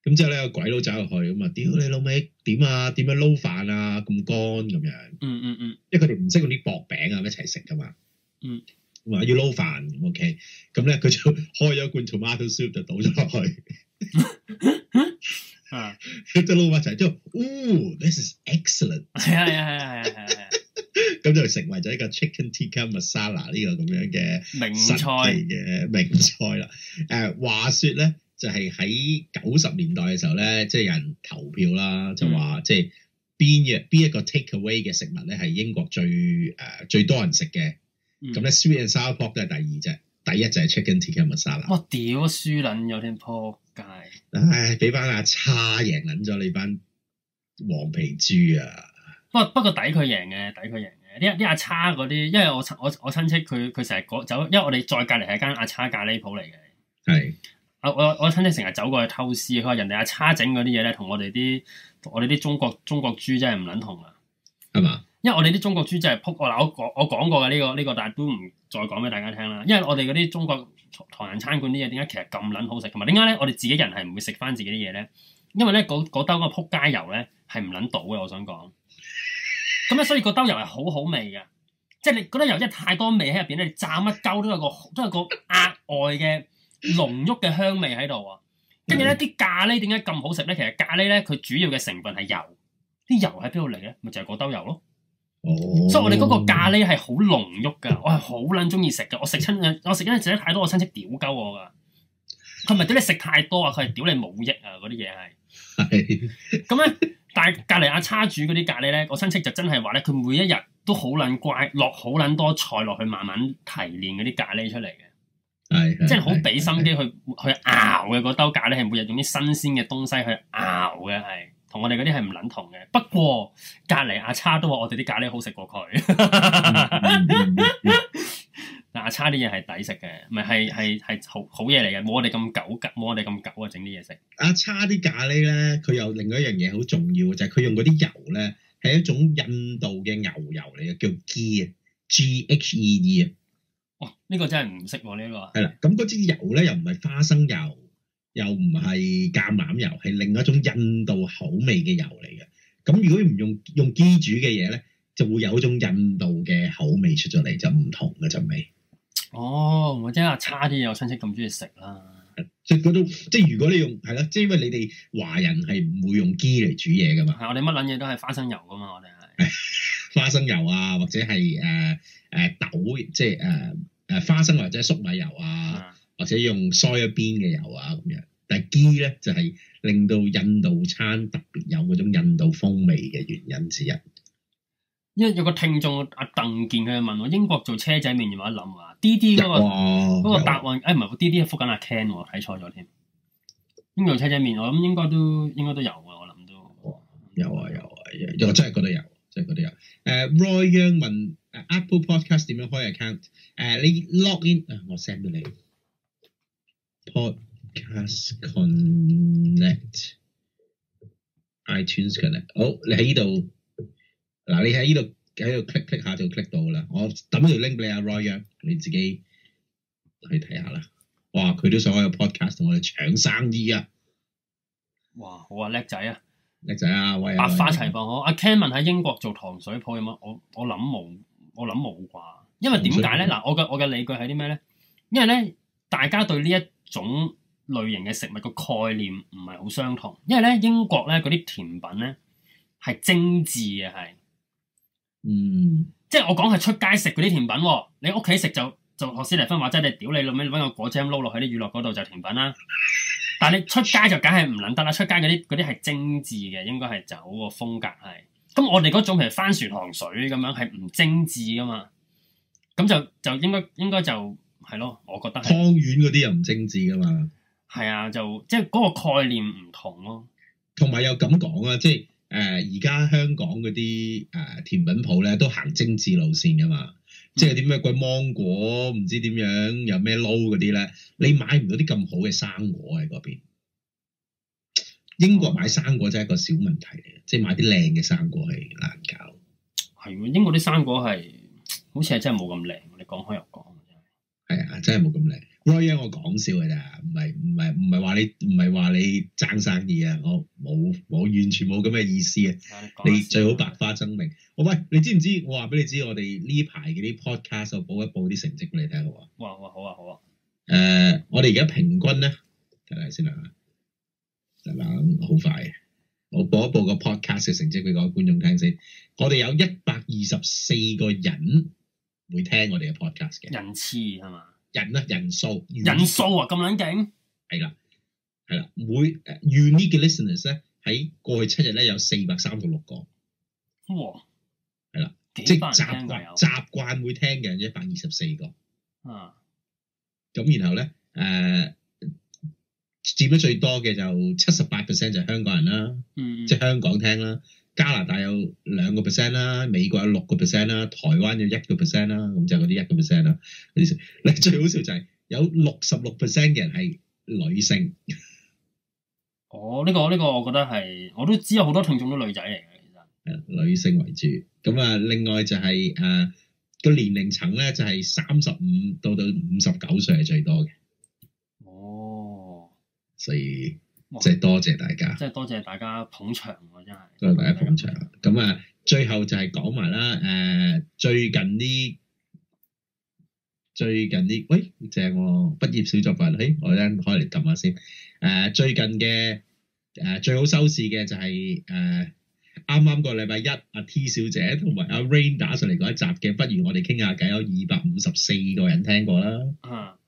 咁之後咧個鬼佬走入去，咁啊屌你老味點啊，點樣撈飯啊，咁乾咁樣。嗯嗯嗯，因為佢哋唔識用啲薄餅啊一齊食噶嘛。嗯，咁要撈飯，OK，咁咧佢就開咗罐 tomato soup 就倒咗落去。 啊！佢都攞埋齊之後，嗚、哦、！This is excellent，係啊係啊係啊係啊係啊，咁 就成為咗一個 Chicken Tikka Masala 呢個咁樣嘅名菜嘅名菜啦。誒，話說咧，就係喺九十年代嘅時候咧，即係有人投票啦，就話即係邊一邊一個 takeaway 嘅食物咧，係英國最誒、呃、最多人食嘅。咁咧，Sweet and Sour Pork 都係第二隻。第一就係 Chicken t i k k，我屌，輸撚有啲撲街！唉，俾班阿叉贏撚咗你班黃皮豬啊！不過不過抵佢贏嘅，抵佢贏嘅。啲啲阿叉嗰啲，因為我我我親戚佢佢成日走，因為我哋再隔離係間阿叉咖喱鋪嚟嘅。係。我我我親戚成日走過去偷師，佢話人哋阿叉整嗰啲嘢咧，同我哋啲我哋啲中國中國豬真係唔撚同啊。係嘛？因為我哋啲中國豬真係撲過嗱，我講我講過嘅呢個呢個，但係都唔再講俾大家聽啦。因為我哋嗰啲中國唐人餐館啲嘢點解其實咁撚好食，同埋點解咧？我哋自己人係唔會食翻自己啲嘢咧，因為咧嗰兜嗰個撲街油咧係唔撚到嘅。我想講咁咧，所以嗰兜油係好好味嘅，即係你嗰兜油真係太多味喺入邊咧，你炸乜鳩都有個都有個額外嘅濃郁嘅香味喺度啊。跟住咧啲咖喱點解咁好食咧？其實咖喱咧佢主要嘅成分係油，啲油喺邊度嚟咧？咪就係嗰兜油咯。所以，我哋嗰個咖喱係好濃郁噶，我係好撚中意食噶。我食親，我食緊食得太多，我親戚屌鳩我噶。佢咪係屌你食太多啊，佢係屌你冇益啊！嗰啲嘢係。咁 咧，但係隔離阿叉煮嗰啲咖喱咧，我親戚就真係話咧，佢每一日都好撚乖，落好撚多菜落去，慢慢提煉嗰啲咖喱出嚟嘅。係 即係好俾心機去去熬嘅嗰兜咖喱，係每日用啲新鮮嘅東西去熬嘅係。我哋嗰啲係唔卵同嘅，不過隔籬阿叉都話我哋啲咖喱好食過佢。嗱、 嗯嗯嗯嗯，阿叉啲嘢係抵食嘅，咪係係係好好嘢嚟嘅，冇我哋咁久，冇我哋咁久啊！整啲嘢食。阿叉啲咖喱咧，佢又另外一樣嘢好重要嘅就係、是、佢用嗰啲油咧，係一種印度嘅牛油嚟嘅，叫 G 啊，G H E E 啊。哇！呢、這個真係唔識呢個。係啦，咁嗰支油咧又唔係花生油。又唔係橄欖油，係另一種印度口味嘅油嚟嘅。咁如果唔用用機煮嘅嘢咧，就會有一種印度嘅口味出咗嚟，就唔同嘅陣味。哦，或者我真係差啲有親戚咁中意食啦。即係嗰種即係如果你用係啦，即係因為你哋華人係唔會用機嚟煮嘢噶嘛。係我哋乜撚嘢都係花生油噶嘛，我哋係 花生油啊，或者係誒誒豆，即係誒誒花生油或者粟米油啊。嗯或者用腮一邊嘅油啊，咁樣。但係 ghee 咧就係令到印度餐特別有嗰種印度風味嘅原因之一。因為有個聽眾阿鄧健佢問我英國做車仔麵，有冇一諗啊 D D 嗰個個答案誒，唔係 D D 係覆緊阿 Ken 喎，睇錯咗添。英國做車仔麵，哦那個啊哎，我諗應該都應該都有啊。我諗都有啊，有啊，有我真係覺得有，真係覺得有。誒、uh,，Roy Yang 問、uh, Apple Podcast 點樣開 account？誒、uh, 啊，你 log in，我 send 俾你。Podcast Connect、iTunes Connect，好，oh，你喺呢度，嗱你喺呢度喺度 click click 下就 click 到啦。我抌一條 link 俾阿 Roy 你自己去睇下啦。哇，佢都想我有 podcast 同我哋搶生意啊！哇，好啊，叻仔啊，叻仔啊，百花齊放嗬。阿 Ken 文喺英國做糖水鋪有冇？我我諗冇，我諗冇啩。因為點解咧？嗱，我嘅我嘅理據係啲咩咧？因為咧，大家對呢一種類型嘅食物個概念唔係好相同，因為咧英國咧嗰啲甜品咧係精致嘅，係，嗯，即係我講係出街食嗰啲甜品，你屋企食就就學史提芬話真係你屌你，諗起搵個果汁撈落去啲乳酪嗰度就甜品啦，但係你出街就梗係唔能得啦，出街嗰啲嗰啲係精致嘅，應該係就嗰個風格係，咁我哋嗰種係番薯糖水咁樣係唔精致噶嘛，咁就就應該應該就。係咯，我覺得湯丸嗰啲又唔精致噶嘛，係啊，就即係嗰個概念唔同咯，同埋又咁講啊，這即係誒而家香港嗰啲誒甜品鋪咧都行精致路線噶嘛，嗯、即係啲咩鬼芒果唔知點樣，有咩撈嗰啲咧，你買唔到啲咁好嘅生果喺嗰邊，英國買生果真係一個小問題嚟、嗯，即係買啲靚嘅生果係難搞的，係、啊、英國啲生果係，好似係真係冇咁靚，你講開又講。係、哎、啊，真係冇咁靚。Roy 啊，我講笑嘅咋，唔係唔係唔係話你唔係話你爭生意啊，我冇我完全冇咁嘅意思啊。你最好百花生命我喂，你知唔知，我話俾你知，我哋呢排嘅啲 podcast 我報一報啲成績俾你睇好好啊？好啊誒、呃，我哋而家平均咧，睇睇先啦，等等好快。我報一報個 podcast 嘅成績俾各位觀眾聽先。我哋有一百二十四個人。會聽我哋嘅 podcast 嘅，人次係嘛？人啦，人數，人數啊，咁撚勁？係啦，係啦，每、uh, unique listeners 咧喺過去七日咧有四百三十六個，哇！係啦，即習慣習慣會聽嘅人一百二十四個啊，咁然後咧誒、佔、呃、咗最多嘅就七十八 percent 就係香港人啦，嗯，即、係、香港聽啦。加拿大有兩個 percent 啦，美國有六個 percent 啦，台灣有一個 percent 啦，咁就嗰啲一個 percent 啦。你最好笑就係有六十六 percent 嘅人係女性。哦，呢個呢個，呢個、我覺得係，我都知有好多聽眾都女仔嚟嘅，其實。女性為主，咁啊，另外就係誒個年齡層咧，就係三十五到到五十九歲係最多嘅。哦。所以。即係多謝大家，即係多謝大家捧場喎，真係。多謝大家捧場。咁啊、嗯，最後就係講埋啦。誒、呃，最近啲最近啲，喂，正，畢業小作品，啦。我一陣開嚟撳下先。誒，最近嘅誒、欸欸呃最，呃、最好收視嘅就係誒啱啱個禮拜一阿 T 小姐同埋阿 Rain 打上嚟嗰一集嘅，不如我哋傾下偈，有二百五十四個人聽過啦。啊、嗯。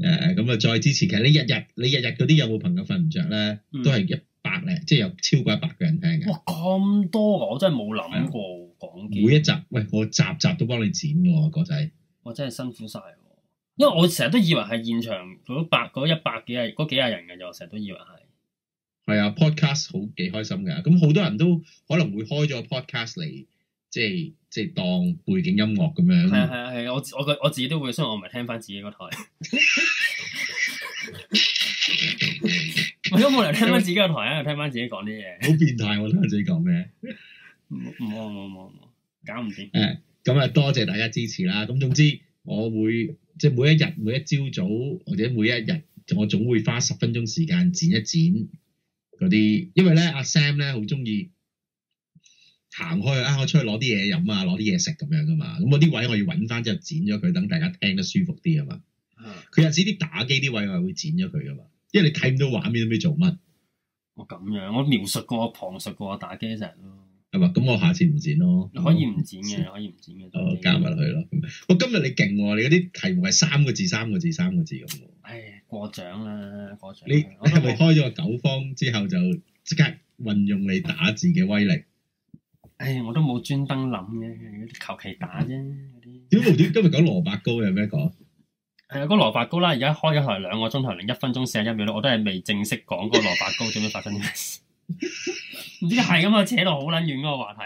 誒，咁啊，再支持。其實你日日，你日日嗰啲有冇朋友瞓唔着咧？都係一百咧，即係有超過一百個人聽嘅。哇，咁多我真係冇諗過講幾。講嘅每一集，喂，我集集都幫你剪嘅喎，哥仔。我真係辛苦晒，因為我成日都以為係現場做百嗰一百幾啊嗰幾啊人嘅，我成日都以為係。係啊，podcast 好幾開心嘅，咁好多人都可能會開咗 podcast 嚟。即係即係當背景音樂咁樣。係啊係啊係啊，我我個我自己都會，所以我咪聽翻自己嗰台。我都冇理由聽翻自己個台啊，嗯、聽翻自己講啲嘢。好變態，我聽自己講咩？唔唔唔唔唔，搞唔掂。誒、哎，咁啊，多謝大家支持啦。咁總之，我會即係每一日每一朝早或者每一日，我總會花十分鐘時間剪一剪嗰啲，因為咧阿、啊、Sam 咧好中意。行開啊！我出去攞啲嘢飲啊，攞啲嘢食咁樣噶嘛。咁我啲位我要揾翻之後剪咗佢，等大家聽得舒服啲啊嘛。佢、啊、有陣時啲打機啲位我係會剪咗佢噶嘛，因為你睇唔到畫面都唔知做乜。我咁樣我描述過，旁述過打機成日咯。係嘛？咁我下次唔剪咯。可以唔剪嘅，可以唔剪嘅。加埋落去咯。我今日你勁喎、啊，你嗰啲題目係三個字、三個字、三個字咁。唉、哎，過獎啦，過獎。你你係咪開咗個九方之後就即刻運用你打字嘅威力？唉，我都冇專登諗嘅，求其打啫。嗰啲點點今日講蘿蔔糕有咩講？誒， 講蘿蔔糕啦，而家開咗台兩個鐘頭零一分鐘四十一秒咯，我都係未正式講嗰個蘿蔔糕，做 咩發生啲咩事？唔 知係啊嘛，扯到好撚遠嗰個話題。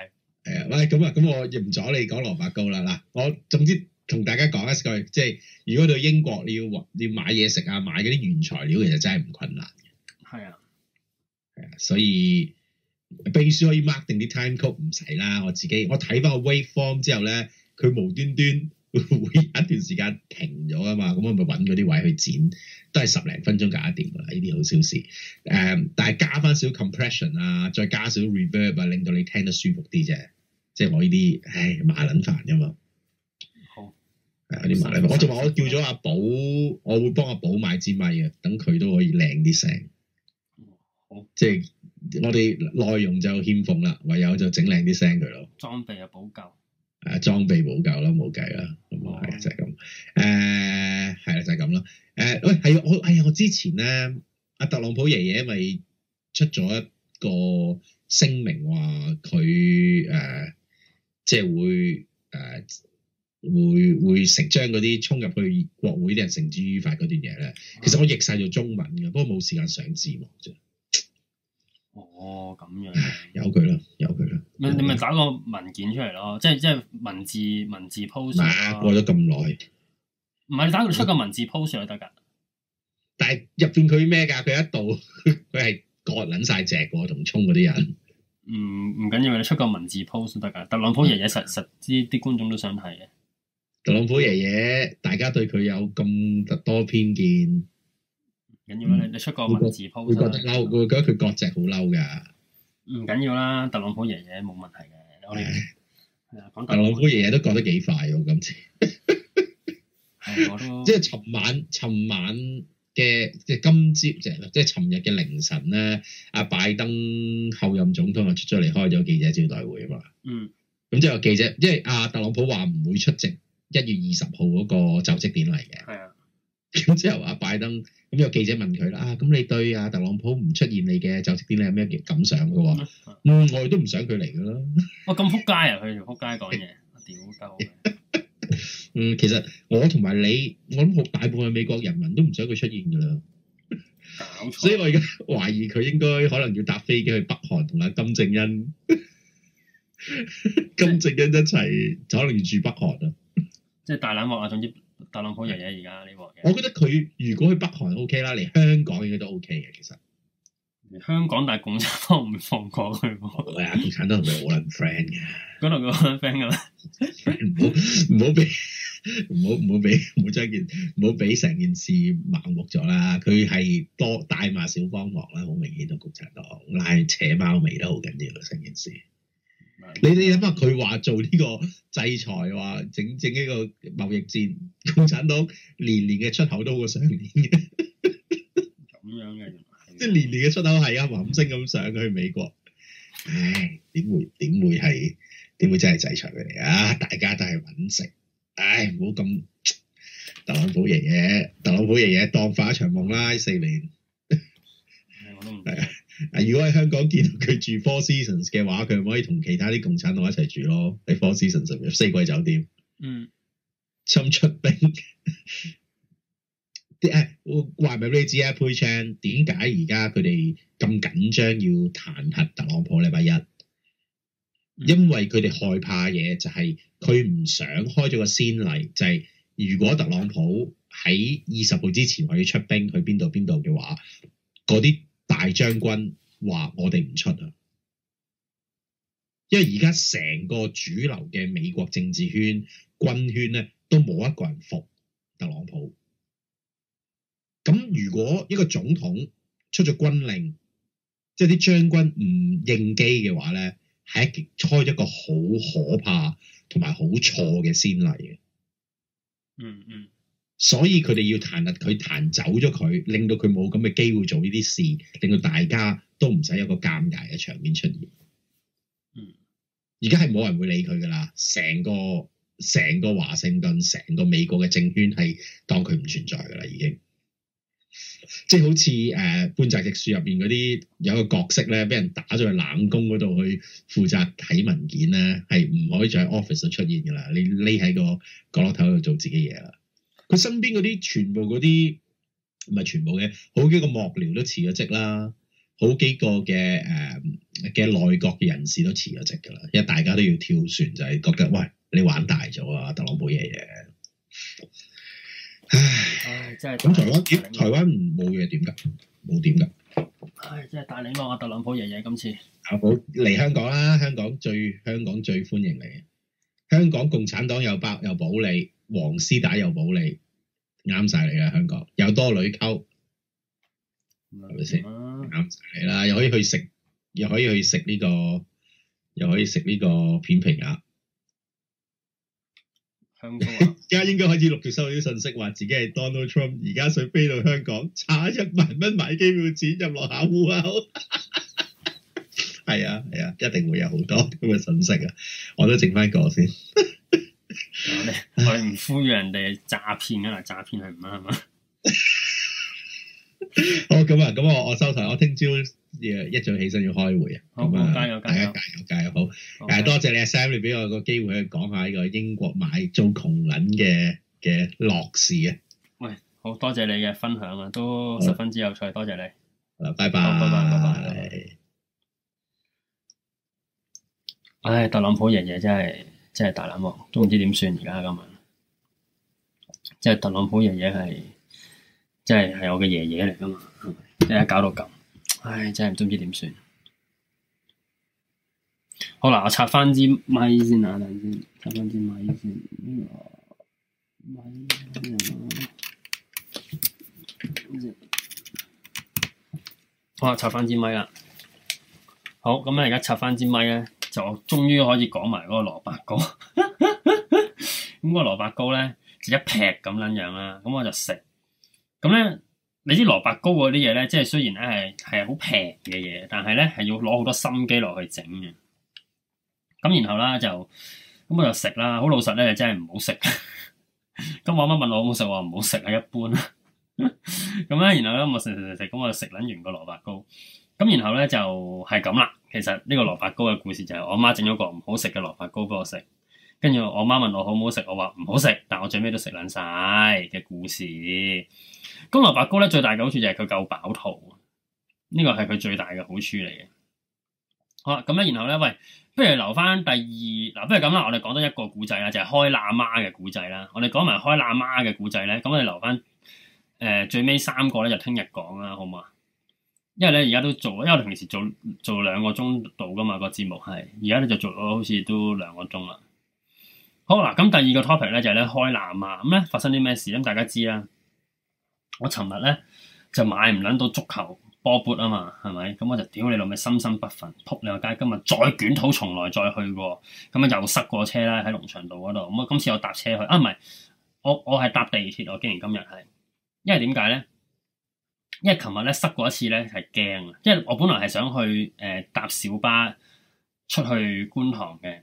係啊，咁啊，咁我唔阻你講蘿蔔糕啦。嗱，我總之同大家講一句，即係如果到英國你要你要買嘢食啊，買嗰啲原材料，其實真係唔困難嘅。係啊，係啊，所以。秘書可以 mark 定啲 timecode 唔使啦，我自己我睇翻個 waveform 之後咧，佢無端端會有一段時間停咗啊嘛，咁我咪揾嗰啲位去剪，都係十零分鐘搞掂啦，呢啲好小事。誒、嗯，但係加翻少 compression 啊，再加少 reverb 啊，令到你聽得舒服啲啫。即係我呢啲，唉，麻捻煩噶嘛。好。係嗰啲麻捻煩。我仲話我叫咗阿寶、嗯，我會幫阿寶買支咪啊，等佢都可以靚啲聲。即係。我哋內容就欠奉啦，唯有就整靚啲聲佢咯。裝備啊，補救。誒、啊，裝備補救、哦，嗯就是呃就是、咯，冇計啦，咁啊，就係咁。誒，係啦，就係咁咯。誒，喂，係我，係啊，我之前咧、啊，阿特朗普爺爺咪出咗一個聲明話佢誒，即、呃、係、就是、會誒、呃，會會成將嗰啲衝入去國會啲人繩之於法嗰段嘢咧、哦。其實我譯晒咗中文嘅，不過冇時間上字幕啫。哦，咁樣，由佢啦，由佢啦。你咪打個文件出嚟咯，即係即係文字文字 post。過咗咁耐，唔係你打佢出個文字 post 都得噶。但係入邊佢咩噶？佢一度佢係割捻晒只噶，同衝嗰啲人。唔唔緊要，你出個文字 post 就得噶。特朗普爺爺實、嗯、實知啲觀眾都想睇嘅。特朗普爺爺、嗯，大家對佢有咁特多偏見？緊要啦！你你出個文字鋪，佢、嗯、覺得嬲，佢、嗯、覺得佢國籍好嬲噶。唔緊要啦，特朗普爺爺冇問題嘅。我哋係啊，特朗普爺爺都講得幾快喎，今次。哦，即係尋晚，尋晚嘅即係今朝即係，即係尋日嘅凌晨咧。阿拜登候任總統出咗嚟開咗記者招待會啊嘛。嗯。咁就有記者，因為阿特朗普話唔會出席一月二十號嗰個就職典禮嘅。係啊。之後啊，拜登咁有記者問佢啦，啊咁你對啊特朗普唔出現你嘅就職典禮有咩感想嘅？嗯，嗯，我哋都唔想佢嚟嘅咯。我咁撲街啊！佢條撲街講嘢，屌 鳩嗯，其實我同埋你，我諗好大部分的美國人民都唔想佢出現㗎啦。所以我而家懷疑佢應該可能要搭飛機去北韓同阿金正恩、金正恩一齊就可能住北韓啦。即係大冷話啊，總之。特朗普樣嘢而家呢個，我覺得佢如果去北韓 O、OK、K 啦，嚟香港應該都 O K 嘅其實。香港但係共產黨都唔放過佢喎。係 啊，共產黨都同佢好撚 friend 嘅。嗰度好撚 friend 㗎啦。唔好唔好俾唔好唔好俾唔好將件唔好俾成件事盲目咗啦。佢係多大罵小幫忙啦，好明顯都共產黨拉扯貓尾都好緊要嘅成件事。你你諗下佢話做呢個制裁，話整整呢個貿易戰，共產黨年年嘅出口都好過上年嘅 樣的，咁樣嘅即係年年嘅出口係啊，冚聲咁上去美國唉，點會點會係點會真係制裁佢哋啊？大家都係揾食，唉，唔好咁。特朗普爺爺，特朗普爺爺當發一場夢啦，四年。嗯我 如果喺香港見到佢住 Four Seasons 嘅話，佢唔可以同其他啲共產黨一齊住咯。喺 Four Seasons 入四季酒店，嗯，侵出兵啲誒，話俾你知啊 Page Chan，點解而家佢哋咁緊張要彈劾特朗普禮拜一？嗯、因為佢哋害怕嘢，就係佢唔想開咗個先例，就係如果特朗普喺二十號之前話要出兵去邊度邊度嘅話，嗰啲。大將軍話：我哋唔出啊，因為而家成個主流嘅美國政治圈、軍圈咧，都冇一個人服特朗普。咁如果一個總統出咗軍令，即係啲將軍唔應機嘅話咧，係開一個好可怕同埋好錯嘅先例嘅。嗯嗯。所以佢哋要彈劾佢彈走咗佢，令到佢冇咁嘅機會做呢啲事，令到大家都唔使有一個尷尬嘅場面出現。嗯，而家係冇人會理佢噶啦，成個成個華盛頓、成個美國嘅政圈係當佢唔存在噶啦，已經即係好似誒、呃《半澤直樹》入邊嗰啲有個角色咧，俾人打咗去冷宮嗰度去負責睇文件啦，係唔可以再 office 出現噶啦，你匿喺個角落頭度做自己嘢啦。佢身邊嗰啲全部嗰啲唔係全部嘅，好幾個幕僚都辭咗職啦，好幾個嘅誒嘅內閣嘅人士都辭咗職噶啦，因為大家都要跳船，就係、是、覺得喂你玩大咗、哎哎、啊！特朗普爺爺，唉，真係咁台灣台灣唔冇嘢點㗎？冇點㗎？唉，真係帶領我阿特朗普爺爺今次，阿寶嚟香港啦、啊！香港最香港最歡迎你，香港共產黨又白又保你，黃絲帶又保你。啱晒嚟㗎香港，有多女溝，係咪先？啱晒啦，又可以去食，又可以去食呢個，又可以食呢個片皮鴨。香港啊，而 家應該開始陸續收到啲信息，話自己係 Donald Trump，而家想飛到香港，差一萬蚊買機票錢就落下戶口。係 啊係啊，一定會有好多咁嘅信息啊！我都整翻個先。 我哋我唔呼籲人哋詐騙噶啦，詐騙係唔啱啊嘛。 好，咁啊，咁我我收台，我聽朝一早起身要開會啊。咁啊，加油加油加油，加油好。誒、okay.，多謝你阿 Sam，你俾我個機會去講下呢個英國買租窮撚嘅嘅樂事啊。喂，好多謝你嘅分享啊，都十分之有趣，多謝你。嗱，拜拜拜拜拜拜。唉，特朗普爺爺真係～真係大冷王，都唔知點算而家咁啊！即係特朗普爺爺係，即係係我嘅爺爺嚟噶嘛？而家搞到咁，唉，真係唔知點算。好啦，我插翻支咪先啊！等陣先，插、啊、翻支咪先。我插翻支咪啦。好，咁咧，而家插翻支咪咧。就終於可以講埋嗰個蘿蔔糕，咁 個蘿蔔糕咧就一劈咁撚樣啦，咁我就食。咁咧你啲蘿蔔糕嗰啲嘢咧，即係雖然咧係係好平嘅嘢，但係咧係要攞好多心機落去整嘅。咁然後啦就，咁我就食啦，好老實咧就真係唔好食。咁 我阿媽問我好唔好食，我話唔好食啊，一般啦。咁 咧，然後咧我食食食食咁，我就食撚完個蘿蔔糕。咁然後咧就係咁啦，其實呢個蘿卜糕嘅故事就係我媽整咗個唔好食嘅蘿卜糕俾我食，跟住我媽問我好唔好食，我話唔好食，但我最尾都食撚晒嘅故事。咁蘿卜糕咧最大嘅好處就係佢夠飽肚，呢個係佢最大嘅好處嚟嘅。好啦，咁咧然後咧，喂，不如留翻第二，嗱，不如咁啦，我哋講多一個古仔啦，就係開喇媽嘅古仔啦。我哋講埋開喇媽嘅古仔咧，咁我哋留翻誒最尾三個咧就聽日講啦，好嘛？因為咧而家都做，因為我平時做做兩個鐘度噶嘛，這個節目，係而家咧就做咗好似都兩個鐘啦。好啦咁，第二個 topic 咧就係、是、咧開喇媽咁咧發生啲咩事咁，嗯、大家知啦。我尋日咧就買唔捻到足球波 boot 啊嘛，係咪？咁，嗯、我就屌你老味，心生不忿，仆你個街，今日再捲土重來，再去過，咁，嗯、啊又塞過車啦喺龍翔道嗰度。咁，嗯、啊今次我搭車去啊，唔係我我係搭地鐵，我竟然今日係，因為點解咧？因為琴日咧塞過一次咧係驚啊！因為我本來係想去誒、呃、搭小巴出去觀塘嘅，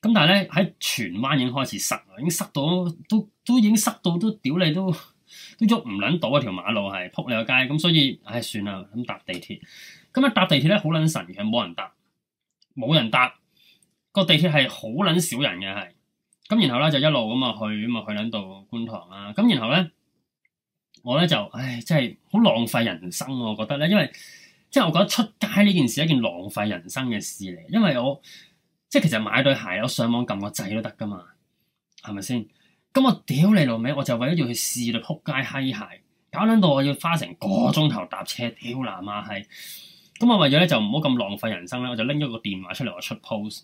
咁但係咧喺荃灣已經開始塞，已經塞到都都已經塞到都屌你都都喐唔撚到啊條馬路係撲你個街，咁所以唉、哎、算啦，咁搭地鐵。咁啊搭地鐵咧好撚神嘅，冇人搭，冇人搭，個地鐵係好撚少人嘅係。咁然後咧就一路咁啊去咁啊去撚到觀塘啦。咁然後咧。我咧就唉，真係好浪費人生。我覺得咧，因為即係我覺得出街呢件事一件浪費人生嘅事嚟。因為我即係其實買對鞋，我上網撳個掣都得噶嘛，係咪先？咁我屌你老味，我就為咗要去試，去撲街閪鞋，搞撚到我要花成個鐘頭搭車，屌喇媽閪！係咁，我為咗咧就唔好咁浪費人生咧，我就拎咗個電話出嚟，我出 post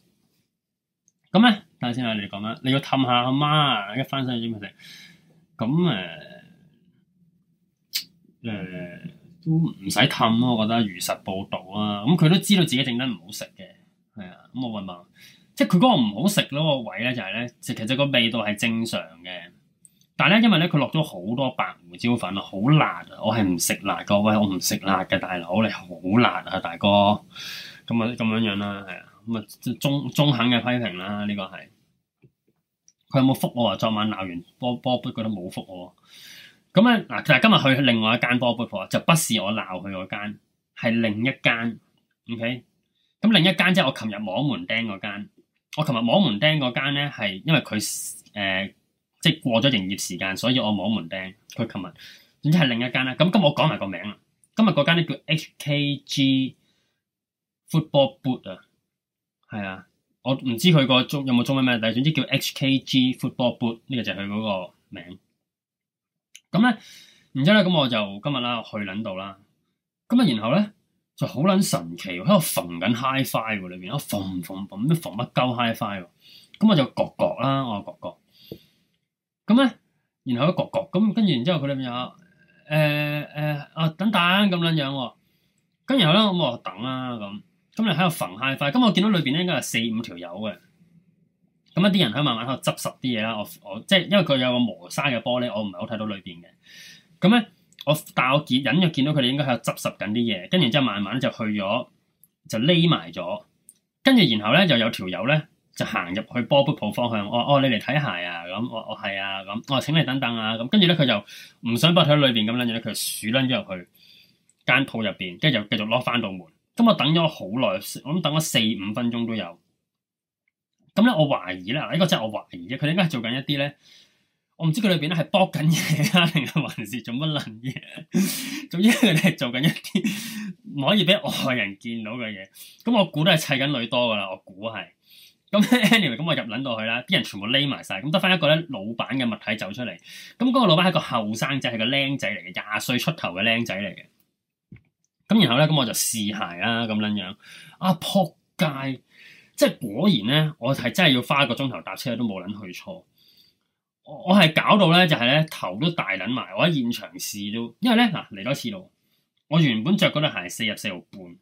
咁咧。等先啊，你哋講啦，你要氹下阿媽啊，一翻身點食咁誒。誒、嗯、都唔使氹咯，我覺得，如實報導啊，咁、嗯、佢都知道自己整得唔好食嘅，係啊，咁、嗯、我問問，即係佢嗰個唔好食嗰個位咧，就係咧，其實個味道係正常嘅，但係咧，因為咧佢落咗好多白胡椒粉啊，好辣啊，我係唔食辣噶，喂，我唔食辣嘅大佬，你好辣啊大哥，咁啊咁樣樣啦，係啊，咁啊、嗯、中中肯嘅批評啦，呢、這個係，佢有冇覆我啊？昨晚鬧完波波杯，覺得冇覆我。咁啊，嗱，但係今日去另外一間波波鋪啊，就不是我鬧佢嗰間，係另一間，OK？咁另一間即係、就是、我琴日摸門釘嗰間，我琴日摸門釘嗰間咧係因為佢誒、呃、即係過咗營業時間，所以我摸門釘。佢琴日總之係另一間啦。咁今我講埋個名啦，今日嗰間咧叫 HKG Football Boot 啊，係啊，我唔知佢、個中有冇中文名，但係總之叫 HKG Football Boot，呢個就係佢嗰個名。咁咧，然之後咧，咁我就今日啦，去捻到啦，咁、呃呃呃、啊，啊，然後咧就好捻神奇，喺度縫緊 hi-fi 裏邊，我縫縫咁，都縫乜鳩 hi-fi，咁我就覺覺啦，我覺覺，咁咧，然後咧覺覺，咁跟住，然之後佢裏邊有，誒誒，啊等等咁捻樣，咁然後咧，咁我等啦，咁，咁你喺度縫 hi-fi，咁我見到裏邊咧，應該係四五條友嘅。咁一啲人喺慢慢喺度執拾啲嘢啦，我我即係因為佢有個磨砂嘅玻璃，我唔係好睇到裏面嘅。咁咧，我但我見隱約見到佢哋應該喺度執拾緊啲嘢，跟住之後慢慢就去咗，就匿埋咗。跟住然後咧就有條友咧就行入去波普鋪方向，我哦你嚟睇鞋啊咁、嗯，我我係啊咁，我、啊嗯哦、請你等等啊咁。跟住咧佢就唔想睇喺裏面。咁樣，住咧佢就鼠撚咗入去間鋪入面。跟住就繼續攞翻到門。咁我等咗好耐，我諗等咗四五分鐘都有。咁咧，我懷疑啦，呢、這個真係我懷疑嘅，佢應該係做緊一啲咧？我唔知佢裏面咧係卜緊嘢啊，定還是做乜撚嘢？總之佢哋係做緊一啲唔可以俾外人見到嘅嘢。咁我估都係砌緊女多噶啦，我估係。咁 Anyway 咁我入撚到佢啦，啲人全部匿埋晒，咁得翻一個咧老闆嘅物體走出嚟。咁、那、嗰個老闆係個後生仔，係個靚仔嚟嘅，廿歲出頭嘅靚仔嚟嘅。咁然後咧，咁我就試鞋啦，咁撚樣啊，撲街！即係果然咧，我係真係要花一個鐘頭搭車都冇撚去錯。我係搞到咧，就係、是、咧頭都大撚埋。我喺現場試都，因為咧嗱嚟多次路，我原本着嗰對鞋四十四號半，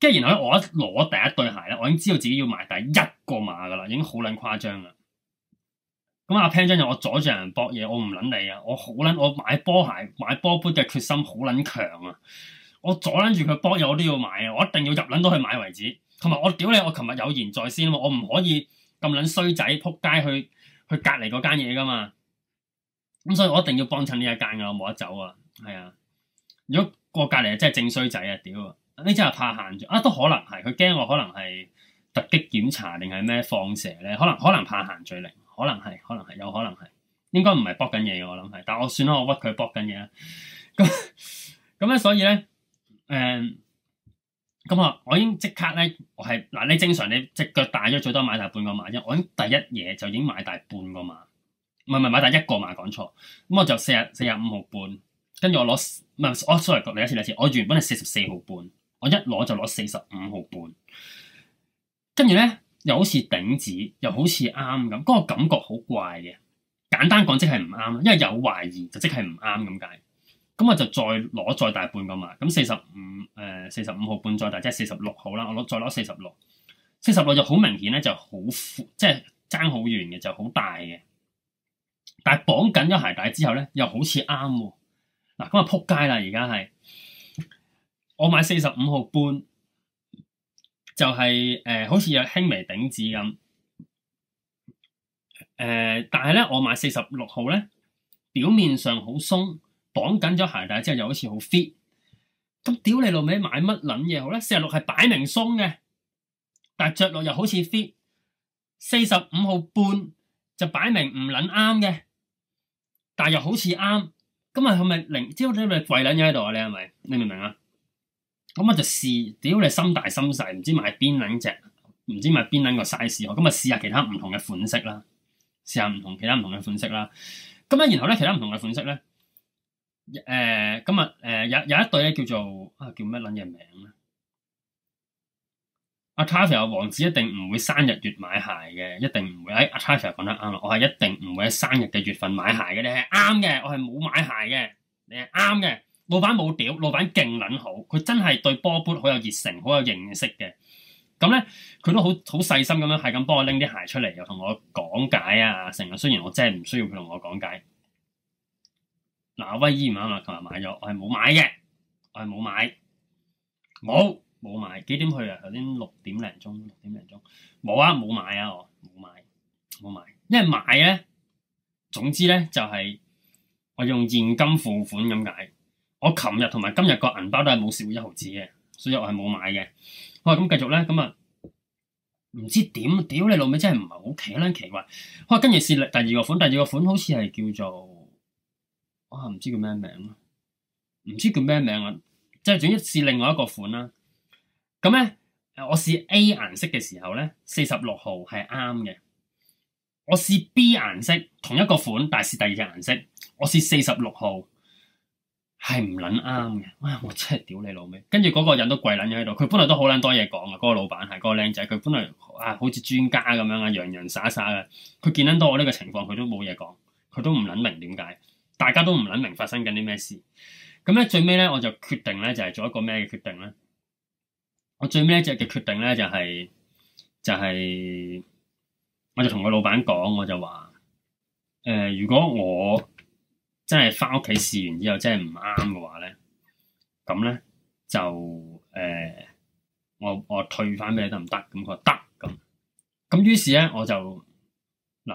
跟住然後咧我一攞第一對鞋咧，我已經知道自己要買第一個碼㗎啦，已經好撚誇張啦。咁阿 Pan 張就我阻住人博嘢，我唔撚你啊！我好撚我買波鞋買波杯嘅決心好撚強啊！我阻撚住佢博嘢，我都要買啊！我一定要入撚到去買為止。同埋我屌你，我琴日有言在先啊嘛，我唔可以咁撚衰仔撲街去去隔離嗰間嘢噶嘛。咁所以我一定要幫襯呢一間噶，我冇得走啊。係啊，如果過隔離真係正衰仔啊，屌！你真係怕閒住啊？都可能係，佢驚我可能係突擊檢查定係咩放蛇咧？可能可能怕閒住你，可能係可能係有可能係，應該唔係博緊嘢我諗係，但我算啦，我屈佢博緊嘢啦。咁咁咧，所以咧誒咁啊！我已經即刻咧，我係嗱，你正常你隻腳大咗，最多買大半個碼啫。我已經第一嘢就已經買大半個碼，唔係唔係買大一個碼，講錯。咁我就四十四十五號半，跟住我攞唔係我 sorry 一次第二次，我原本係四十四號半，我一攞就攞四十五號半，跟住咧又好似頂趾，又好似啱咁，嗰、嗰個感覺好怪嘅。簡單講，即係唔啱，因為有懷疑就即係唔啱咁解。咁我就再攞再大半㗎嘛，咁四十五誒四十五號半再大，即係四十六號啦，我攞再攞四十六，四十六就好明顯咧，就好闊，即係爭好遠嘅，就好大嘅。但係綁緊咗鞋帶之後咧，又好似啱喎。嗱、啊，咁啊撲街啦而家係，我買四十五號半就係、是呃、好似有輕微頂趾咁，誒，但係咧我買四十六號咧表面上好鬆。綁緊咗鞋帶之後，又好似好 fit。咁屌你老味買乜撚嘢好咧？四十六係擺明鬆嘅，但係着落又好似 fit。四十五號半就擺明唔撚啱嘅，但係又好似啱。咁啊，係咪零？朝你咪跪撚咗喺度啊？你係咪？你明唔明啊？咁我就試屌你，心大心細，唔知買邊撚隻，唔知買邊撚個 size。咁啊，試下其他唔同嘅款式啦，試下唔同其他唔同嘅款式啦。咁啊，然後咧，其他唔同嘅款式咧。誒，今日誒有有一對咧，叫做啊叫咩捻嘢名咧？阿 Carson 話王子一定唔會生日月買鞋嘅，一定唔會。誒，阿 Carson 講得啱咯，我係一定唔會喺生日嘅月份買鞋嘅，你係啱嘅，我係冇買鞋嘅，你係啱嘅。老闆冇屌，老闆勁捻好，佢真係對波鞋好有熱誠，好有認識嘅。咁咧，佢都好好細心咁樣，係咁幫我拎啲鞋出嚟，又同我講解啊，成日。雖然我真係唔需要佢同我講解。嗱威伊唔啊嘛，琴日買咗，我係冇買嘅，我係冇買，買，冇冇買，幾點去點點啊？頭先六點零鐘，六點零鐘，冇啊，冇買啊，我冇買冇買，因為買咧，總之咧就係、是、我用現金付款咁解，我琴日同埋今日個銀包都係冇蝕一毫子嘅，所以我係冇買嘅。好，咁繼續咧，咁啊唔知點屌你老味，真係唔係好奇啦奇怪。好，跟住試第二個款，第二個款好似係叫做。我、哦、唔知道叫咩名字，啊，唔知叫咩名啊，即係總之試另外一個款啦。咁咧，我試 A 顏色嘅時候咧，四十六號係啱嘅。我試 B 顏色，同一個款，但係試第二隻顏色，我試四十六號係唔捻啱嘅。哇、哎！我真係屌你老味。跟住嗰個人都跪捻咗喺度，佢本來都好捻多嘢講嘅。嗰、嗰個老闆係嗰個靚仔，佢本來啊好似專家咁樣啊，洋洋灑灑嘅。佢見捻多我呢個情況，佢都冇嘢講，佢都唔捻明點解。大家都唔諗明發生緊啲咩事，咁咧，最尾咧，我就決定咧就係做一個咩嘅決定咧？我最尾一隻嘅決定咧就係、就係、就係我就同個老闆講，我就話、呃、如果我真係翻屋企試完之後真係唔啱嘅話咧，咁咧就誒、呃、我我退翻畀你得唔得？咁佢話得咁咁，於是咧我就嗱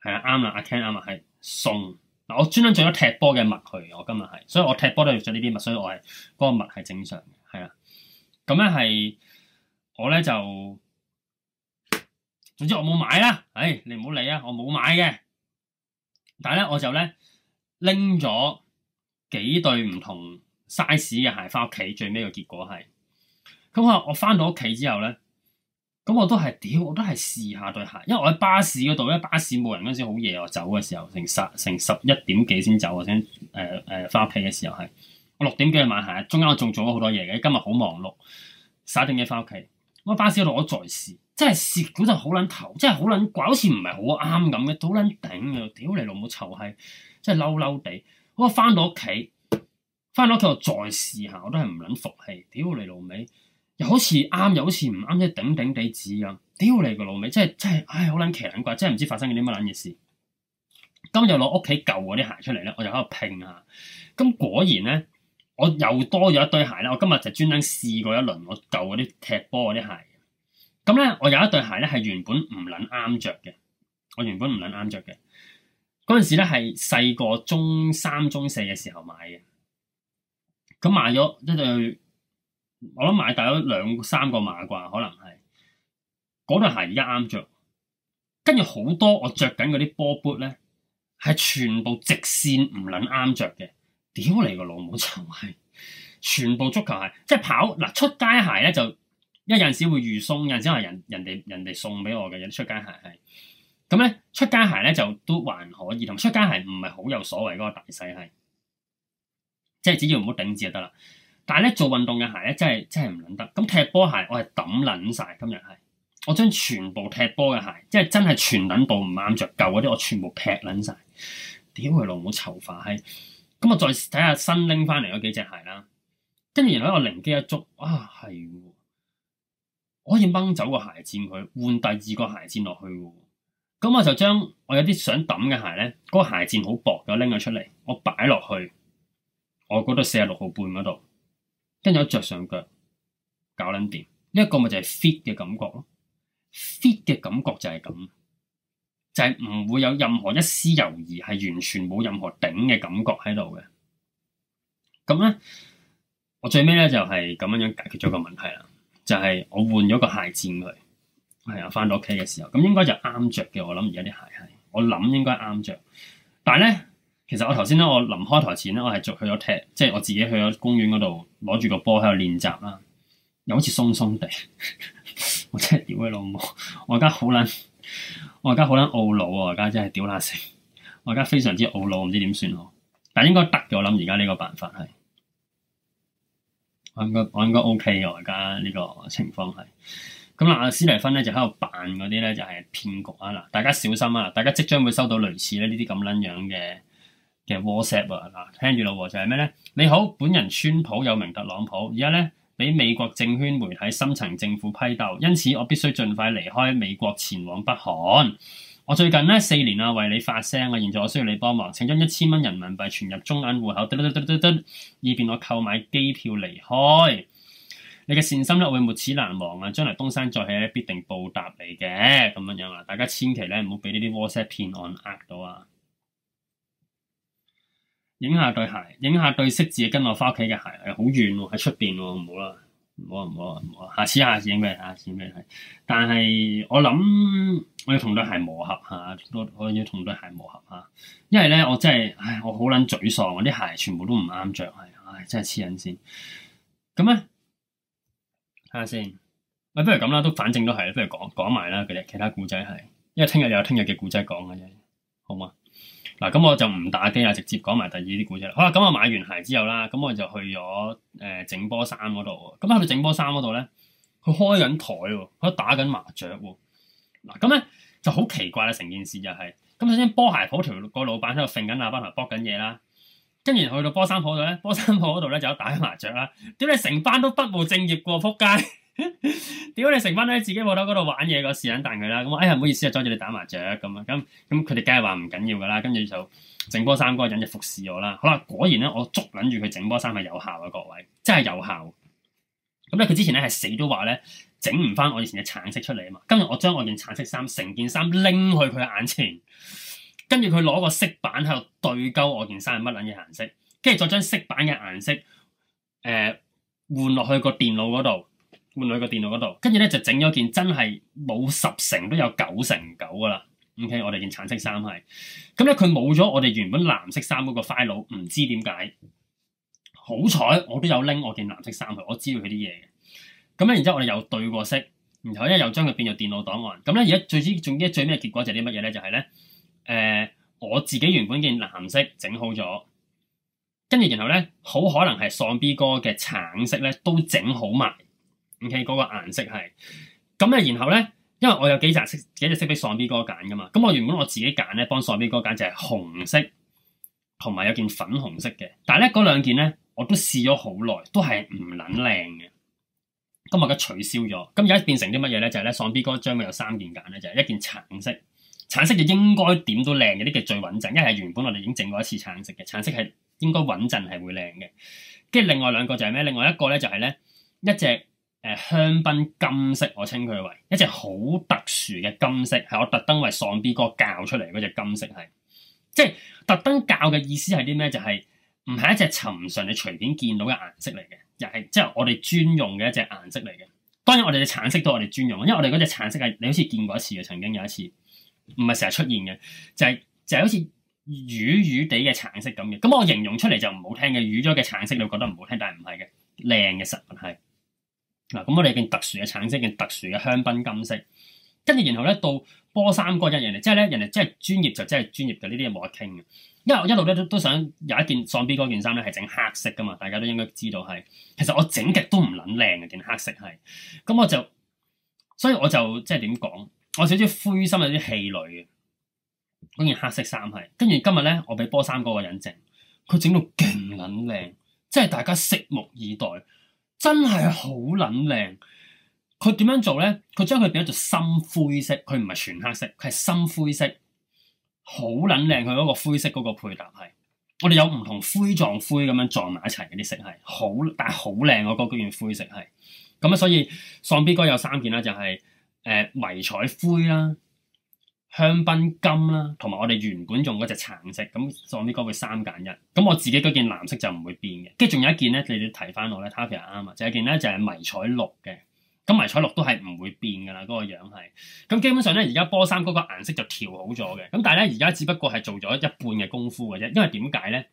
係啊，啱啦，阿 Ken 啱啦，係送。我專登著咗踢波嘅襪去，我今日係，所以我踢波都要著呢啲襪，所以我係嗰、那個襪係正常嘅，係啊，咁咧係我咧就，總之我冇買啦，誒、哎，你唔好理啊，我冇買嘅，但係咧我就咧拎咗幾對唔同 size 嘅鞋翻屋企，最尾嘅結果係，咁我我翻到屋企之後咧。咁我都係屌，我都係試下對鞋，因為我喺巴士嗰度咧，巴士冇人嗰時好夜，我走嘅時候成十成十一點幾先走啊，先誒誒翻屋企嘅時候係，我六點幾去買鞋，中間我仲做咗好多嘢嘅，今日好忙碌，洗定嘢翻屋企，我巴士嗰度我再試，真係試，嗰陣好撚頭，真係好撚怪，好似唔係好啱咁嘅，好撚頂啊，屌你老母臭閪，真係嬲嬲地，我翻到屋企，翻到屋企我再試下，我都係唔撚服氣，屌你老味。又好似啱，又好似唔啱，一頂頂頂地止咁。屌你個老味，真係真係，唉，好撚奇撚怪，真係唔知發生嗰啲乜撚嘢事。今日攞屋企舊嗰啲鞋出嚟咧，我就喺度拼,拼下。咁果然咧，我又多咗一堆鞋啦。我今日就專登試過一輪我舊嗰啲踢波嗰啲鞋。咁咧，我有一對鞋咧係原本唔撚啱着嘅，我原本唔撚啱着嘅。嗰陣時咧係細個中三中四嘅時候買嘅，咁買咗一對。我諗買大咗兩三個碼啩，可能係嗰對鞋而家啱着，跟住好多我着緊嗰啲波 boot 咧，係全部直線唔捻啱着嘅。屌你個老母就係全部足球鞋，即係跑嗱、呃、出街鞋咧就，一有陣時會預送，有陣時係人人哋人哋送俾我嘅有啲出街鞋係，咁咧出街鞋咧就都還可以，同出街鞋唔係好有所謂嗰、嗰個大細係，即係只要唔好頂住就得啦。但係咧做運動嘅鞋咧，真係真係唔捻得。咁踢波鞋我係抌捻晒，今日係我將全部踢波嘅鞋，即係真係全捻到唔啱着舊嗰啲，我全部劈捻晒。屌佢老母臭化係，咁我再睇下新拎翻嚟嗰幾隻鞋啦。跟住然後我靈機一觸，啊係，我可以掹走個鞋墊佢，換第二個鞋墊落去。咁我就將我有啲想抌嘅鞋咧，嗰、那個鞋墊好薄嘅，拎咗出嚟，我擺落去我覺得四十六號半嗰度。跟住我著上腳，搞撚掂呢一個咪就係 fit 嘅感覺咯。fit 嘅感覺就係咁，就係唔會有任何一絲猶疑，係完全冇任何頂嘅感覺喺度嘅。咁咧，我最尾咧就係咁樣樣解決咗個問題啦。就係我換咗個鞋墊佢係啊，翻到屋企嘅時候咁應該就啱着嘅。我諗而家啲鞋係我諗應該啱着。但係咧其實我頭先咧，我臨開台前咧，我係著去咗踢，即係我自己去咗公園嗰度。攞住個波喺度練習啦，又好似鬆鬆地，我真係屌你老母！我而家好撚，我而家好撚懊惱啊！我而家真係屌乸死，我而家非常之懊惱，唔知點算好。但應該得嘅，我諗而家呢個辦法係，我應該我應該 OK 嘅。我而家呢個情況係，咁嗱，阿斯尼芬咧就喺度扮嗰啲咧就係、是、騙局啊！嗱，大家小心啊！大家即將會收到類似咧呢啲咁撚樣嘅嘅 WhatsApp 啊，嗱，聽住咯，就係咩咧？你好，本人川普，又名特朗普，而家咧俾美國政圈媒體、深層政府批鬥，因此我必須盡快離開美國前往北韓。我最近咧四年啊為你發聲啊，現在我需要你幫忙，請將一千蚊人民幣存入中銀戶口，得得得得得，以便我購買機票離開。你嘅善心咧會沒齒難忘啊，將來東山再起咧必定報答你嘅咁樣樣啊！大家千祈咧唔好俾呢啲 WhatsApp 騙案呃到啊！影下對鞋，影下對識字跟我翻屋企嘅鞋，係好遠喎，喺出邊喎，唔好啦，唔好唔好，下次下次影俾你睇，下次俾你睇。但係我諗我要同對鞋磨合下，我我要同對鞋磨合下，因為咧我真係，唉，我好捻沮喪，我啲鞋全部都唔啱着，係，唉，真係黐人先。咁咧，睇下先，喂，不如咁啦，都反正都係，不如講講埋啦，嗰啲其他古仔係，因為聽日有聽日嘅古仔講嘅啫，好嘛？嗱咁我就唔打機啦，直接講埋第二啲故事嚟。好啦，咁我買完鞋之後啦，咁我就去咗誒整波衫嗰度。咁喺度整波衫嗰度咧，佢開緊台喎，佢打緊麻雀喎。嗱咁咧就好奇怪啦，成件事就係、是、咁。首先波鞋鋪條個老闆喺度揈緊阿班頭博緊嘢啦，跟住去到波衫鋪度咧，波衫鋪嗰度咧就有打緊麻雀啦。點解成班都不務正業㗎？撲街！屌 你成班喺自己鋪頭嗰度玩嘢個時間彈佢啦，咁哎呀唔好意思啊，阻住你打麻雀咁啊，咁咁佢哋梗係話唔緊要噶啦，跟住就整波衫嗰個人就服侍我啦。好啦，果然咧我捉捻住佢整波衫係有效啊，各位真係有效。咁咧佢之前咧係死都話咧整唔翻我以前嘅橙色出嚟啊嘛，今日我將我件橙色衫成件衫拎去佢眼前，跟住佢攞個色板喺度對勾我件衫係乜捻嘢顏色，跟住再將色板嘅顏色誒換落去個電腦嗰度。換落去個電腦嗰度，跟住咧就整咗件真係冇十成都有九成九噶啦。OK，我哋件橙色衫係，咁咧佢冇咗我哋原本藍色衫嗰個 file，唔知點解。好彩我都有拎我件藍色衫去，我知道佢啲嘢嘅。咁咧，然之後我哋又對過色，然後咧又將佢變咗電腦檔案。咁咧而家最之，總之最尾嘅結果就係啲乜嘢咧？就係、是、咧，誒、呃、我自己原本件藍色整好咗，跟住然後咧好可能係喪 B 哥嘅橙色咧都整好埋。OK，嗰個顏色係咁啊。然後咧，因為我有幾隻色幾隻色俾喪 B 哥揀噶嘛。咁我原本我自己揀咧，幫喪 B 哥揀就係紅色同埋有件粉紅色嘅。但係咧，嗰兩件咧我都試咗好耐，都係唔撚靚嘅。咁我而家取消咗。咁而家變成啲乜嘢咧？就係咧喪 B 哥將會有三件揀咧，就係一件橙色，橙色就應該點都靚嘅。呢件最穩陣，因為係原本我哋已經整過一次橙色嘅橙色係應該穩陣係會靚嘅。跟住另外兩個就係咩？另外一個咧就係咧一隻。誒香檳金色，我稱佢為一隻好特殊嘅金色，係我特登為喪 B 哥教出嚟嗰隻金色係，即係特登教嘅意思係啲咩？就係唔係一隻尋常你隨便見到嘅顏色嚟嘅，又係即係我哋專用嘅一隻顏色嚟嘅。當然我哋嘅橙色都係我哋專用的，因為我哋嗰隻橙色係你好似見過一次嘅，曾經有一次唔係成日出現嘅，就係、就係、好似魚魚地嘅橙色咁嘅。咁我形容出嚟就唔好聽嘅，魚咗嘅橙色你會覺得唔好聽，但係唔係嘅靚嘅實物係。嗱、嗯，咁我哋件特殊嘅橙色，件特殊嘅香檳金色，跟住然後咧到波三哥一樣嚟，即係咧人哋即係專業就即係專業嘅，呢啲嘢冇得傾嘅。因為我一路咧都都想有一件喪 B 哥件衫咧係整黑色㗎嘛，大家都應該知道係。其實我整極都唔撚靚嘅件黑色係，咁我就所以我就，所以我就即係點講，我少少灰心有啲氣餒嘅嗰件黑色衫係。跟住今日咧，我俾波三哥個引證，佢整到勁撚靚，即係大家拭目以待。真係好撚靚，佢點樣做咧？佢將佢變咗做深灰色，佢唔係全黑色，佢係深灰色，好撚靚。佢嗰、嗰個灰色嗰個配搭係，我哋有唔同灰撞灰咁樣撞埋一齊嗰啲色係好，但係好靚嗰個嗰件灰色係。咁啊，所以喪 B 哥有三件啦，就係、是、誒、呃、迷彩灰啦。香檳金啦、啊，同埋我哋原本用嗰隻橙色，咁我呢個會三揀一。咁我自己嗰件藍色就唔會變嘅，跟住仲有一件咧，你哋提翻我咧，Tavia 啱啊，就係、是、件咧就係、是、迷彩綠嘅。咁迷彩綠都係唔會變噶啦，嗰、那個樣係。咁基本上咧，而家波衫嗰個顏色就調好咗嘅。咁但係咧，而家只不過係做咗一半嘅功夫嘅啫。因為點解咧？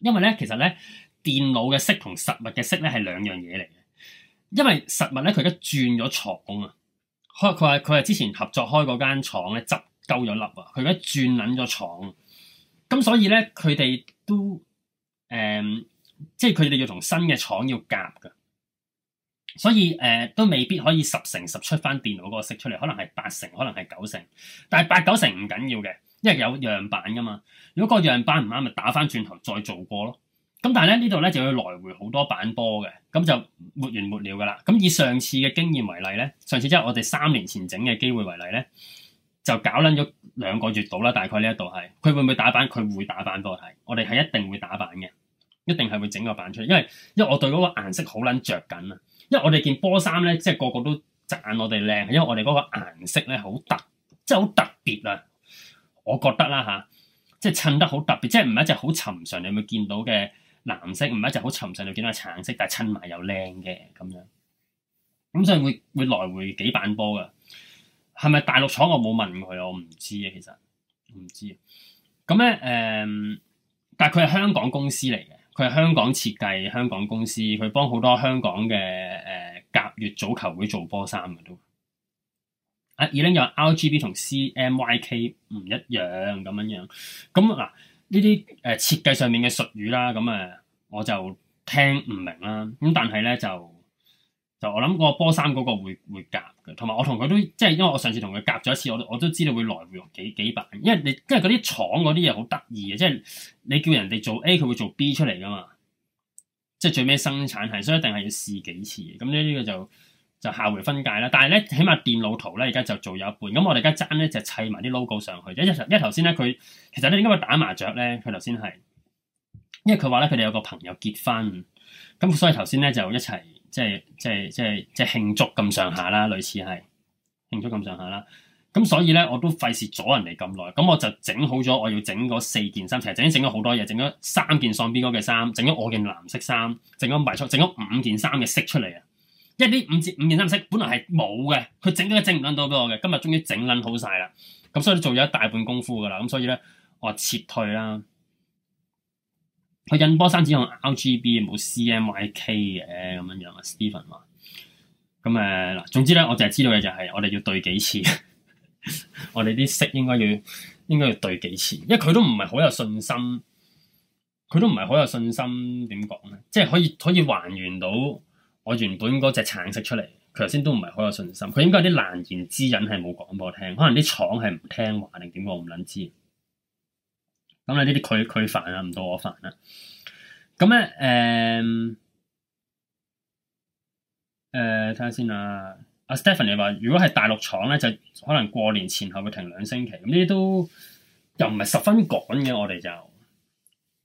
因為咧，其實咧，電腦嘅色同實物嘅色咧係兩樣嘢嚟嘅。因為實物咧，佢而家轉咗廠啊。佢佢話佢話之前合作開嗰間廠咧執鳩咗笠啊，佢而家轉撚咗廠，咁所以咧，佢哋都誒、呃，即係佢哋要同新嘅廠要夾噶，所以誒、呃、都未必可以十成十出翻電腦嗰個色出嚟，可能係八成，可能係九成，但係八九成唔緊要嘅，因為有樣板噶嘛，如果個樣板唔啱，咪打翻轉頭再做過咯。咁但係咧，呢度咧就要來回好多板波嘅，咁就沒完沒了噶啦。咁以上次嘅經驗為例咧，上次即係我哋三年前整嘅機會為例咧，就搞撚咗兩個月到啦。大概呢一度係佢會唔會打板？佢會打板波係，我哋係一定會打板嘅，一定係會整個板出嚟，因為因為我對嗰個顏色好撚著緊啊。因為我哋件波衫咧，即係個個都讚我哋靚，因為我哋嗰個顏色咧好特，即係好特別啊。我覺得啦吓、啊，即係襯得好特別，即係唔係一隻好尋常你會見到嘅。藍色唔係一隻好沉實，你見到係橙色，但係襯埋又靚嘅咁樣，咁所以會會來回幾版波㗎。係咪大陸廠？我冇問佢，我唔知啊。其實唔知啊。咁咧誒，但係佢係香港公司嚟嘅，佢係香港設計，香港公司，佢幫好多香港嘅誒甲乙組球會做波衫嘅都啊。二零有 R G B 同 C M Y K 唔一樣咁樣樣咁嗱。呢啲誒設計上面嘅術語啦，咁誒我就聽唔明啦。咁但係咧就就我諗個波衫嗰個會會夾嘅，同埋我同佢都即係因為我上次同佢夾咗一次，我我都知道會來回幾幾版，因為你因為啲廠嗰啲嘢好得意嘅，即係你叫人哋做 A，佢會做 B 出嚟噶嘛，即係最尾生產係，所以一定係要試幾次嘅。咁呢呢個就。就下回分界啦，但係咧，起碼電路圖咧，而家就做有一半。咁我哋而家爭呢就砌埋啲 logo 上去，因為因為頭先咧佢其實咧點解會打麻雀咧，佢頭先係，因為佢話咧佢哋有個朋友結婚，咁所以頭先咧就一齊即係即係即係即係慶祝咁上下啦，類似係慶祝咁上下啦。咁所以咧我都費事阻人哋咁耐，咁我就整好咗我要整嗰四件衫，其實整整咗好多嘢，整咗三件喪邊哥嘅衫，整咗我件藍色衫，整咗埋整咗五件衫嘅色出嚟啊！一啲五折五件三色，本來係冇嘅，佢整咗個整唔捻到俾我嘅，今日終於整捻好晒啦。咁所以做咗一大半功夫噶啦，咁所以咧我撤退啦。佢印波衫只用 RGB 冇 CMYK 嘅咁樣樣啊。Stephen 話咁誒，嗱、呃，總之咧，我淨係知道嘅就係、是、我哋要對幾次， 我哋啲色應該要應該要對幾次，因為佢都唔係好有信心，佢都唔係好有信心點講咧，即係可以可以還原到。我原本嗰隻橙色出嚟，佢頭先都唔係好有信心，佢應該有啲難言之隱係冇講俾我聽，可能啲廠係唔聽話定點我唔捻知。咁啊呢啲佢佢煩啊，唔到我煩啦。咁咧誒誒，睇下先啦。阿 Stephanie 話：如果係大陸廠咧，就可能過年前後會停兩星期，咁呢啲都又唔係十分趕嘅，我哋就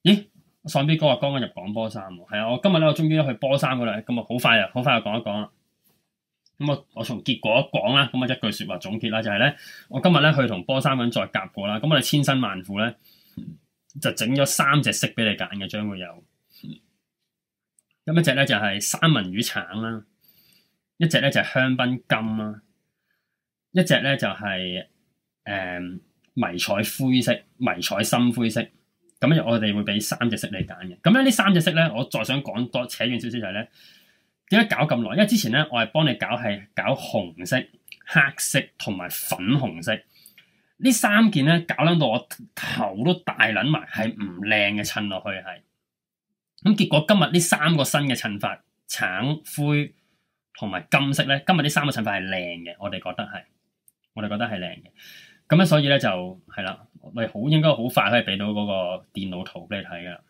咦？上邊哥話剛剛入講波衫，係啊！我今日咧，我終於咧去波衫嗰度，咁啊好快啊，好快就講一講啦。咁我我從結果講啦，咁啊一句說話總結啦，就係、是、咧，我今日咧去同波衫咁再夾過啦。咁我哋千辛萬苦咧，就整咗三隻色俾你揀嘅，將會有。咁一隻咧就係、是、三文魚橙啦，一隻咧就是、香檳金啦，一隻咧就係、是、誒、嗯、迷彩灰色、迷彩深灰色。咁咧，我哋會俾三隻色你揀嘅。咁咧，呢三隻色咧，我再想講多扯遠少少就係咧，點解搞咁耐？因為之前咧，我係幫你搞係搞紅色、黑色同埋粉紅色，呢三件咧搞撚到我頭都大撚埋，係唔靚嘅襯落去係。咁、嗯、結果今日呢三個新嘅襯法，橙灰同埋金色咧，今日呢三個襯法係靚嘅，我哋覺得係，我哋覺得係靚嘅。咁咧，所以咧就係啦。對了。喂，好應該好快可以俾到嗰個電腦圖俾你睇噶，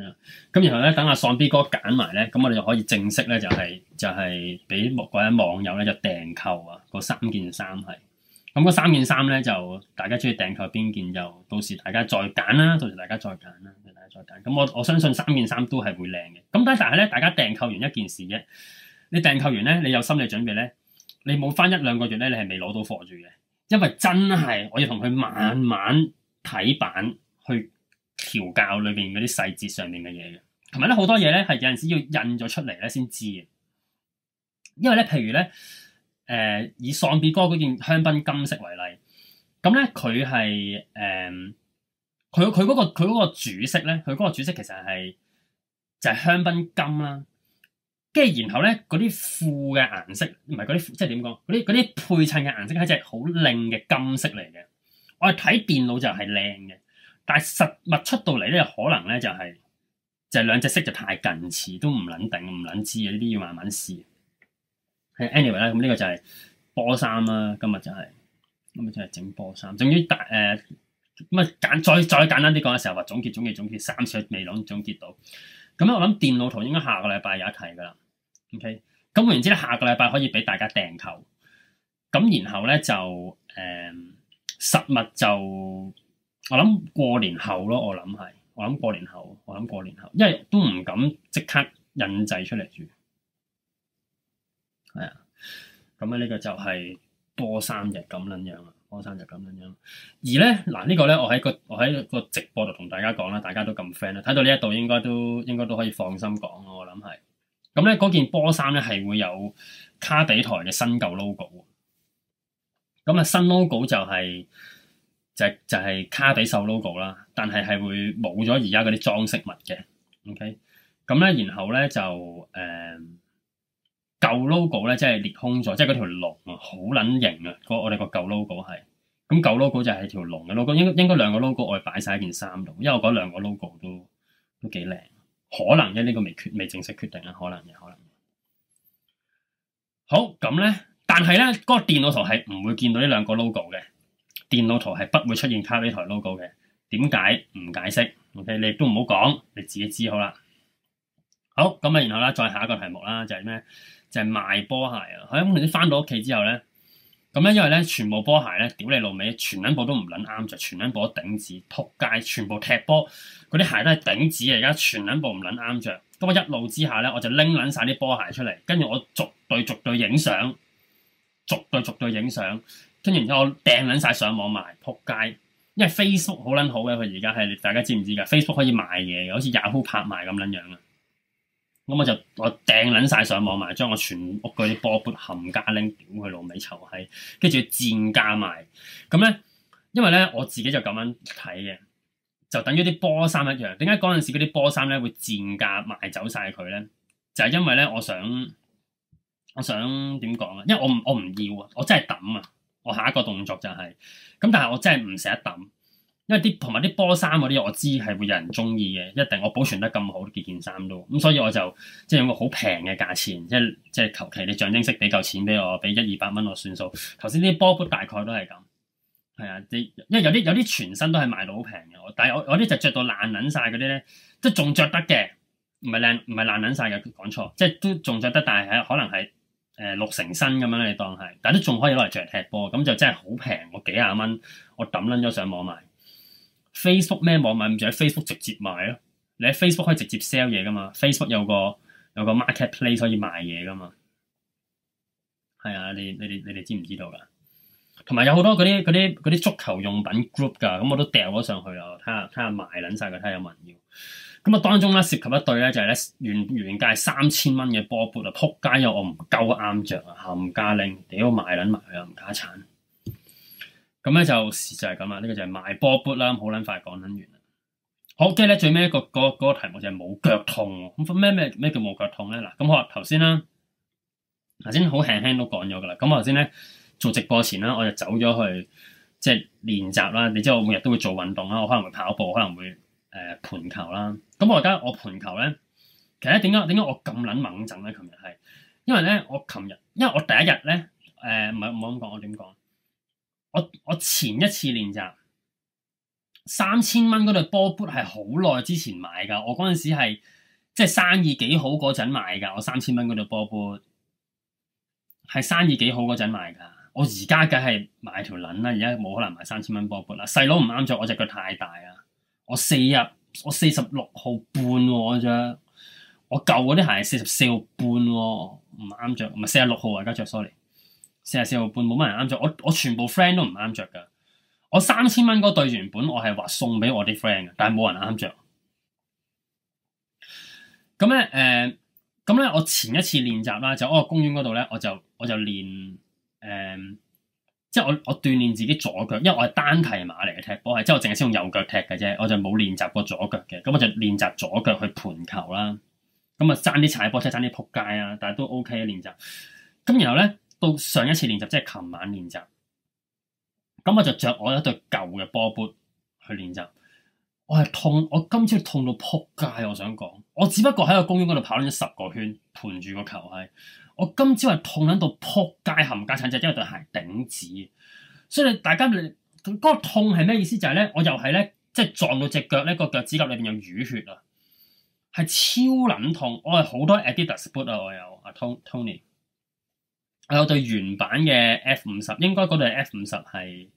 係啊。咁然後咧，等阿喪 B 哥揀埋咧，咁我哋就可以正式咧、就係，就係就係俾各位網友咧就訂購啊嗰三件衫係。咁嗰三件衫咧就大家中意訂購邊件就到時大家再揀啦，到時大家再揀啦，到時大家再揀。咁我我相信三件衫都係會靚嘅。咁但係咧，大家訂購完一件事啫，你訂購完咧，你有心理準備咧，你冇翻一兩個月咧，你係未攞到貨住嘅。因為真係我要同佢慢慢睇版去調教裏邊嗰啲細節上面嘅嘢嘅，同埋咧好多嘢咧係有陣時要印咗出嚟咧，先知嘅。因為咧譬如，咧，誒、呃、以喪別歌嗰件香檳金色為例，咁咧佢係誒，佢佢嗰個佢嗰個主色咧，佢嗰個主色其實係就係、是、香檳金啦、啊。跟住然後咧，嗰啲褲嘅顏色唔係嗰啲，即係點講？嗰啲啲配襯嘅顏色係一隻好靚嘅金色嚟嘅。我係睇電腦就係靚嘅，但係實物出到嚟咧，可能咧就係就係兩隻色就太近似，都唔撚定唔撚知嘅，呢啲要慢慢試。Anyway 啦，咁呢個就係波衫啦，今日就係今日就係整波衫。至之，大誒咁啊，簡再再簡單啲講嘅時候話總結總結總結三次未攞總結到。咁咧我諗電腦圖應該下個禮拜有一題噶啦。O.K. 咁然之，下個禮拜可以俾大家訂購。咁然後咧就誒、嗯、實物就我諗過年後咯。我諗係我諗過年後，我諗過年後，因為都唔敢即刻印製出嚟住。係、哎、啊，咁啊呢個就係多三日咁樣樣啦，多三日咁樣樣。而咧嗱呢、呢個咧，我喺個我喺個直播度同大家講啦，大家都咁 friend 啦，睇到呢一度應該都應該都可以放心講。我諗係。咁咧嗰件波衫咧係會有卡比台嘅新舊 logo 喎，咁啊新 logo 就係、係、就係、就係、係、卡比秀 logo 啦，但係係會冇咗而家嗰啲裝飾物嘅，OK，咁咧然後咧就誒舊、嗯、logo 咧即係裂空咗，即係嗰條龍啊好撚型啊！我哋個舊 logo 係，咁舊 logo 就係條龍嘅 logo，應該應該兩個 logo 我擺晒一件衫度，因為嗰兩個 logo 都都幾靚。可能嘅呢、這個未決未正式決定啦，可能嘅可能的。好咁咧，但係咧，嗰、那個電腦圖係唔會見到呢兩個 logo 嘅，電腦圖係不會出現卡呢台 logo 嘅。點解？唔解釋。OK，你亦都唔好講，你自己知好啦。好咁啊，然後啦，再下一個題目啦，就係、是、咩？就係、是、賣波鞋啊。喺咁你翻到屋企之後咧。咁樣因為咧，全部波鞋咧，屌你老味，全撚部都唔撚啱着，全撚部都頂子，撲街，全部踢波嗰啲鞋都係頂子啊！而家全撚部唔撚啱着。咁我一路之下咧，我就拎撚曬啲波鞋出嚟，跟住我逐對逐對影相，逐對逐對影相，跟住然之後掟撚曬上網賣，撲街，因為 Facebook 好撚好嘅，佢而家係大家知唔知噶？Facebook 可以賣嘢嘅，好似 Yahoo 拍賣咁撚樣啊。咁我就我掟撚晒上網埋，將我全屋嘅啲波盤冚家拎，屌佢老尾臭閪，跟住要賤價賣。咁咧，因為咧我自己就咁樣睇嘅，就等於啲波衫一樣。點解嗰陣時嗰啲波衫咧會賤價賣走晒佢咧？就係因為咧，我想我想點講啊？因為我唔我唔要啊，我真係抌啊！我下一個動作就係咁，但係我真係唔捨得抌。因為啲同埋啲波衫嗰啲我知係會有人中意嘅。一定我保存得咁好幾件衫都咁，所以我就即係用個好平嘅價錢，即係即係求其你象徵式俾夠錢俾我，俾一二百蚊我算數。頭先啲波大概都係咁係啊，即因為有啲有啲全身都係賣到好平嘅，但係我我啲就着到爛捻晒嗰啲咧，即係仲着得嘅，唔係靚唔係爛捻晒嘅。講錯即係都仲着得，但係可能係誒六成新咁樣，你當係，但係都仲可以攞嚟着踢波咁，就真係好平。我幾廿蚊我抌捻咗上網賣。Facebook 咩網買唔住，喺 Facebook 直接買咯，你喺 Facebook 可以直接 sell 嘢噶嘛？Facebook 有個有個 marketplace 可以賣嘢噶嘛？係啊，你你哋你哋知唔知道噶？同埋有好多嗰啲嗰啲嗰啲足球用品 group 噶，咁我都掉咗上去啦，睇下睇下賣撚曬佢，睇下有冇人要。咁啊，當中咧涉及一對咧就係咧原原價三千蚊嘅波 boot 啊，仆街又我唔夠啱着啊，冚家拎，屌賣撚埋佢啊，冚家鏟！咁咧就就係咁啦，呢、這個就係賣波 boot 啦，好撚快講撚完啦。好，跟住咧最尾一個個個個題目就係冇腳痛。咁咩咩咩叫冇腳痛咧？嗱，咁我頭先啦，頭先好輕輕都講咗噶啦。咁我頭先咧做直播前啦，我就走咗去即係練習啦。你知我每日都會做運動啦，我可能會跑步，可能會誒盤、呃、球啦。咁我而家我盤球咧，其實點解點解我咁撚猛震咧？琴日係因為咧我琴日，因為我第一日咧誒，唔係唔好咁講，我點講？我我前一次練習三千蚊嗰對波鞋係好耐之前買噶，我嗰陣時係即係生意幾好嗰陣買噶，我三千蚊嗰對波鞋係生意幾好嗰陣買噶。我而家梗係買條撚啦，而家冇可能買三千蚊波鞋啦。細佬唔啱着，我隻腳太大啦。我四日我四十六號半喎，著我舊嗰啲鞋係四十四號半喎，唔啱着，唔係四十六號啊，而家着 sorry。四十四號半冇乜人啱着，我我全部 friend 都唔啱着噶。我三千蚊嗰對原本我係話送俾我啲 friend 嘅，但係冇人啱着。咁咧誒，咁咧我前一次練習啦，就喺公園嗰度咧，我就我就練誒，即、呃、係、就是、我我鍛煉自己左腳，因為我係單蹄馬嚟嘅踢波係，即、就、係、是、我淨係先用右腳踢嘅啫，我就冇練習過左腳嘅。咁我就練習左腳去盤球啦。咁啊，爭啲踩波，即係爭啲撲街啊，但係都 O K 啊練習。咁然後咧。到上一次練習，即係琴晚練習，咁我就着我一對舊嘅波 boot 去練習。我係痛，我今朝痛到撲街。我想講，我只不過喺個公園嗰度跑咗十個圈，盤住個球係，我今朝係痛撚到撲街冚家鏟，就因為對鞋頂趾。所以大家你嗰、嗰個痛係咩意思？就係咧，我又係咧，即、就、係、是、撞到隻腳咧，個腳趾甲裏邊有淤血啊，係超撚痛。我係好多 Adidas boot 啊，我有阿 Tony。我有對原版嘅 F 五十，應該嗰對 F 五十係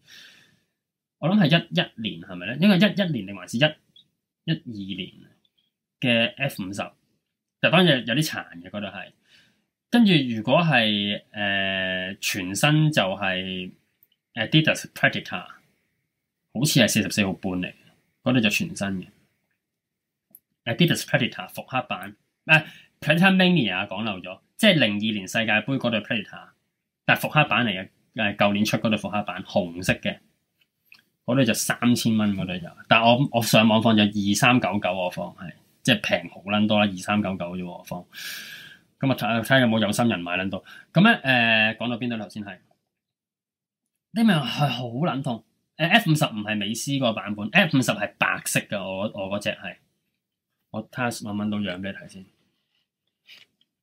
我諗係一一年，係咪咧？應該一一年定還是一一,一二年嘅 F 五十，就反然有啲殘嘅嗰對係。跟住如果係誒、呃、全新就係 Adidas Predator，好似係四十四號半嚟，嗰對就全新嘅 Adidas Predator 復刻版。誒 Predator Mania 講漏咗。即係零二年世界盃嗰對 Plater 但係復刻版嚟嘅，誒舊年出嗰對復刻版，紅色嘅嗰對就三千蚊嗰對就，但係我我上網放就二三九九我放係，即係平好撚多啦，二三九九啫我放。咁日睇下有冇有，有心人買撚多。咁咧誒講到邊度？頭先係？呢人係好撚痛誒 F 五十唔係美斯個版本，F 五十係白色㗎。我我嗰隻係我睇慢揾到樣俾你睇先。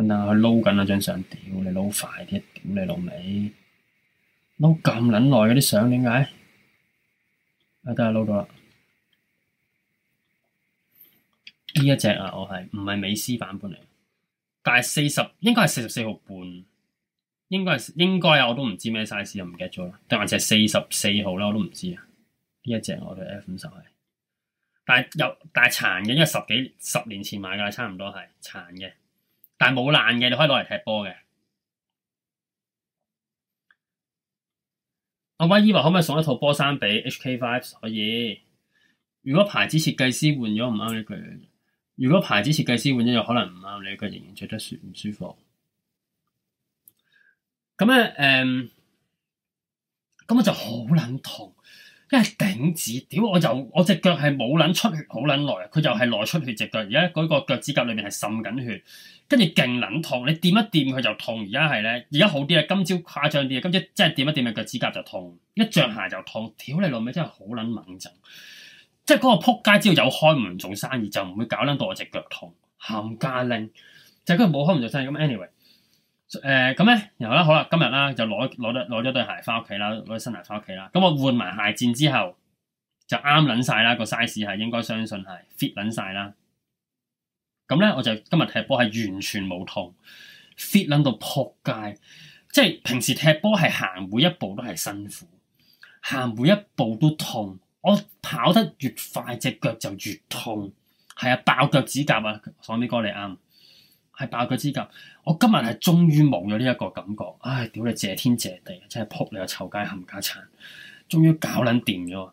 等等，佢撈緊啊！張相，屌你撈快啲，屌你老味，撈咁撚耐嗰啲相點解？啊，都係撈到啦。呢一隻啊，我係唔係美斯版本嚟？但係四十應該係四十四號半，應該係應該啊，我都唔知咩 size，又唔記得咗啦。定係就係四十四號啦，我都唔知啊。呢一隻我對 F 五十係，但係有但係殘嘅，因為十幾十年前買嘅啦，差唔多係殘嘅。但係冇爛嘅，你可以攞嚟踢波嘅。阿威依話可唔可以送一套波衫俾 HK Five？可以如。如果牌子設計師換咗唔啱呢句，如果牌子設計師換咗又可能唔啱你，佢仍然着得舒唔舒服？咁咧，誒、嗯，咁我就好捻痛，因為頂趾屌，我就我隻腳係冇捻出血，好捻耐佢就係內出血隻腳，而家嗰個腳趾甲裏面係滲緊血。跟住勁撚痛，你掂一掂佢就痛。而家係咧，而家好啲啊，今朝誇張啲啊，今朝即係掂一掂嘅腳趾甲就痛，一着鞋就痛。屌你老味，真係好撚猛震！即係嗰個撲街，只要有開門做生意就唔會搞撚到我隻腳痛，冚家拎就係佢冇開門做生意咁。anyway，誒咁咧，然後咧好啦，今日啦就攞攞攞咗對鞋翻屋企啦，攞對新鞋翻屋企啦。咁我換埋鞋墊之後就啱撚曬啦，個 size 係應該相信係 fit 撚曬啦。咁咧，我就今日踢波係完全冇痛，fit 撚到撲街，即係平時踢波係行每一步都係辛苦，行每一步都痛。我跑得越快，隻腳就越痛。係啊，爆腳指甲啊，放啲哥你啱，係爆腳指甲。我今日係終於冇咗呢一個感覺。唉，屌你謝天謝地，真係撲你個臭街冚家鏟，終於搞撚掂咗。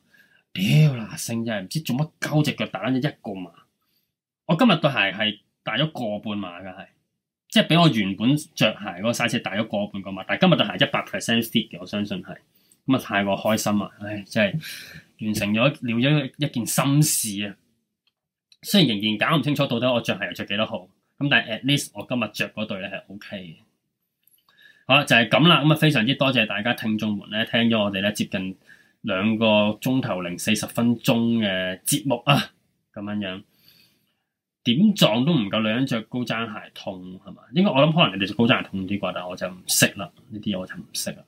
屌嗱聲真係唔知做乜鳩，隻腳打咗一個麻。我今日對鞋係大咗個半碼㗎，係即係比我原本着鞋嗰個 size 大咗個半個碼。但係今日對鞋一百 percent stick 嘅，我相信係咁啊，太過開心啦，唉，真係完成咗了咗一件心事啊。雖然仍然搞唔清楚到底我着鞋又着幾多號，咁但係 at least 我今日着嗰對咧係 O K 嘅。好啦，就係咁啦。咁啊，非常之多謝大家聽眾們咧，聽咗我哋咧接近兩個鐘頭零四十分鐘嘅節目啊，咁樣樣。點撞都唔夠女人著高踭鞋痛係嘛？應該我諗可能你哋著高踭鞋痛啲啩，但我就唔識啦，呢啲嘢我就唔識啦。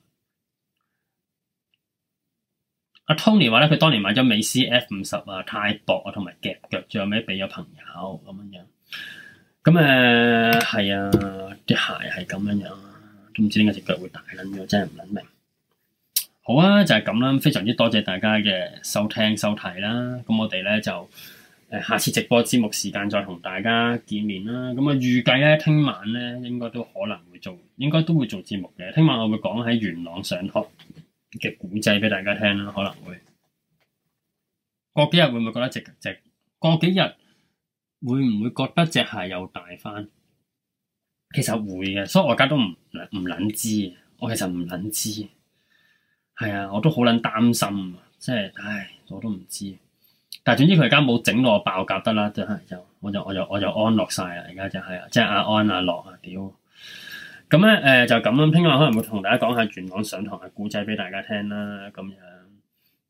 阿 Tony 話咧，佢當年買咗美斯 F 五十啊，太薄啊，同埋夾腳，最後屘俾咗朋友咁樣。咁誒係啊，啲鞋係咁樣樣，都唔知點解隻腳會大撚咗，真係唔撚明。好啊，就係咁啦，非常之多謝大家嘅收聽收睇啦，咁我哋咧就～下次直播節目時間再同大家見面啦。咁啊，預計咧，聽晚咧應該都可能會做，應該都會做節目嘅。聽晚我會講喺元朗上學嘅古仔俾大家聽啦。可能會過幾日會唔會覺得直？直過幾日會唔會覺得隻鞋又大翻？其實會嘅，所以我而家都唔唔捻知。我其實唔捻知，係啊，我都好捻擔心，即係唉，我都唔知。但係總之佢而家冇整到我爆夾得啦，就係就我就我就我就安樂晒啦，而家就係、是、啊，即係阿安阿樂啊，屌！咁咧誒就咁樣聽日可能會同大家講下元朗上堂嘅古仔俾大家聽啦，咁樣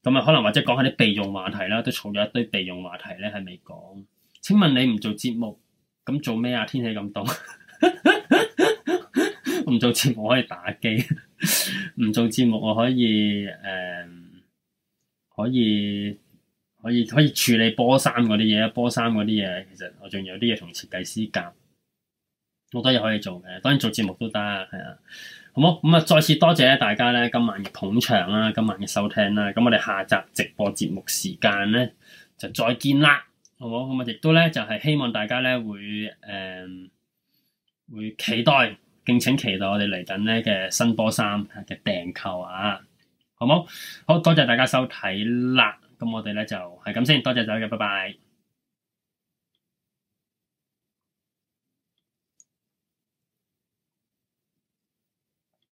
咁啊可能或者講下啲備用話題啦，都儲咗一堆備用話題咧係未講？請問你唔做節目咁做咩啊？天氣咁凍，唔 做節目可以打機，唔做節目我可以誒可以。嗯可以可以可以處理波衫嗰啲嘢啊，波衫嗰啲嘢，其實我仲有啲嘢同設計師夾好多嘢可以做嘅。當然做節目都得，係啊，好冇咁啊。再次多謝大家咧今晚嘅捧場啦，今晚嘅收聽啦。咁我哋下集直播節目時間咧就再見啦，好冇咁啊？亦都咧就係希望大家咧會誒、呃、會期待，敬請期待我哋嚟緊呢嘅新波衫嘅訂購啊，好冇好多謝大家收睇啦。咁我哋咧就係咁先，多謝晒大家嘅，拜拜。